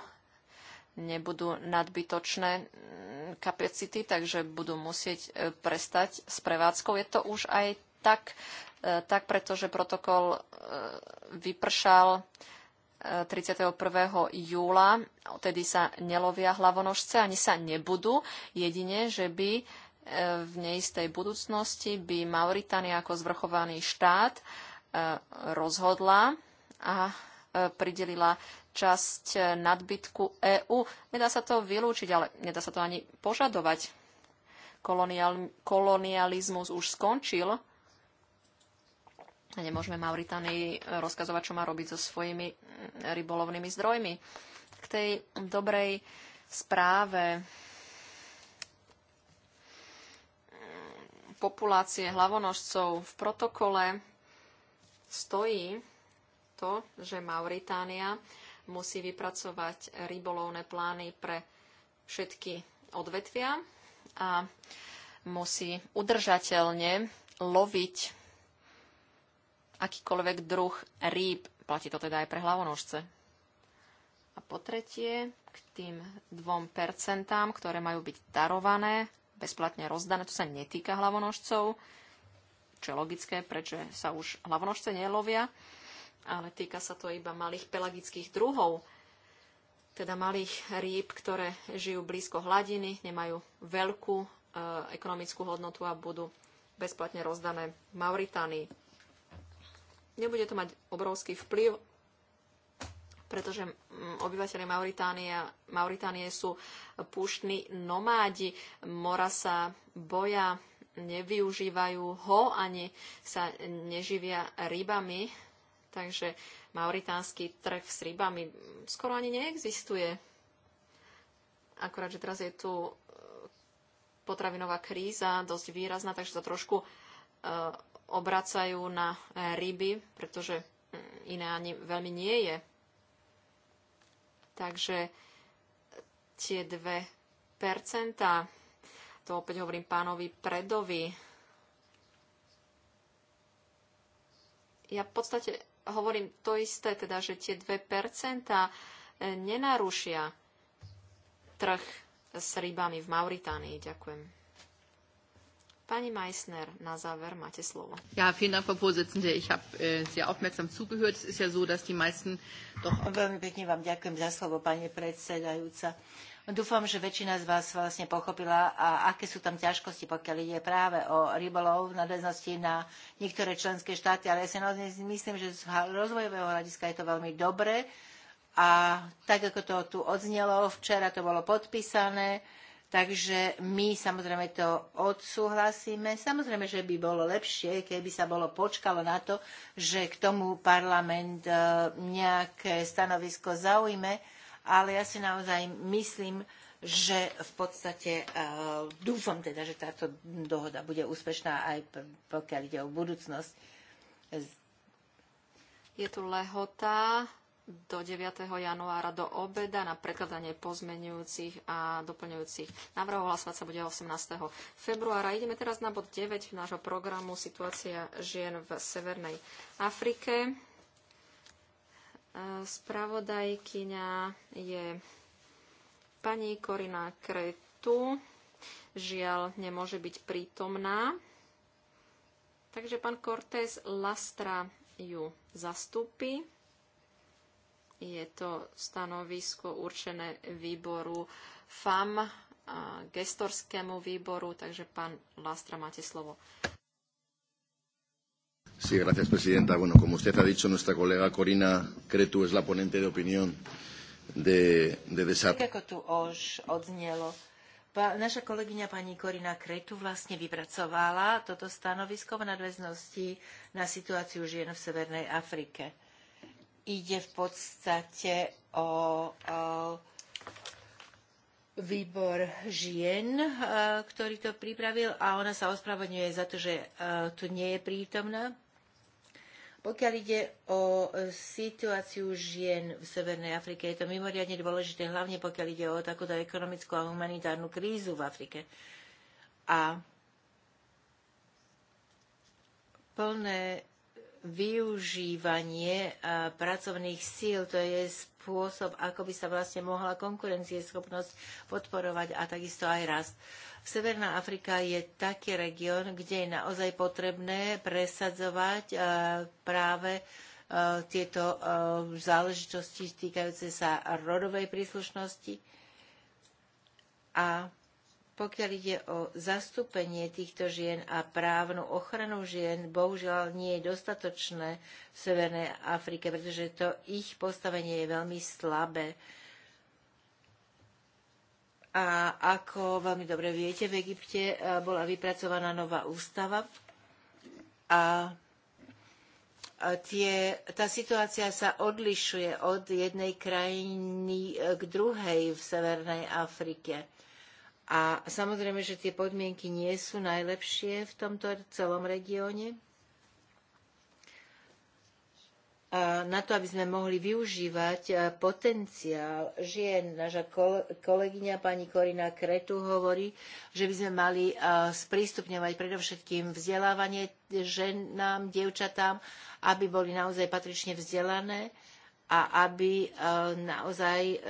nebudú nadbytočné kapacity, takže budú musieť e, prestať s prevádzkou. Je to už aj tak, e, tak pretože protokol vypršal 31. júla, odtedy sa nelovia hlavonožce, ani sa nebudú, jedine, že by v neistej budúcnosti by Mauritania ako zvrchovaný štát rozhodla a e, pridelila časť e, nadbytku EÚ. Nedá sa to vylúčiť, ale nedá sa to ani požadovať. Kolonial, kolonializmus už skončil a nemôžeme Mauritánii rozkazovať, čo má robiť so svojimi mm, rybolovnými zdrojmi. K tej dobrej správe mm, populácie hlavonožcov v protokole stojí, to, že Mauritánia musí vypracovať rybolovné plány pre všetky odvetvia a musí udržateľne loviť akýkoľvek druh rýb. Platí to teda aj pre hlavonožce. A po tretie, k tým dvom percentám, ktoré majú byť darované, bezplatne rozdané, to sa netýka hlavonožcov, čo je logické, prečo sa už hlavonožce nelovia ale týka sa to iba malých pelagických druhov, teda malých rýb, ktoré žijú blízko hladiny, nemajú veľkú e, ekonomickú hodnotu a budú bezplatne rozdané v Mauritánii. Nebude to mať obrovský vplyv, pretože obyvateľe Mauritánie sú púštni nomádi, mora sa boja, nevyužívajú ho ani sa neživia rybami, Takže mauritánsky trh s rybami skoro ani neexistuje. Akorát, že teraz je tu e, potravinová kríza, dosť výrazná, takže sa trošku e, obracajú na ryby, pretože mm, iné ani veľmi nie je. Takže e, tie dve percentá, to opäť hovorím pánovi Predovi, ja v podstate hovorím to isté, teda, že tie 2% eh, nenarušia trh s rybami v Mauritánii. Ďakujem. Pani Meissner, na záver máte slovo. Ja, vielen Dank, Frau Vorsitzende. Ich habe äh, sehr aufmerksam zugehört. Es ist ja so, dass die meisten doch... Veľmi pekne vám ďakujem za slovo, pani predsedajúca. Äh, Dúfam, že väčšina z vás vlastne pochopila, a aké sú tam ťažkosti, pokiaľ ide práve o rybolov v nadväznosti na niektoré členské štáty, ale ja si naozaj myslím, že z rozvojového hľadiska je to veľmi dobré. A tak, ako to tu odznelo, včera to bolo podpísané, takže my samozrejme to odsúhlasíme. Samozrejme, že by bolo lepšie, keby sa bolo počkalo na to, že k tomu parlament e, nejaké stanovisko zaujme, ale ja si naozaj myslím, že v podstate e, dúfam teda, že táto dohoda bude úspešná aj pokiaľ ide o budúcnosť. Je tu lehota do 9. januára do obeda na prekladanie pozmenujúcich a doplňujúcich návrhov. Hlasovať sa bude 18. februára. Ideme teraz na bod 9 nášho programu Situácia žien v Severnej Afrike. Spravodajkyňa je pani Korina Kretu. Žiaľ, nemôže byť prítomná. Takže pán Cortés Lastra ju zastúpi. Je to stanovisko určené výboru FAM, gestorskému výboru, takže pán Lastra, máte slovo. Sí, gracias, presidenta. Bueno, como usted ha dicho, nuestra colega Corina Cretu es la ponente de opinión de, de desarrollo. naša kolegyňa pani Korina Kretu vlastne vypracovala toto stanovisko v nadväznosti na situáciu žien v Severnej Afrike. Ide v podstate o, o výbor žien, e, ktorý to pripravil a ona sa ospravedlňuje za to, že e, tu nie je prítomná. Pokiaľ ide o e, situáciu žien v Severnej Afrike, je to mimoriadne dôležité, hlavne pokiaľ ide o takúto ekonomickú a humanitárnu krízu v Afrike. A plné využívanie eh, pracovných síl, to je spôsob, ako by sa vlastne mohla konkurencieschopnosť podporovať a takisto aj rast. Severná Afrika je taký región, kde je naozaj potrebné presadzovať eh, práve eh, tieto záležitosti týkajúce sa rodovej príslušnosti a pokiaľ ide o zastúpenie týchto žien a právnu ochranu žien, bohužiaľ nie je dostatočné v Severnej Afrike, pretože to ich postavenie je veľmi slabé. A ako veľmi dobre viete, v Egypte eh, bola vypracovaná nová ústava a tie, tá situácia sa odlišuje od jednej krajiny eh, k druhej v Severnej Afrike. A samozrejme, že tie podmienky nie sú najlepšie v tomto celom regióne. Na to, aby sme mohli využívať e, potenciál žien, naša kolegyňa pani Korina Kretu hovorí, že by sme mali e, sprístupňovať predovšetkým vzdelávanie ženám, dievčatám, aby boli naozaj patrične vzdelané a aby eh, naozaj eh,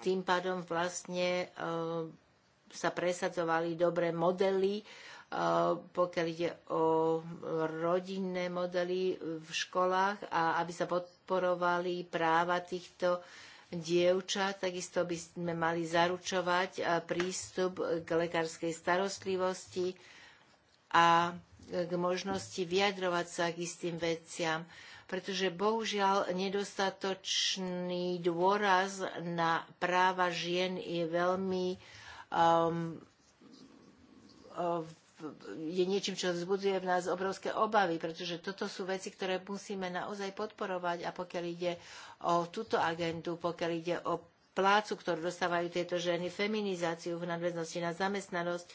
tým pádom vlastne eh, sa presadzovali dobré modely, pokiaľ ide o rodinné modely v školách a aby sa podporovali práva týchto dievčat. Takisto by sme mali zaručovať prístup k lekárskej starostlivosti a k možnosti vyjadrovať sa k istým veciam pretože bohužiaľ nedostatočný dôraz na práva žien je veľmi um, um je niečím, čo vzbudzuje v nás obrovské obavy, pretože toto sú veci, ktoré musíme naozaj podporovať a pokiaľ ide o túto agendu, pokiaľ ide o plácu, ktorú dostávajú tieto ženy, feminizáciu v nadväznosti na zamestnanosť,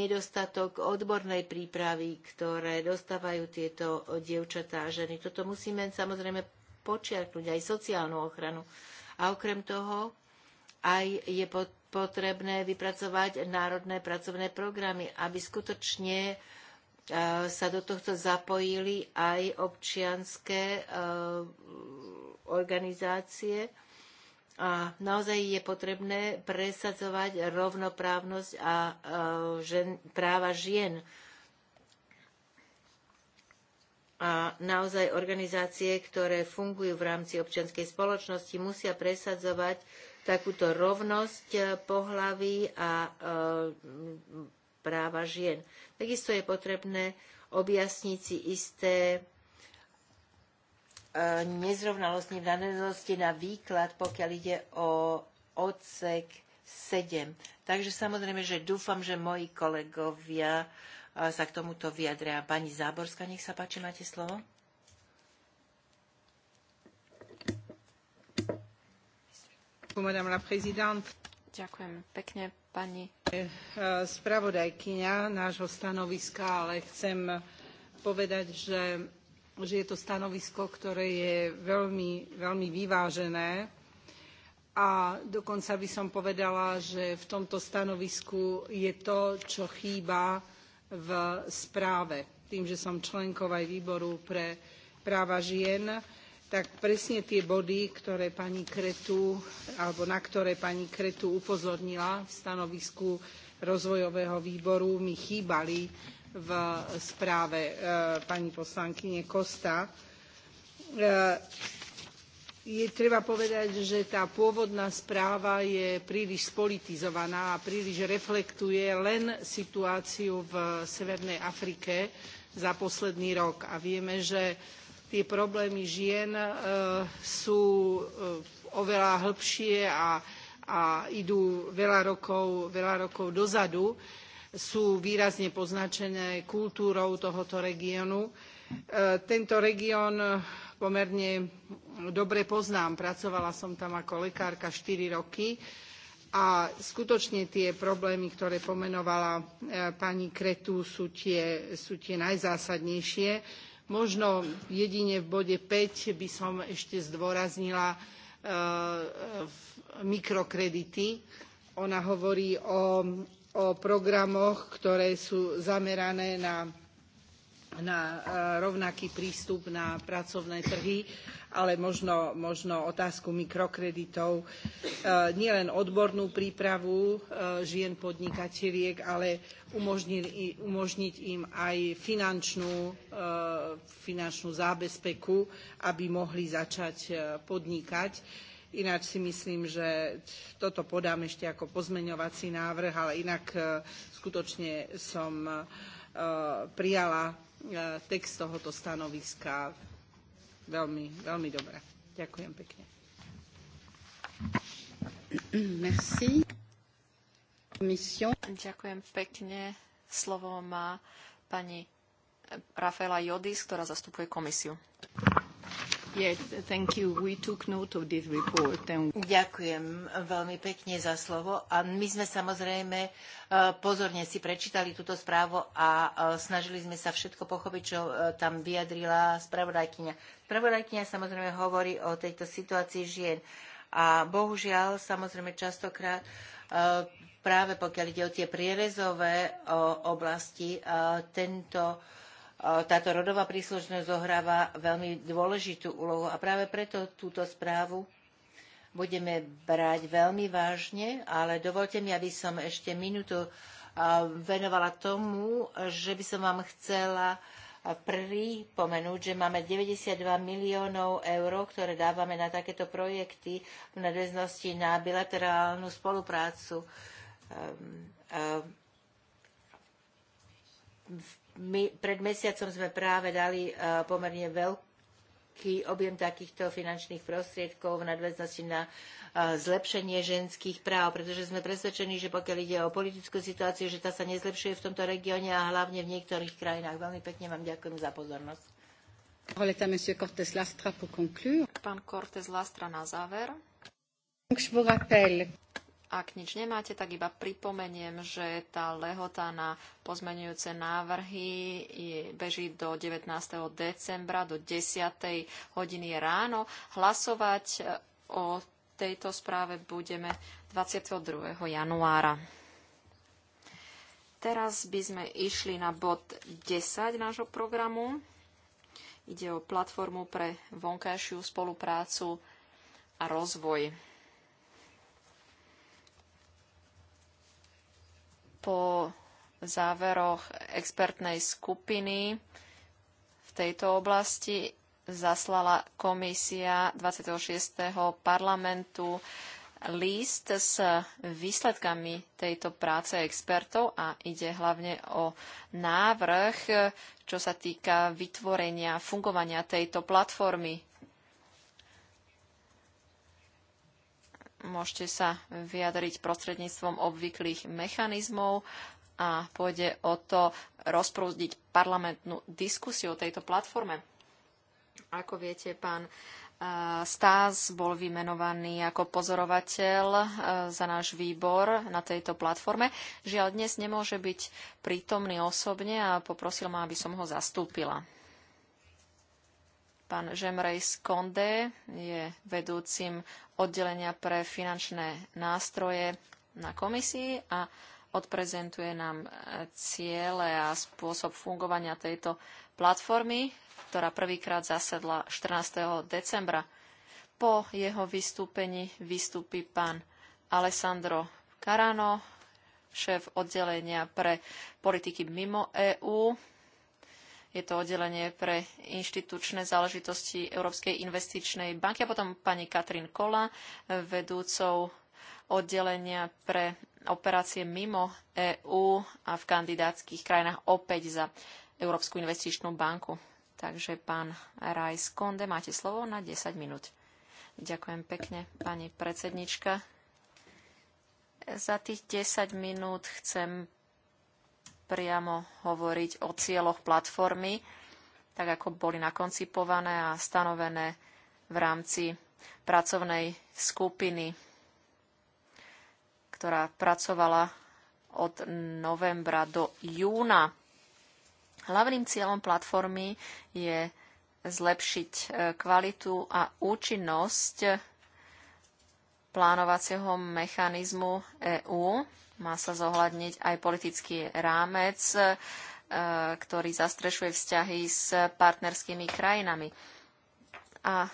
nedostatok odbornej prípravy, ktoré dostávajú tieto dievčatá a ženy. Toto musíme samozrejme počiarknúť, aj sociálnu ochranu. A okrem toho aj je potrebné vypracovať národné pracovné programy, aby skutočne e, sa do tohto zapojili aj občianské e, organizácie, a naozaj je potrebné presadzovať rovnoprávnosť a e, žen, práva žien. A naozaj organizácie, ktoré fungujú v rámci občianskej spoločnosti, musia presadzovať takúto rovnosť e, pohlaví a e, práva žien. Takisto je potrebné objasniť si isté E, nezrovnalosti, nezrovnalosti na výklad, pokiaľ ide o odsek 7. Takže samozrejme, že dúfam, že moji kolegovia e, sa k tomuto vyjadria. Pani Záborská, nech sa páči, máte slovo. Ďakujem pekne, pani. E, spravodajkyňa nášho stanoviska, ale chcem povedať, že že je to stanovisko, ktoré je veľmi, veľmi vyvážené a dokonca by som povedala, že v tomto stanovisku je to, čo chýba v správe. Tým, že som členkou aj výboru pre práva žien, tak presne tie body, ktoré pani Kretu, alebo na ktoré pani Kretu upozornila v stanovisku rozvojového výboru, mi chýbali v správe e, pani poslankyne Kosta. E, je treba povedať, že tá pôvodná správa je príliš spolitizovaná a príliš reflektuje len situáciu v Severnej Afrike za posledný rok. A vieme, že tie problémy žien e, sú oveľa hĺbšie a, a idú veľa rokov, veľa rokov dozadu sú výrazne poznačené kultúrou tohoto regiónu. E, tento región e, pomerne dobre poznám. Pracovala som tam ako lekárka 4 roky a skutočne tie problémy, ktoré pomenovala e, pani Kretu, sú tie, sú tie najzásadnejšie. Možno jedine v bode 5 by som ešte zdôraznila mikrokredity. Ona hovorí o, o programoch, ktoré sú zamerané na, na e, rovnaký prístup na pracovné trhy, ale možno, možno otázku mikrokreditov, e, nielen odbornú prípravu e, žien podnikateliek, ale umožniť, umožniť im aj finančnú, finančnú zábezpeku, aby mohli začať podnikať Ináč si myslím, že toto podám ešte ako pozmeňovací návrh, ale inak e, skutočne som e, prijala e, text tohoto stanoviska veľmi, veľmi dobre. Ďakujem pekne. Merci. Mission. Ďakujem pekne. Slovo má pani Rafaela Jodis, ktorá zastupuje komisiu. Ďakujem veľmi pekne za slovo. A my sme samozrejme e, pozorne si prečítali túto správu a e, snažili sme sa všetko pochopiť, čo e, tam vyjadrila spravodajkyňa. Spravodajkyňa samozrejme hovorí o tejto situácii žien. A bohužiaľ, samozrejme častokrát práve pokiaľ ide o tie prierezové oblasti, tento E, táto rodová príslušnosť zohráva veľmi dôležitú úlohu a práve preto túto správu budeme brať veľmi vážne, ale dovolte mi, aby som ešte minútu e, venovala tomu, že by som vám chcela pripomenúť, že máme 92 miliónov eur, ktoré dávame na takéto projekty v nadväznosti na bilaterálnu spoluprácu. V ehm, ehm, my pred mesiacom sme práve dali e, pomerne veľký objem takýchto finančných prostriedkov v nadväznosti na e, zlepšenie ženských práv, pretože sme presvedčení, že pokiaľ ide o politickú situáciu, že tá sa nezlepšuje v tomto regióne a hlavne v niektorých krajinách. Veľmi pekne vám ďakujem za pozornosť. Pán Lastra na záver. Ak nič nemáte, tak iba pripomeniem, že tá lehota na pozmenujúce návrhy je, beží do 19. decembra do 10. hodiny ráno. Hlasovať e, o tejto správe budeme 22. januára. Teraz by sme išli na bod 10 nášho programu. Ide o platformu pre vonkajšiu spoluprácu a rozvoj. V záveroch expertnej skupiny v tejto oblasti zaslala komisia 26. parlamentu list s výsledkami tejto práce expertov a ide hlavne o návrh, čo sa týka vytvorenia, fungovania tejto platformy. Môžete sa vyjadriť prostredníctvom obvyklých mechanizmov a pôjde o to rozprúzdiť parlamentnú diskusiu o tejto platforme. Ako viete, pán eh, Stás bol vymenovaný ako pozorovateľ eh, za náš výbor na tejto platforme. Žiaľ, dnes nemôže byť prítomný osobne a poprosil ma, aby som ho zastúpila. Pán Žemrejs Konde je vedúcim oddelenia pre finančné nástroje na komisii a odprezentuje nám e, ciele a spôsob fungovania tejto platformy, ktorá prvýkrát zasedla 14. decembra. Po jeho vystúpení vystúpi pán Alessandro Carano, šéf oddelenia pre politiky mimo EÚ. Je to oddelenie pre inštitučné záležitosti Európskej investičnej banky a potom pani Katrin Kola, vedúcou oddelenia pre operácie mimo EÚ a v kandidátskych krajinách opäť za Európsku investičnú banku. Takže pán Rajs Konde, máte slovo na 10 minút. Ďakujem pekne, pani predsednička. Za tých 10 minút chcem priamo hovoriť o cieľoch platformy, tak ako boli nakoncipované a stanovené v rámci pracovnej skupiny ktorá pracovala od novembra do júna. Hlavným cieľom platformy je zlepšiť e, kvalitu a účinnosť plánovacieho mechanizmu EÚ. Má sa zohľadniť aj politický rámec, e, ktorý zastrešuje vzťahy s partnerskými krajinami. A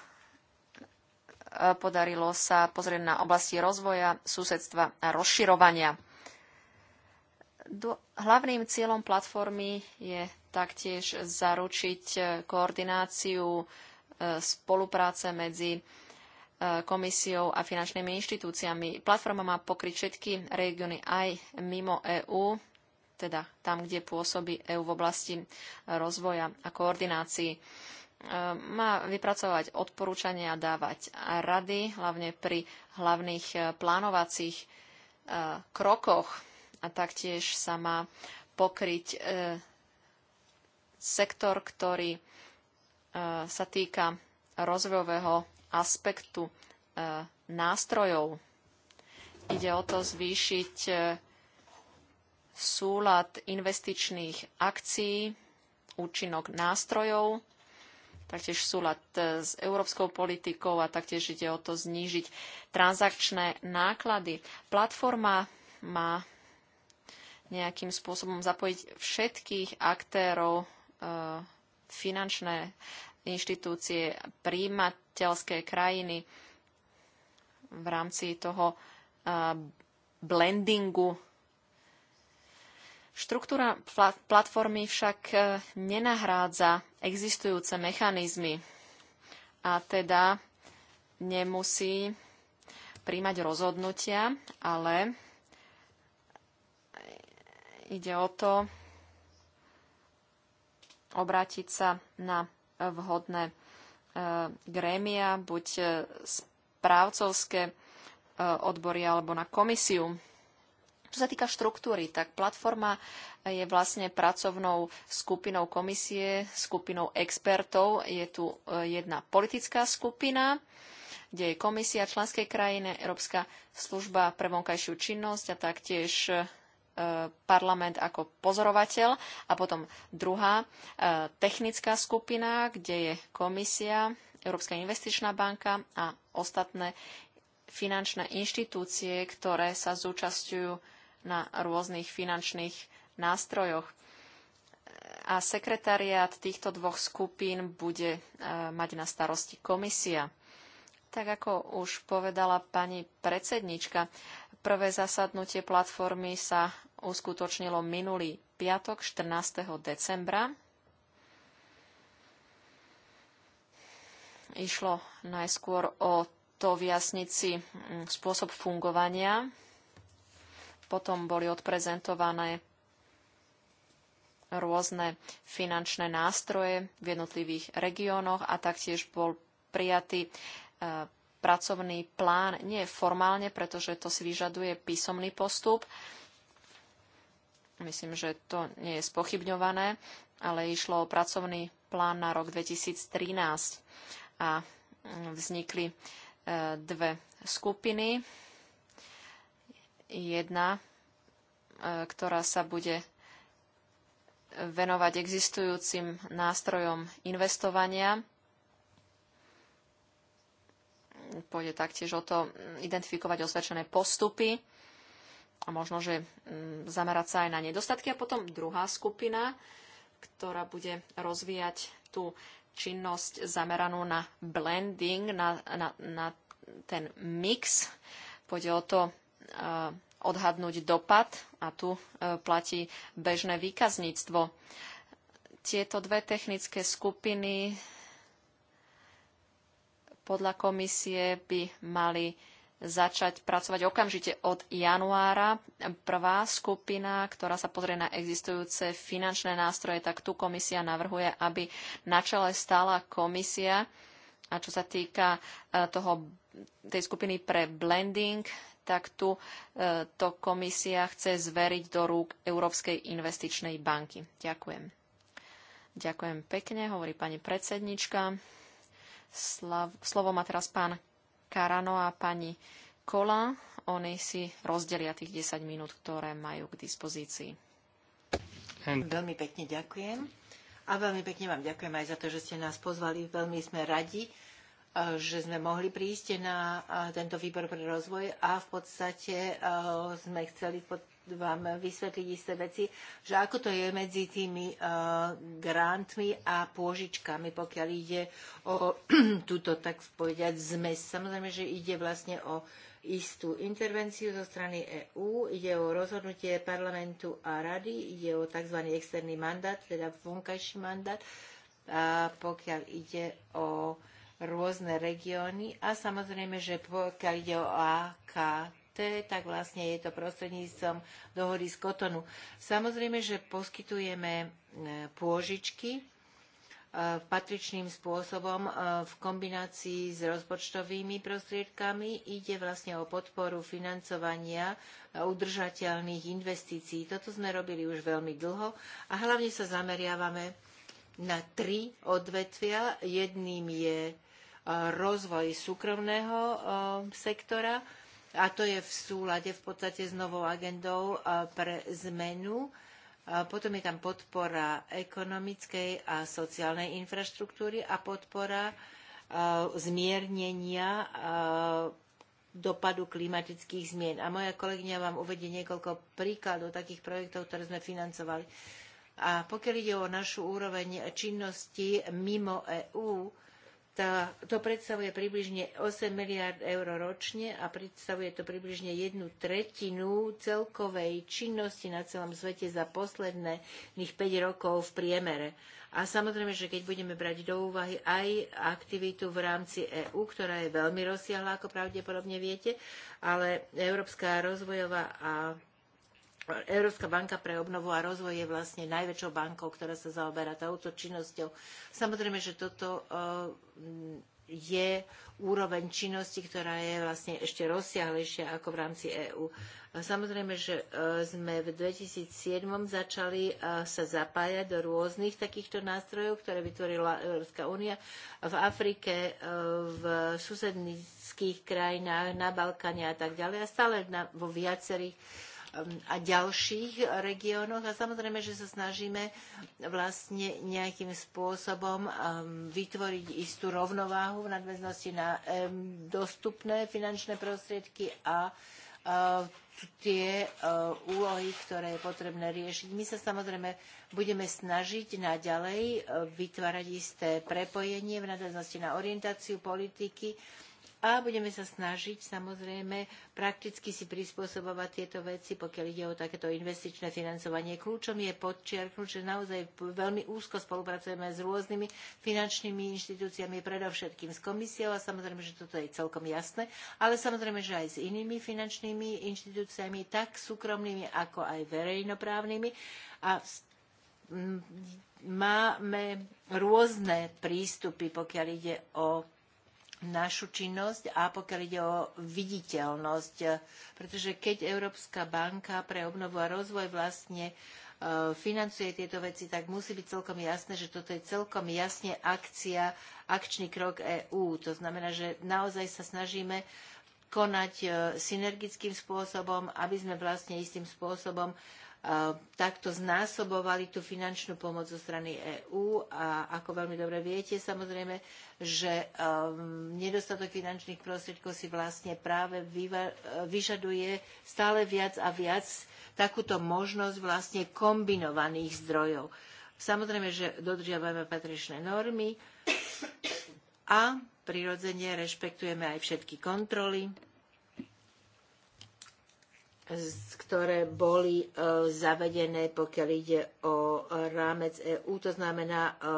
E, podarilo sa pozrieť na oblasti rozvoja, susedstva a rozširovania. Hlavným cieľom platformy je taktiež zaručiť e, koordináciu e, spolupráce medzi komisiou a finančnými inštitúciami. Platforma má pokryť všetky regióny aj mimo EÚ, teda tam, kde pôsobí EÚ v oblasti rozvoja a koordinácii. Ehm, má vypracovať odporúčania a dávať rady, hlavne pri hlavných e, plánovacích e, krokoch a taktiež sa má pokryť e, sektor, ktorý sa týka rozvojového aspektu nástrojov. Ide o to zvýšiť súlad investičných akcií, účinok nástrojov taktiež súľad e, s európskou politikou a taktiež ide o to znížiť transakčné náklady. Platforma má nejakým spôsobom zapojiť všetkých aktérov, e, finančné inštitúcie, príjimateľské krajiny v rámci toho e, blendingu Štruktúra platformy však e, nenahrádza existujúce mechanizmy a teda nemusí príjmať rozhodnutia, ale ide o to obrátiť sa na vhodné e, grémia, buď e, správcovské odbory alebo na komisiu. Čo sa týka štruktúry, tak platforma je vlastne pracovnou skupinou komisie, skupinou expertov. Je tu e, jedna politická skupina, kde je komisia členskej krajiny, Európska služba pre vonkajšiu činnosť a taktiež e, parlament ako pozorovateľ a potom druhá e, technická skupina, kde je komisia, Európska investičná banka a ostatné finančné inštitúcie, ktoré sa zúčastňujú na rôznych finančných nástrojoch. A sekretariát týchto dvoch skupín bude e, mať na starosti komisia. Tak ako už povedala pani predsednička, prvé zasadnutie platformy sa uskutočnilo minulý piatok 14. decembra. Išlo najskôr o to vyjasniť si spôsob fungovania potom boli odprezentované rôzne finančné nástroje v jednotlivých regiónoch a taktiež bol prijatý e, pracovný plán, nie formálne, pretože to si vyžaduje písomný postup. Myslím, že to nie je spochybňované, ale išlo o pracovný plán na rok 2013 a vznikli e, dve skupiny jedna, e, ktorá sa bude venovať existujúcim nástrojom investovania. Pôjde taktiež o to identifikovať osvedčené postupy a možno, že mm, zamerať sa aj na nedostatky. A potom druhá skupina, ktorá bude rozvíjať tú činnosť zameranú na blending, na, na, na ten mix. Pôjde o to Eh, odhadnúť dopad a tu eh, platí bežné výkazníctvo. Tieto dve technické skupiny podľa komisie by mali začať pracovať okamžite od januára. Prvá skupina, ktorá sa pozrie na existujúce finančné nástroje, tak tu komisia navrhuje, aby na čele stála komisia. A čo sa týka eh, toho, tej skupiny pre blending, tak tu e, to komisia chce zveriť do rúk Európskej investičnej banky. Ďakujem. Ďakujem pekne, hovorí pani predsednička. Slav, slovo má teraz pán Karano a pani Kola. Oni si rozdelia tých 10 minút, ktoré majú k dispozícii. Veľmi pekne ďakujem. A veľmi pekne vám ďakujem aj za to, že ste nás pozvali. Veľmi sme radi, že sme mohli prísť na tento výbor pre rozvoj a v podstate sme chceli vám vysvetliť isté veci, že ako to je medzi tými grantmi a pôžičkami, pokiaľ ide o <clears throat> túto, tak povedať, zmes. Samozrejme, že ide vlastne o istú intervenciu zo strany EÚ, ide o rozhodnutie parlamentu a rady, ide o tzv. externý mandát, teda vonkajší mandát, a pokiaľ ide o rôzne regióny a samozrejme, že pokiaľ ide o AKT, tak vlastne je to prostredníctvom dohody z Kotonu. Samozrejme, že poskytujeme e, pôžičky e, patričným spôsobom e, v kombinácii s rozpočtovými prostriedkami. Ide vlastne o podporu financovania udržateľných investícií. Toto sme robili už veľmi dlho a hlavne sa zameriavame na tri odvetvia. Jedným je rozvoj súkromného eh, sektora a to je v súlade v podstate s novou agendou eh, pre zmenu. Potom je tam podpora ekonomickej a sociálnej infraštruktúry a podpora eh, zmiernenia dopadu klimatických zmien. A moja kolegyňa vám uvedie niekoľko príkladov takých projektov, ktoré sme financovali. A pokiaľ ide o našu úroveň činnosti mimo EÚ, tá, to predstavuje približne 8 miliard eur ročne a predstavuje to približne jednu tretinu celkovej činnosti na celom svete za posledných 5 rokov v priemere. A samozrejme, že keď budeme brať do úvahy aj aktivitu v rámci EÚ, ktorá je veľmi rozsiahla, ako pravdepodobne viete, ale Európska rozvojová a Európska banka pre obnovu a rozvoj je vlastne najväčšou bankou, ktorá sa zaoberá touto činnosťou. Samozrejme, že toto eh, je úroveň činnosti, ktorá je vlastne ešte rozsiahlejšia ako v rámci EÚ. Samozrejme, že eh, sme v 2007 začali eh, sa zapájať do rôznych takýchto nástrojov, ktoré vytvorila Európska únia v Afrike, v susedných krajinách, na Balkáne a tak ďalej a stále na, vo viacerých Um, a ďalších regiónoch. A samozrejme, že sa snažíme vlastne nejakým spôsobom um, vytvoriť istú rovnováhu v nadväznosti na um, dostupné finančné prostriedky a uh, tie uh, úlohy, ktoré je potrebné riešiť. My sa samozrejme budeme snažiť naďalej uh, vytvárať isté prepojenie v nadväznosti na orientáciu politiky a budeme sa snažiť samozrejme prakticky si prispôsobovať tieto veci, pokiaľ ide o takéto investičné financovanie. Kľúčom je podčiarknúť, že naozaj veľmi úzko spolupracujeme s rôznymi finančnými inštitúciami, predovšetkým s komisiou a samozrejme, že toto je celkom jasné, ale samozrejme, že aj s inými finančnými inštitúciami, tak súkromnými ako aj verejnoprávnymi a máme rôzne prístupy, pokiaľ ide o našu činnosť a pokiaľ ide o viditeľnosť. Eh, pretože keď Európska banka pre obnovu a rozvoj vlastne eh, financuje tieto veci, tak musí byť celkom jasné, že toto je celkom jasne akcia, akčný krok EÚ. To znamená, že naozaj sa snažíme konať eh, synergickým spôsobom, aby sme vlastne istým spôsobom Eh, takto znásobovali tú finančnú pomoc zo strany EÚ a ako veľmi dobre viete, samozrejme, že ehm, nedostatok finančných prostriedkov si vlastne práve eh, vyžaduje stále viac a viac takúto možnosť vlastne kombinovaných zdrojov. Samozrejme, že dodržiavame patričné normy a prirodzene rešpektujeme aj všetky kontroly ktoré boli e, zavedené, pokiaľ ide o rámec EU, to znamená e, e,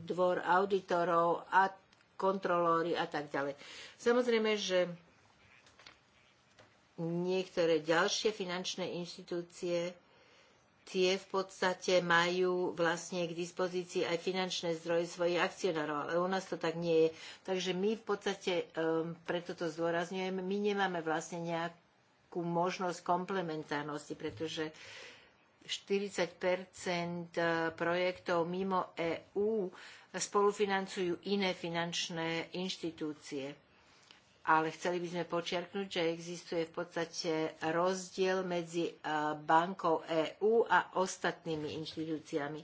dvor auditorov a kontrolóri a tak ďalej. Samozrejme, že niektoré ďalšie finančné inštitúcie tie v podstate majú vlastne k dispozícii aj finančné zdroje svojich akcionárov, ale u nás to tak nie je. Takže my v podstate, um, preto to zdôrazňujeme, my nemáme vlastne nejak takú možnosť komplementárnosti, pretože 40 e, projektov mimo EÚ spolufinancujú iné finančné inštitúcie. Ale chceli by sme počiarknúť, že existuje v podstate rozdiel medzi e, bankou EÚ a ostatnými inštitúciami.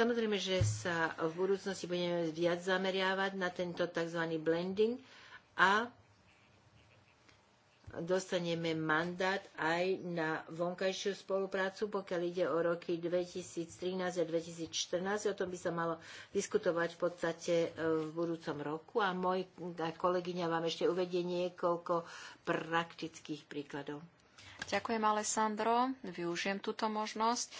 Samozrejme, že sa v budúcnosti budeme viac zameriavať na tento tzv. blending a dostaneme mandát aj na vonkajšiu spoluprácu, pokiaľ ide o roky 2013 a 2014. O tom by sa malo diskutovať v podstate e, v budúcom roku a môj a kolegyňa vám ešte uvedie niekoľko praktických príkladov. Ďakujem, Alessandro. Využijem túto možnosť.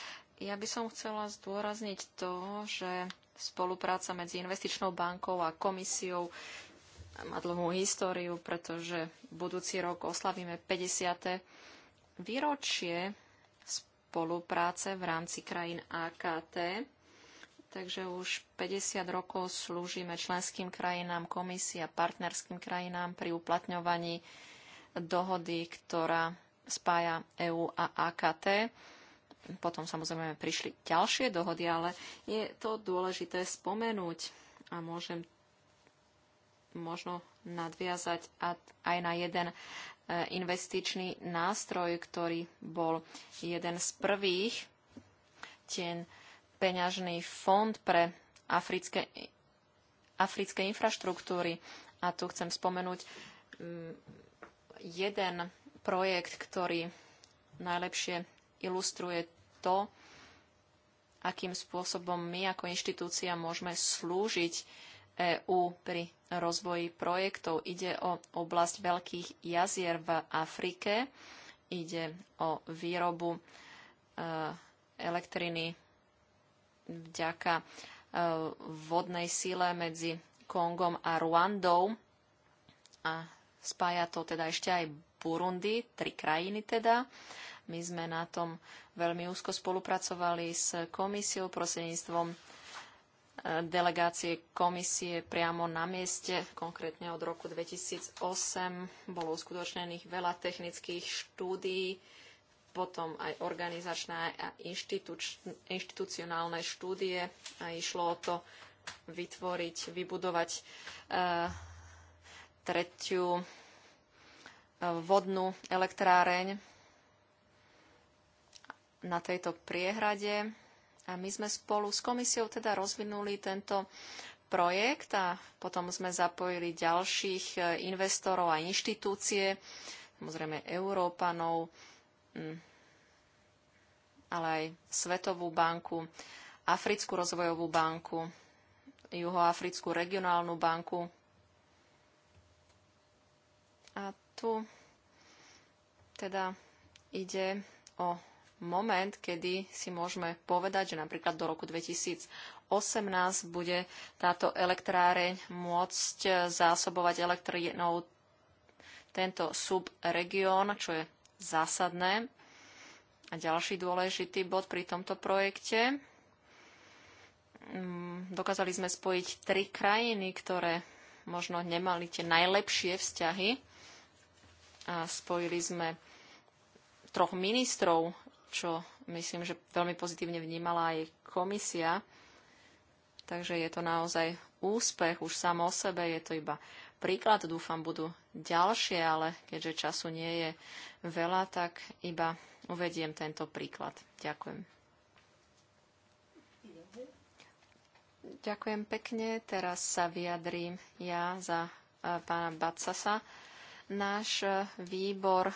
Ja by som chcela zdôrazniť to, že spolupráca medzi investičnou bankou a komisiou má dlhú históriu, pretože budúci rok oslavíme 50. výročie spolupráce v rámci krajín AKT. Takže už 50 rokov slúžime členským krajinám, komisie a partnerským krajinám pri uplatňovaní dohody, ktorá spája EÚ a AKT. Potom samozrejme prišli ďalšie dohody, ale je to dôležité spomenúť a môžem možno nadviazať aj na jeden e, investičný nástroj, ktorý bol jeden z prvých, ten peňažný fond pre africké, africké infraštruktúry. A tu chcem spomenúť mm, jeden projekt, ktorý najlepšie ilustruje to, akým spôsobom my ako inštitúcia môžeme slúžiť EÚ pri rozvoji projektov. Ide o oblasť veľkých jazier v Afrike. Ide o výrobu eh, elektriny vďaka eh, vodnej sile medzi Kongom a Ruandou. A spája to teda ešte aj Burundi, tri krajiny teda. My sme na tom veľmi úzko spolupracovali s komisiou prostredníctvom delegácie komisie priamo na mieste. Konkrétne od roku 2008 bolo uskutočnených veľa technických štúdií, potom aj organizačné a inštitucionálne štúdie a išlo o to vytvoriť, vybudovať e, tretiu eh, vodnú elektráreň na tejto priehrade. A my sme spolu s komisiou teda rozvinuli tento projekt a potom sme zapojili ďalších e, investorov a inštitúcie, samozrejme Európanov, mm, ale aj Svetovú banku, Africkú rozvojovú banku, Juhoafrickú regionálnu banku. A tu teda ide o moment, kedy si môžeme povedať, že napríklad do roku 2018 bude táto elektráreň môcť zásobovať elektrínou tento subregión, čo je zásadné. A ďalší dôležitý bod pri tomto projekte. Mm, dokázali sme spojiť tri krajiny, ktoré možno nemali tie najlepšie vzťahy. A spojili sme troch ministrov čo myslím, že veľmi pozitívne vnímala aj komisia. Takže je to naozaj úspech už samo o sebe, je to iba príklad, dúfam, budú ďalšie, ale keďže času nie je veľa, tak iba uvediem tento príklad. Ďakujem. Ďakujem pekne. Teraz sa vyjadrím ja za e, pána Bacasa. Náš e, výbor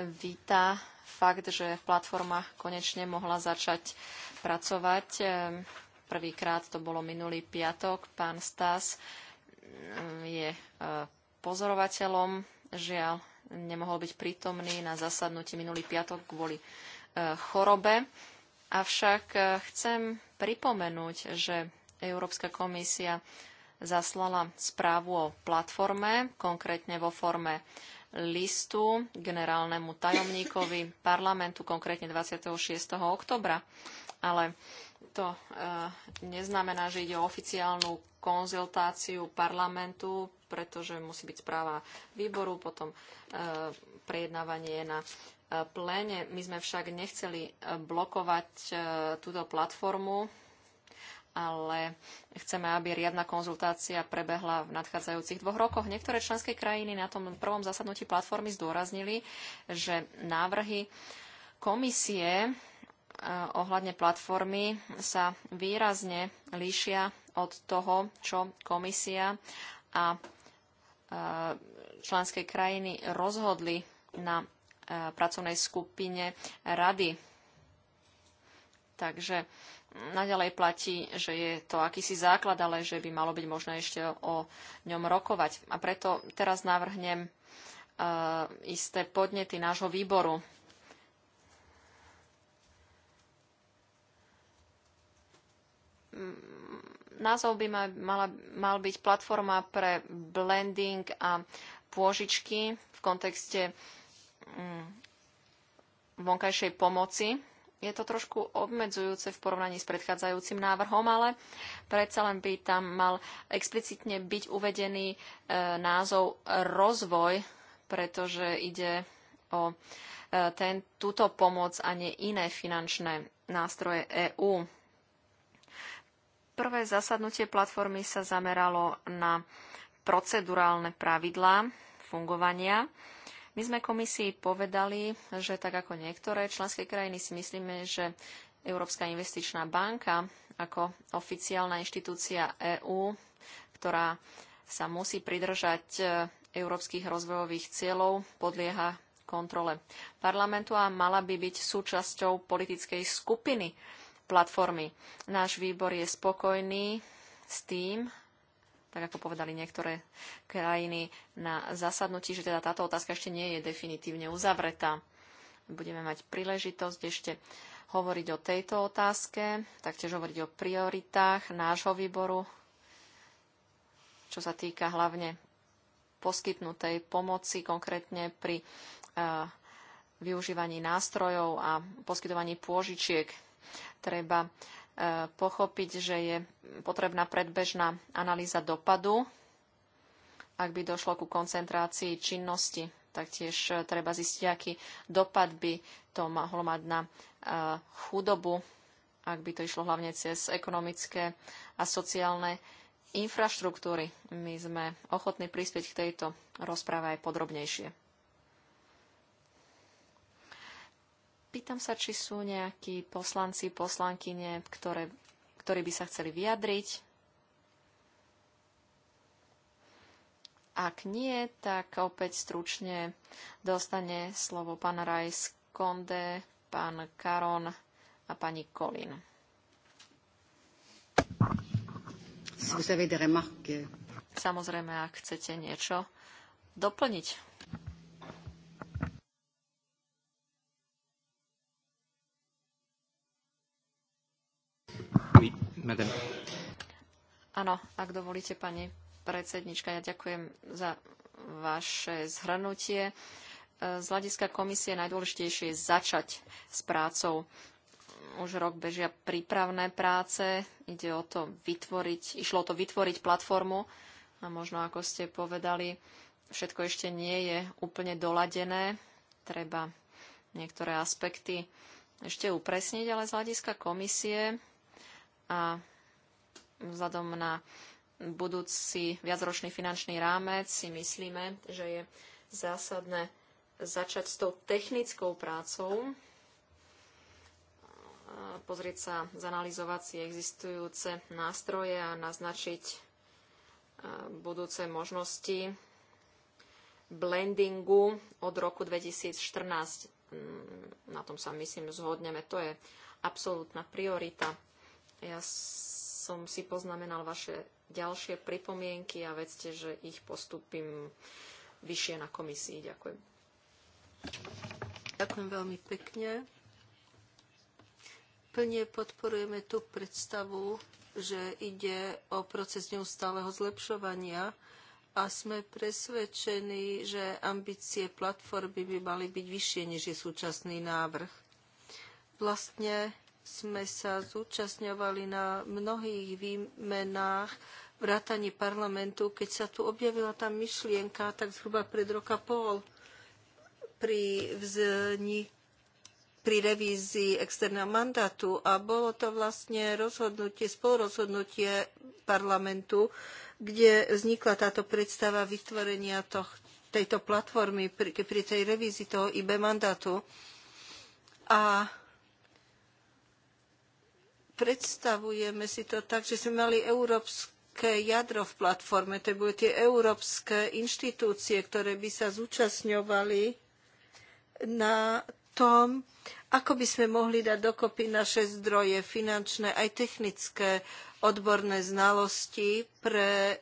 víta fakt, že platforma konečne mohla začať pracovať. Ehm, prvýkrát to bolo minulý piatok. Pán Stas ehm, je e, pozorovateľom. Žiaľ, nemohol byť prítomný na zasadnutí minulý piatok kvôli e, chorobe. Avšak e, chcem pripomenúť, že Európska komisia zaslala správu o platforme, konkrétne vo forme listu generálnemu tajomníkovi parlamentu, konkrétne 26. oktobra. Ale to e, neznamená, že ide o oficiálnu konzultáciu parlamentu, pretože musí byť správa výboru, potom e, prejednávanie na e, pléne. My sme však nechceli e, blokovať e, túto platformu ale chceme, aby riadna konzultácia prebehla v nadchádzajúcich dvoch rokoch. Niektoré členské krajiny na tom prvom zasadnutí platformy zdôraznili, že návrhy komisie e, ohľadne platformy sa výrazne líšia od toho, čo komisia a e, členské krajiny rozhodli na e, pracovnej skupine rady. Takže naďalej platí, že je to akýsi základ, ale že by malo byť možné ešte o ňom rokovať. A preto teraz navrhnem uh, isté podnety nášho výboru. Názov by mala, mal byť platforma pre blending a pôžičky v kontekste um, mm, vonkajšej pomoci je to trošku obmedzujúce v porovnaní s predchádzajúcim návrhom, ale predsa len by tam mal explicitne byť uvedený e, názov rozvoj, pretože ide o e, ten, túto pomoc a nie iné finančné nástroje EÚ. Prvé zasadnutie platformy sa zameralo na procedurálne pravidlá fungovania my sme komisii povedali, že tak ako niektoré členské krajiny si myslíme, že Európska investičná banka ako oficiálna inštitúcia EÚ, ktorá sa musí pridržať e, európskych rozvojových cieľov, podlieha kontrole parlamentu a mala by byť súčasťou politickej skupiny platformy. Náš výbor je spokojný s tým, tak ako povedali niektoré krajiny na zasadnutí, že teda táto otázka ešte nie je definitívne uzavretá. Budeme mať príležitosť ešte hovoriť o tejto otázke, taktiež hovoriť o prioritách nášho výboru, čo sa týka hlavne poskytnutej pomoci konkrétne pri eh, využívaní nástrojov a poskytovaní pôžičiek. Treba eh, pochopiť, že je potrebná predbežná analýza dopadu, ak by došlo ku koncentrácii činnosti. tak tiež e, treba zistiť, aký dopad by to mohlo mať na e, chudobu, ak by to išlo hlavne cez ekonomické a sociálne infraštruktúry. My sme ochotní prispieť k tejto rozpráve aj podrobnejšie. Pýtam sa, či sú nejakí poslanci, poslankyne, ktoré, ktorí by sa chceli vyjadriť. Ak nie, tak opäť stručne dostane slovo pán Rajs Konde, pán Karon a pani Colin. Samozrejme, ak chcete niečo doplniť. madame. Áno, ak dovolíte, pani predsednička, ja ďakujem za vaše zhrnutie. E, z hľadiska komisie najdôležitejšie je začať s prácou. Už rok bežia prípravné práce, ide o to vytvoriť, išlo o to vytvoriť platformu a možno, ako ste povedali, všetko ešte nie je úplne doladené. Treba niektoré aspekty ešte upresniť, ale z hľadiska komisie a vzhľadom na budúci viacročný finančný rámec si myslíme, že je zásadné začať s tou technickou prácou, pozrieť sa, zanalizovať si existujúce nástroje a naznačiť budúce možnosti blendingu od roku 2014. Mm, na tom sa myslím zhodneme. To je absolútna priorita. Ja som si poznamenal vaše ďalšie pripomienky a vedzte, že ich postupím vyššie na komisii. Ďakujem. Ďakujem veľmi pekne. Plne podporujeme tú predstavu, že ide o proces neustáleho zlepšovania a sme presvedčení, že ambície platformy by mali byť vyššie, než je súčasný návrh. Vlastne sme sa zúčastňovali na mnohých výmenách vrátanie parlamentu, keď sa tu objavila tá myšlienka tak zhruba pred roka pol pri vzni pri revízii externého mandátu a bolo to vlastne rozhodnutie, spolurozhodnutie parlamentu, kde vznikla táto predstava vytvorenia toh, tejto platformy pri, pri tej revízii toho IB mandátu. A predstavujeme si to tak, že sme mali európske jadro v platforme, to boli tie európske inštitúcie, ktoré by sa zúčastňovali na tom, ako by sme mohli dať dokopy naše zdroje, finančné aj technické, odborné znalosti pre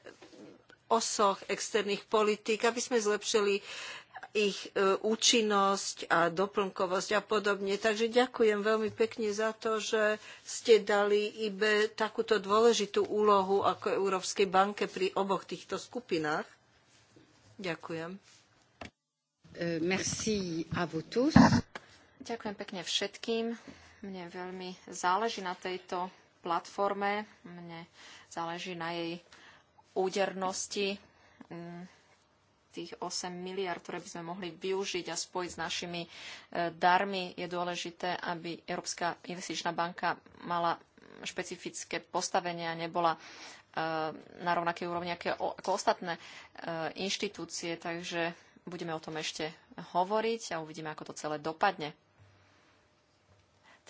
osoch externých politík, aby sme zlepšili ich e, účinnosť a doplnkovosť a podobne. Takže ďakujem veľmi pekne za to, že ste dali ibe takúto dôležitú úlohu ako Európskej banke pri oboch týchto skupinách. Ďakujem. E, merci vous tous. Ďakujem pekne všetkým. Mne veľmi záleží na tejto platforme, mne záleží na jej údernosti mm, tých 8 miliard, ktoré by sme mohli využiť a spojiť s našimi e, darmi, je dôležité, aby Európska investičná banka mala špecifické postavenie a nebola e, na rovnakej úrovni ako ostatné e, inštitúcie, takže budeme o tom ešte hovoriť a uvidíme, ako to celé dopadne.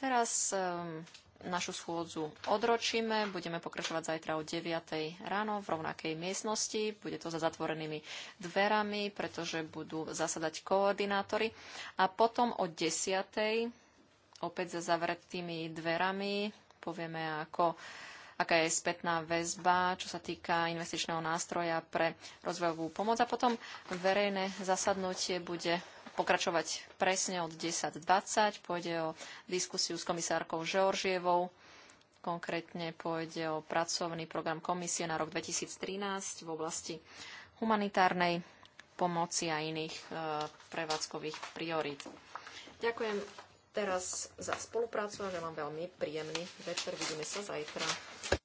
Teraz našu schôdzu odročíme. Budeme pokračovať zajtra o 9. ráno v rovnakej miestnosti. Bude to za zatvorenými dverami, pretože budú zasadať koordinátory. A potom o 10. opäť za zavretými dverami povieme, ako aká je spätná väzba, čo sa týka investičného nástroja pre rozvojovú pomoc. A potom verejné zasadnutie bude pokračovať presne od 10.20. Pôjde o diskusiu s komisárkou Žoržievou. Konkrétne pôjde o pracovný program komisie na rok 2013 v oblasti humanitárnej pomoci a iných e, prevádzkových priorít. Ďakujem teraz za spoluprácu a želám veľmi príjemný večer. Vidíme sa zajtra.